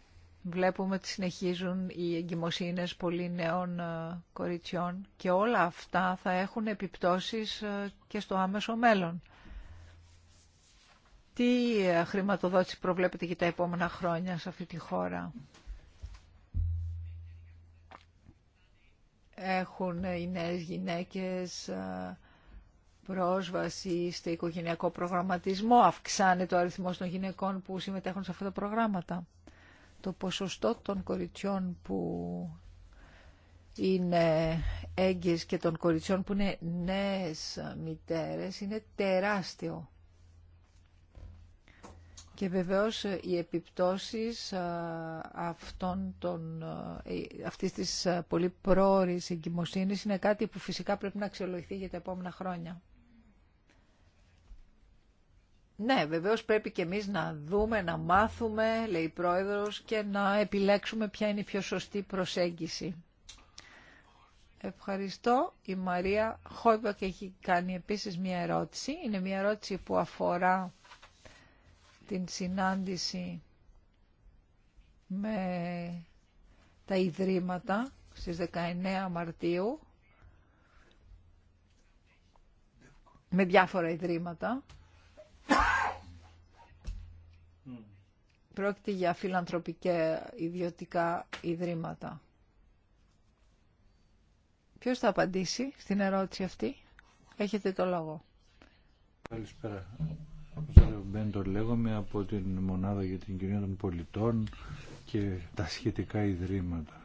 Βλέπουμε ότι συνεχίζουν οι εγκυμοσύνες πολύ νέων ε, κοριτσιών και όλα αυτά θα έχουν επιπτώσεις ε, και στο άμεσο μέλλον. Τι ε, χρηματοδότηση προβλέπετε για τα επόμενα χρόνια σε αυτή τη χώρα. Έχουν οι νέες γυναίκες πρόσβαση στο οικογενειακό προγραμματισμό. Αυξάνεται ο αριθμός των γυναικών που συμμετέχουν σε αυτά τα προγράμματα το ποσοστό των κοριτσιών που είναι έγκυες και των κοριτσιών που είναι νέες μητέρες είναι τεράστιο. Και βεβαίως οι επιπτώσεις αυτών των, ε, αυτής της πολύ πρόορης εγκυμοσύνης είναι κάτι που φυσικά πρέπει να αξιολογηθεί για τα επόμενα χρόνια. Ναι, βεβαίως πρέπει και εμείς να δούμε, να μάθουμε, λέει η Πρόεδρος, και να επιλέξουμε ποια είναι η πιο σωστή προσέγγιση. Ευχαριστώ. Η Μαρία Χόιμπακ έχει κάνει επίσης μια ερώτηση. Είναι μια ερώτηση που αφορά την συνάντηση με τα Ιδρύματα στις 19 Μαρτίου με διάφορα Ιδρύματα. Πρόκειται για φιλανθρωπικά ιδιωτικά ιδρύματα. Ποιος θα απαντήσει στην ερώτηση αυτή. Έχετε το λόγο. Καλησπέρα. Μπέντο λέγομαι από την Μονάδα για την Κοινωνία των Πολιτών και τα σχετικά ιδρύματα.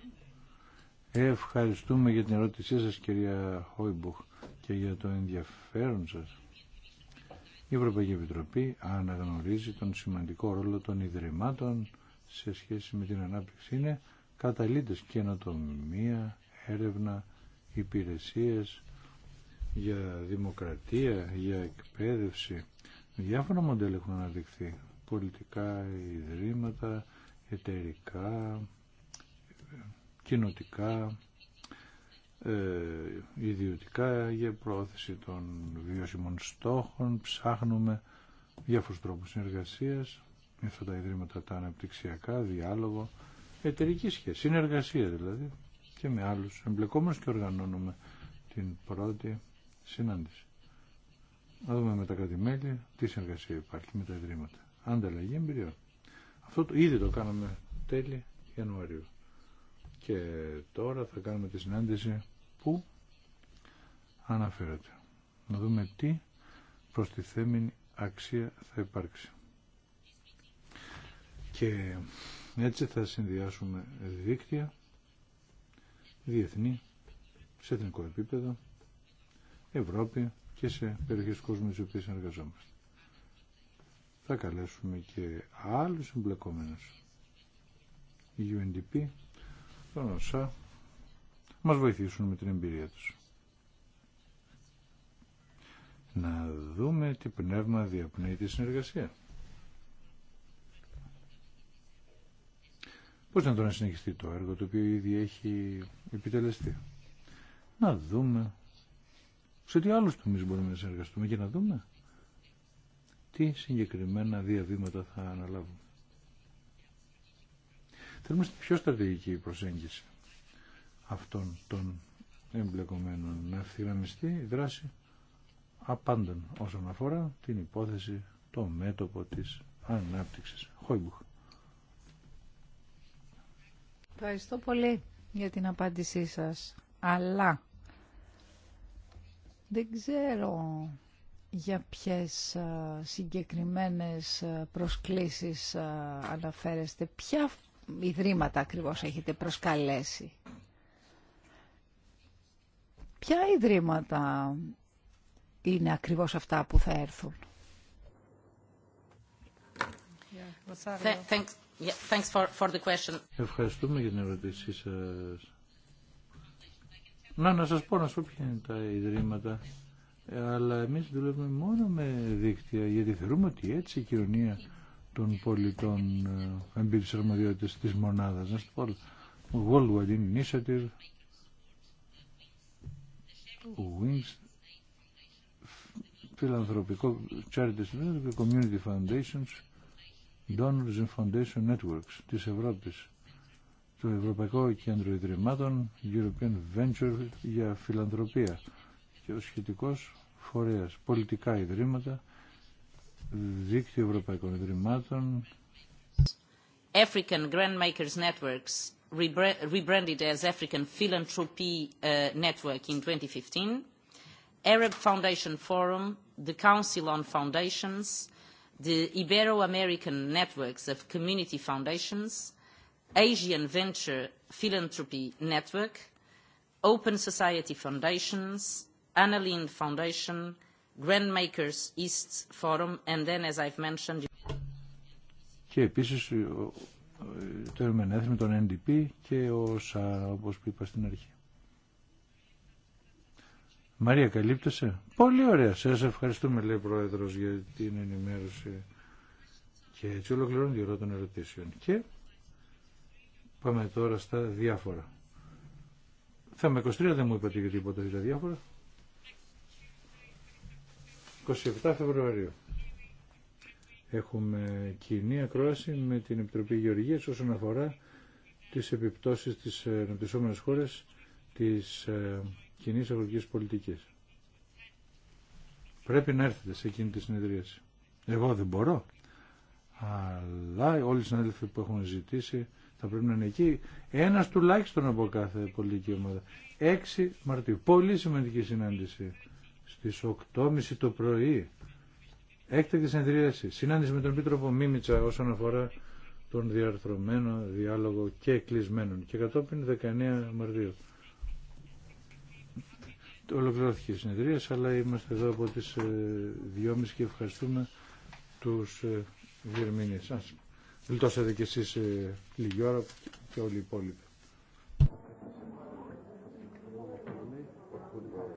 Ευχαριστούμε για την ερώτησή σας κυρία Χόιμπουχ και για το ενδιαφέρον σας. Η Ευρωπαϊκή Επιτροπή αναγνωρίζει τον σημαντικό ρόλο των Ιδρυμάτων σε σχέση με την ανάπτυξη. Είναι καταλήτες καινοτομία, έρευνα, υπηρεσίες για δημοκρατία, για εκπαίδευση. Διάφορα μοντέλα έχουν αναδειχθεί. Πολιτικά, ιδρύματα, εταιρικά, κοινοτικά. Ε, ιδιωτικά για προώθηση των βιώσιμων στόχων, ψάχνουμε διάφορους τρόπους συνεργασίας, με αυτά τα ιδρύματα τα αναπτυξιακά, διάλογο, εταιρική σχέση, συνεργασία δηλαδή και με άλλους εμπλεκόμενους και οργανώνουμε την πρώτη συνάντηση. Να δούμε με τα κρατημέλη τι συνεργασία υπάρχει με τα ιδρύματα. Ανταλλαγή εμπειριών. Αυτό το, ήδη το κάναμε τέλη Ιανουαρίου. Και τώρα θα κάνουμε τη συνάντηση που αναφέρεται. Να δούμε τι τη θέμενη αξία θα υπάρξει. Και έτσι θα συνδυάσουμε δίκτυα διεθνή, σε εθνικό επίπεδο, Ευρώπη και σε περιοχές κόσμου στις οποίες εργαζόμαστε. Θα καλέσουμε και άλλους εμπλεκόμενους. UNDP, τον ΩΣΑ, μας βοηθήσουν με την εμπειρία τους. Να δούμε τι πνεύμα διαπνέει τη συνεργασία. Πώς να το να συνεχιστεί το έργο το οποίο ήδη έχει επιτελεστεί. Να δούμε σε τι άλλους τομείς μπορούμε να συνεργαστούμε και να δούμε τι συγκεκριμένα διαβήματα θα αναλάβουμε. Θέλουμε πιο στρατηγική προσέγγιση αυτών των εμπλεκομένων να ευθυγραμμιστεί η δράση απάντων όσον αφορά την υπόθεση, το μέτωπο της ανάπτυξης. Χόιμπουχ. Ευχαριστώ πολύ για την απάντησή σας. Αλλά δεν ξέρω για ποιες ε, συγκεκριμένες ε, προσκλήσεις ε, αναφέρεστε. Ποια ιδρύματα ακριβώς έχετε προσκαλέσει. Ποια ιδρύματα είναι ακριβώς αυτά που θα έρθουν. Ευχαριστούμε για την ερώτησή σας. Να, να σας πω, να σου ποια είναι τα ιδρύματα. Ε, αλλά εμείς δουλεύουμε μόνο με δίκτυα, γιατί θεωρούμε ότι έτσι η κοινωνία των πολιτών ε, εμπειρής αρμοδιότητας της μονάδας. Να σου πω, Worldwide Initiative, Wings, φιλανθρωπικό Charities, Community Foundations, Donors and Foundation Networks της Ευρώπης, το Ευρωπαϊκό Κέντρο Ιδρυμάτων, European Venture για Φιλανθρωπία και ο σχετικός φορέας, πολιτικά ιδρύματα, Δίκτυο Ευρωπαϊκών African Grandmakers Networks, rebranded as African Philanthropy Network in 2015. Arab Foundation Forum, the Council on Foundations, the Ibero-American Networks of Community Foundations, Asian Venture Philanthropy Network, Open Society Foundations, Analine Foundation, Grandmakers East Forum and then, as I've mentioned... Και επίσης το Ερμενέθρη με τον NDP και ο ΣΑ, όπως είπα στην αρχή. Μαρία, καλύπτωσε. Πολύ ωραία. Σας ευχαριστούμε, λέει ο Πρόεδρος, για την ενημέρωση. Και έτσι ολοκληρώνει τη των ερωτήσεων. Και πάμε τώρα στα διάφορα. Θα με 23 δεν μου είπατε για τίποτα για τα διάφορα. 27 Φεβρουαρίου. Έχουμε κοινή ακρόαση με την Επιτροπή Γεωργίας όσον αφορά τις επιπτώσεις της ε, αναπτυσσόμενης χώρες της ε, κοινή αγροτικής πολιτικής. Πρέπει να έρθετε σε εκείνη τη συνεδρίαση. Εγώ δεν μπορώ, αλλά όλοι οι συνάδελφοι που έχουν ζητήσει θα πρέπει να είναι εκεί. Ένας τουλάχιστον από κάθε πολιτική ομάδα. 6 Μαρτίου. Πολύ σημαντική συνάντηση στις 8.30 το πρωί έκτακτη συνεδρίαση, συνάντηση με τον πίτροπο Μίμητσα όσον αφορά τον διαρθρωμένο διάλογο και κλεισμένων και κατόπιν 19 Μαρτίου. Ολοκληρώθηκε η συνεδρίαση αλλά είμαστε εδώ από τις 2.30 ε, και ευχαριστούμε τους γερμήνες. Ε, σας. και κι εσείς ε, λίγη ώρα και όλοι οι υπόλοιποι.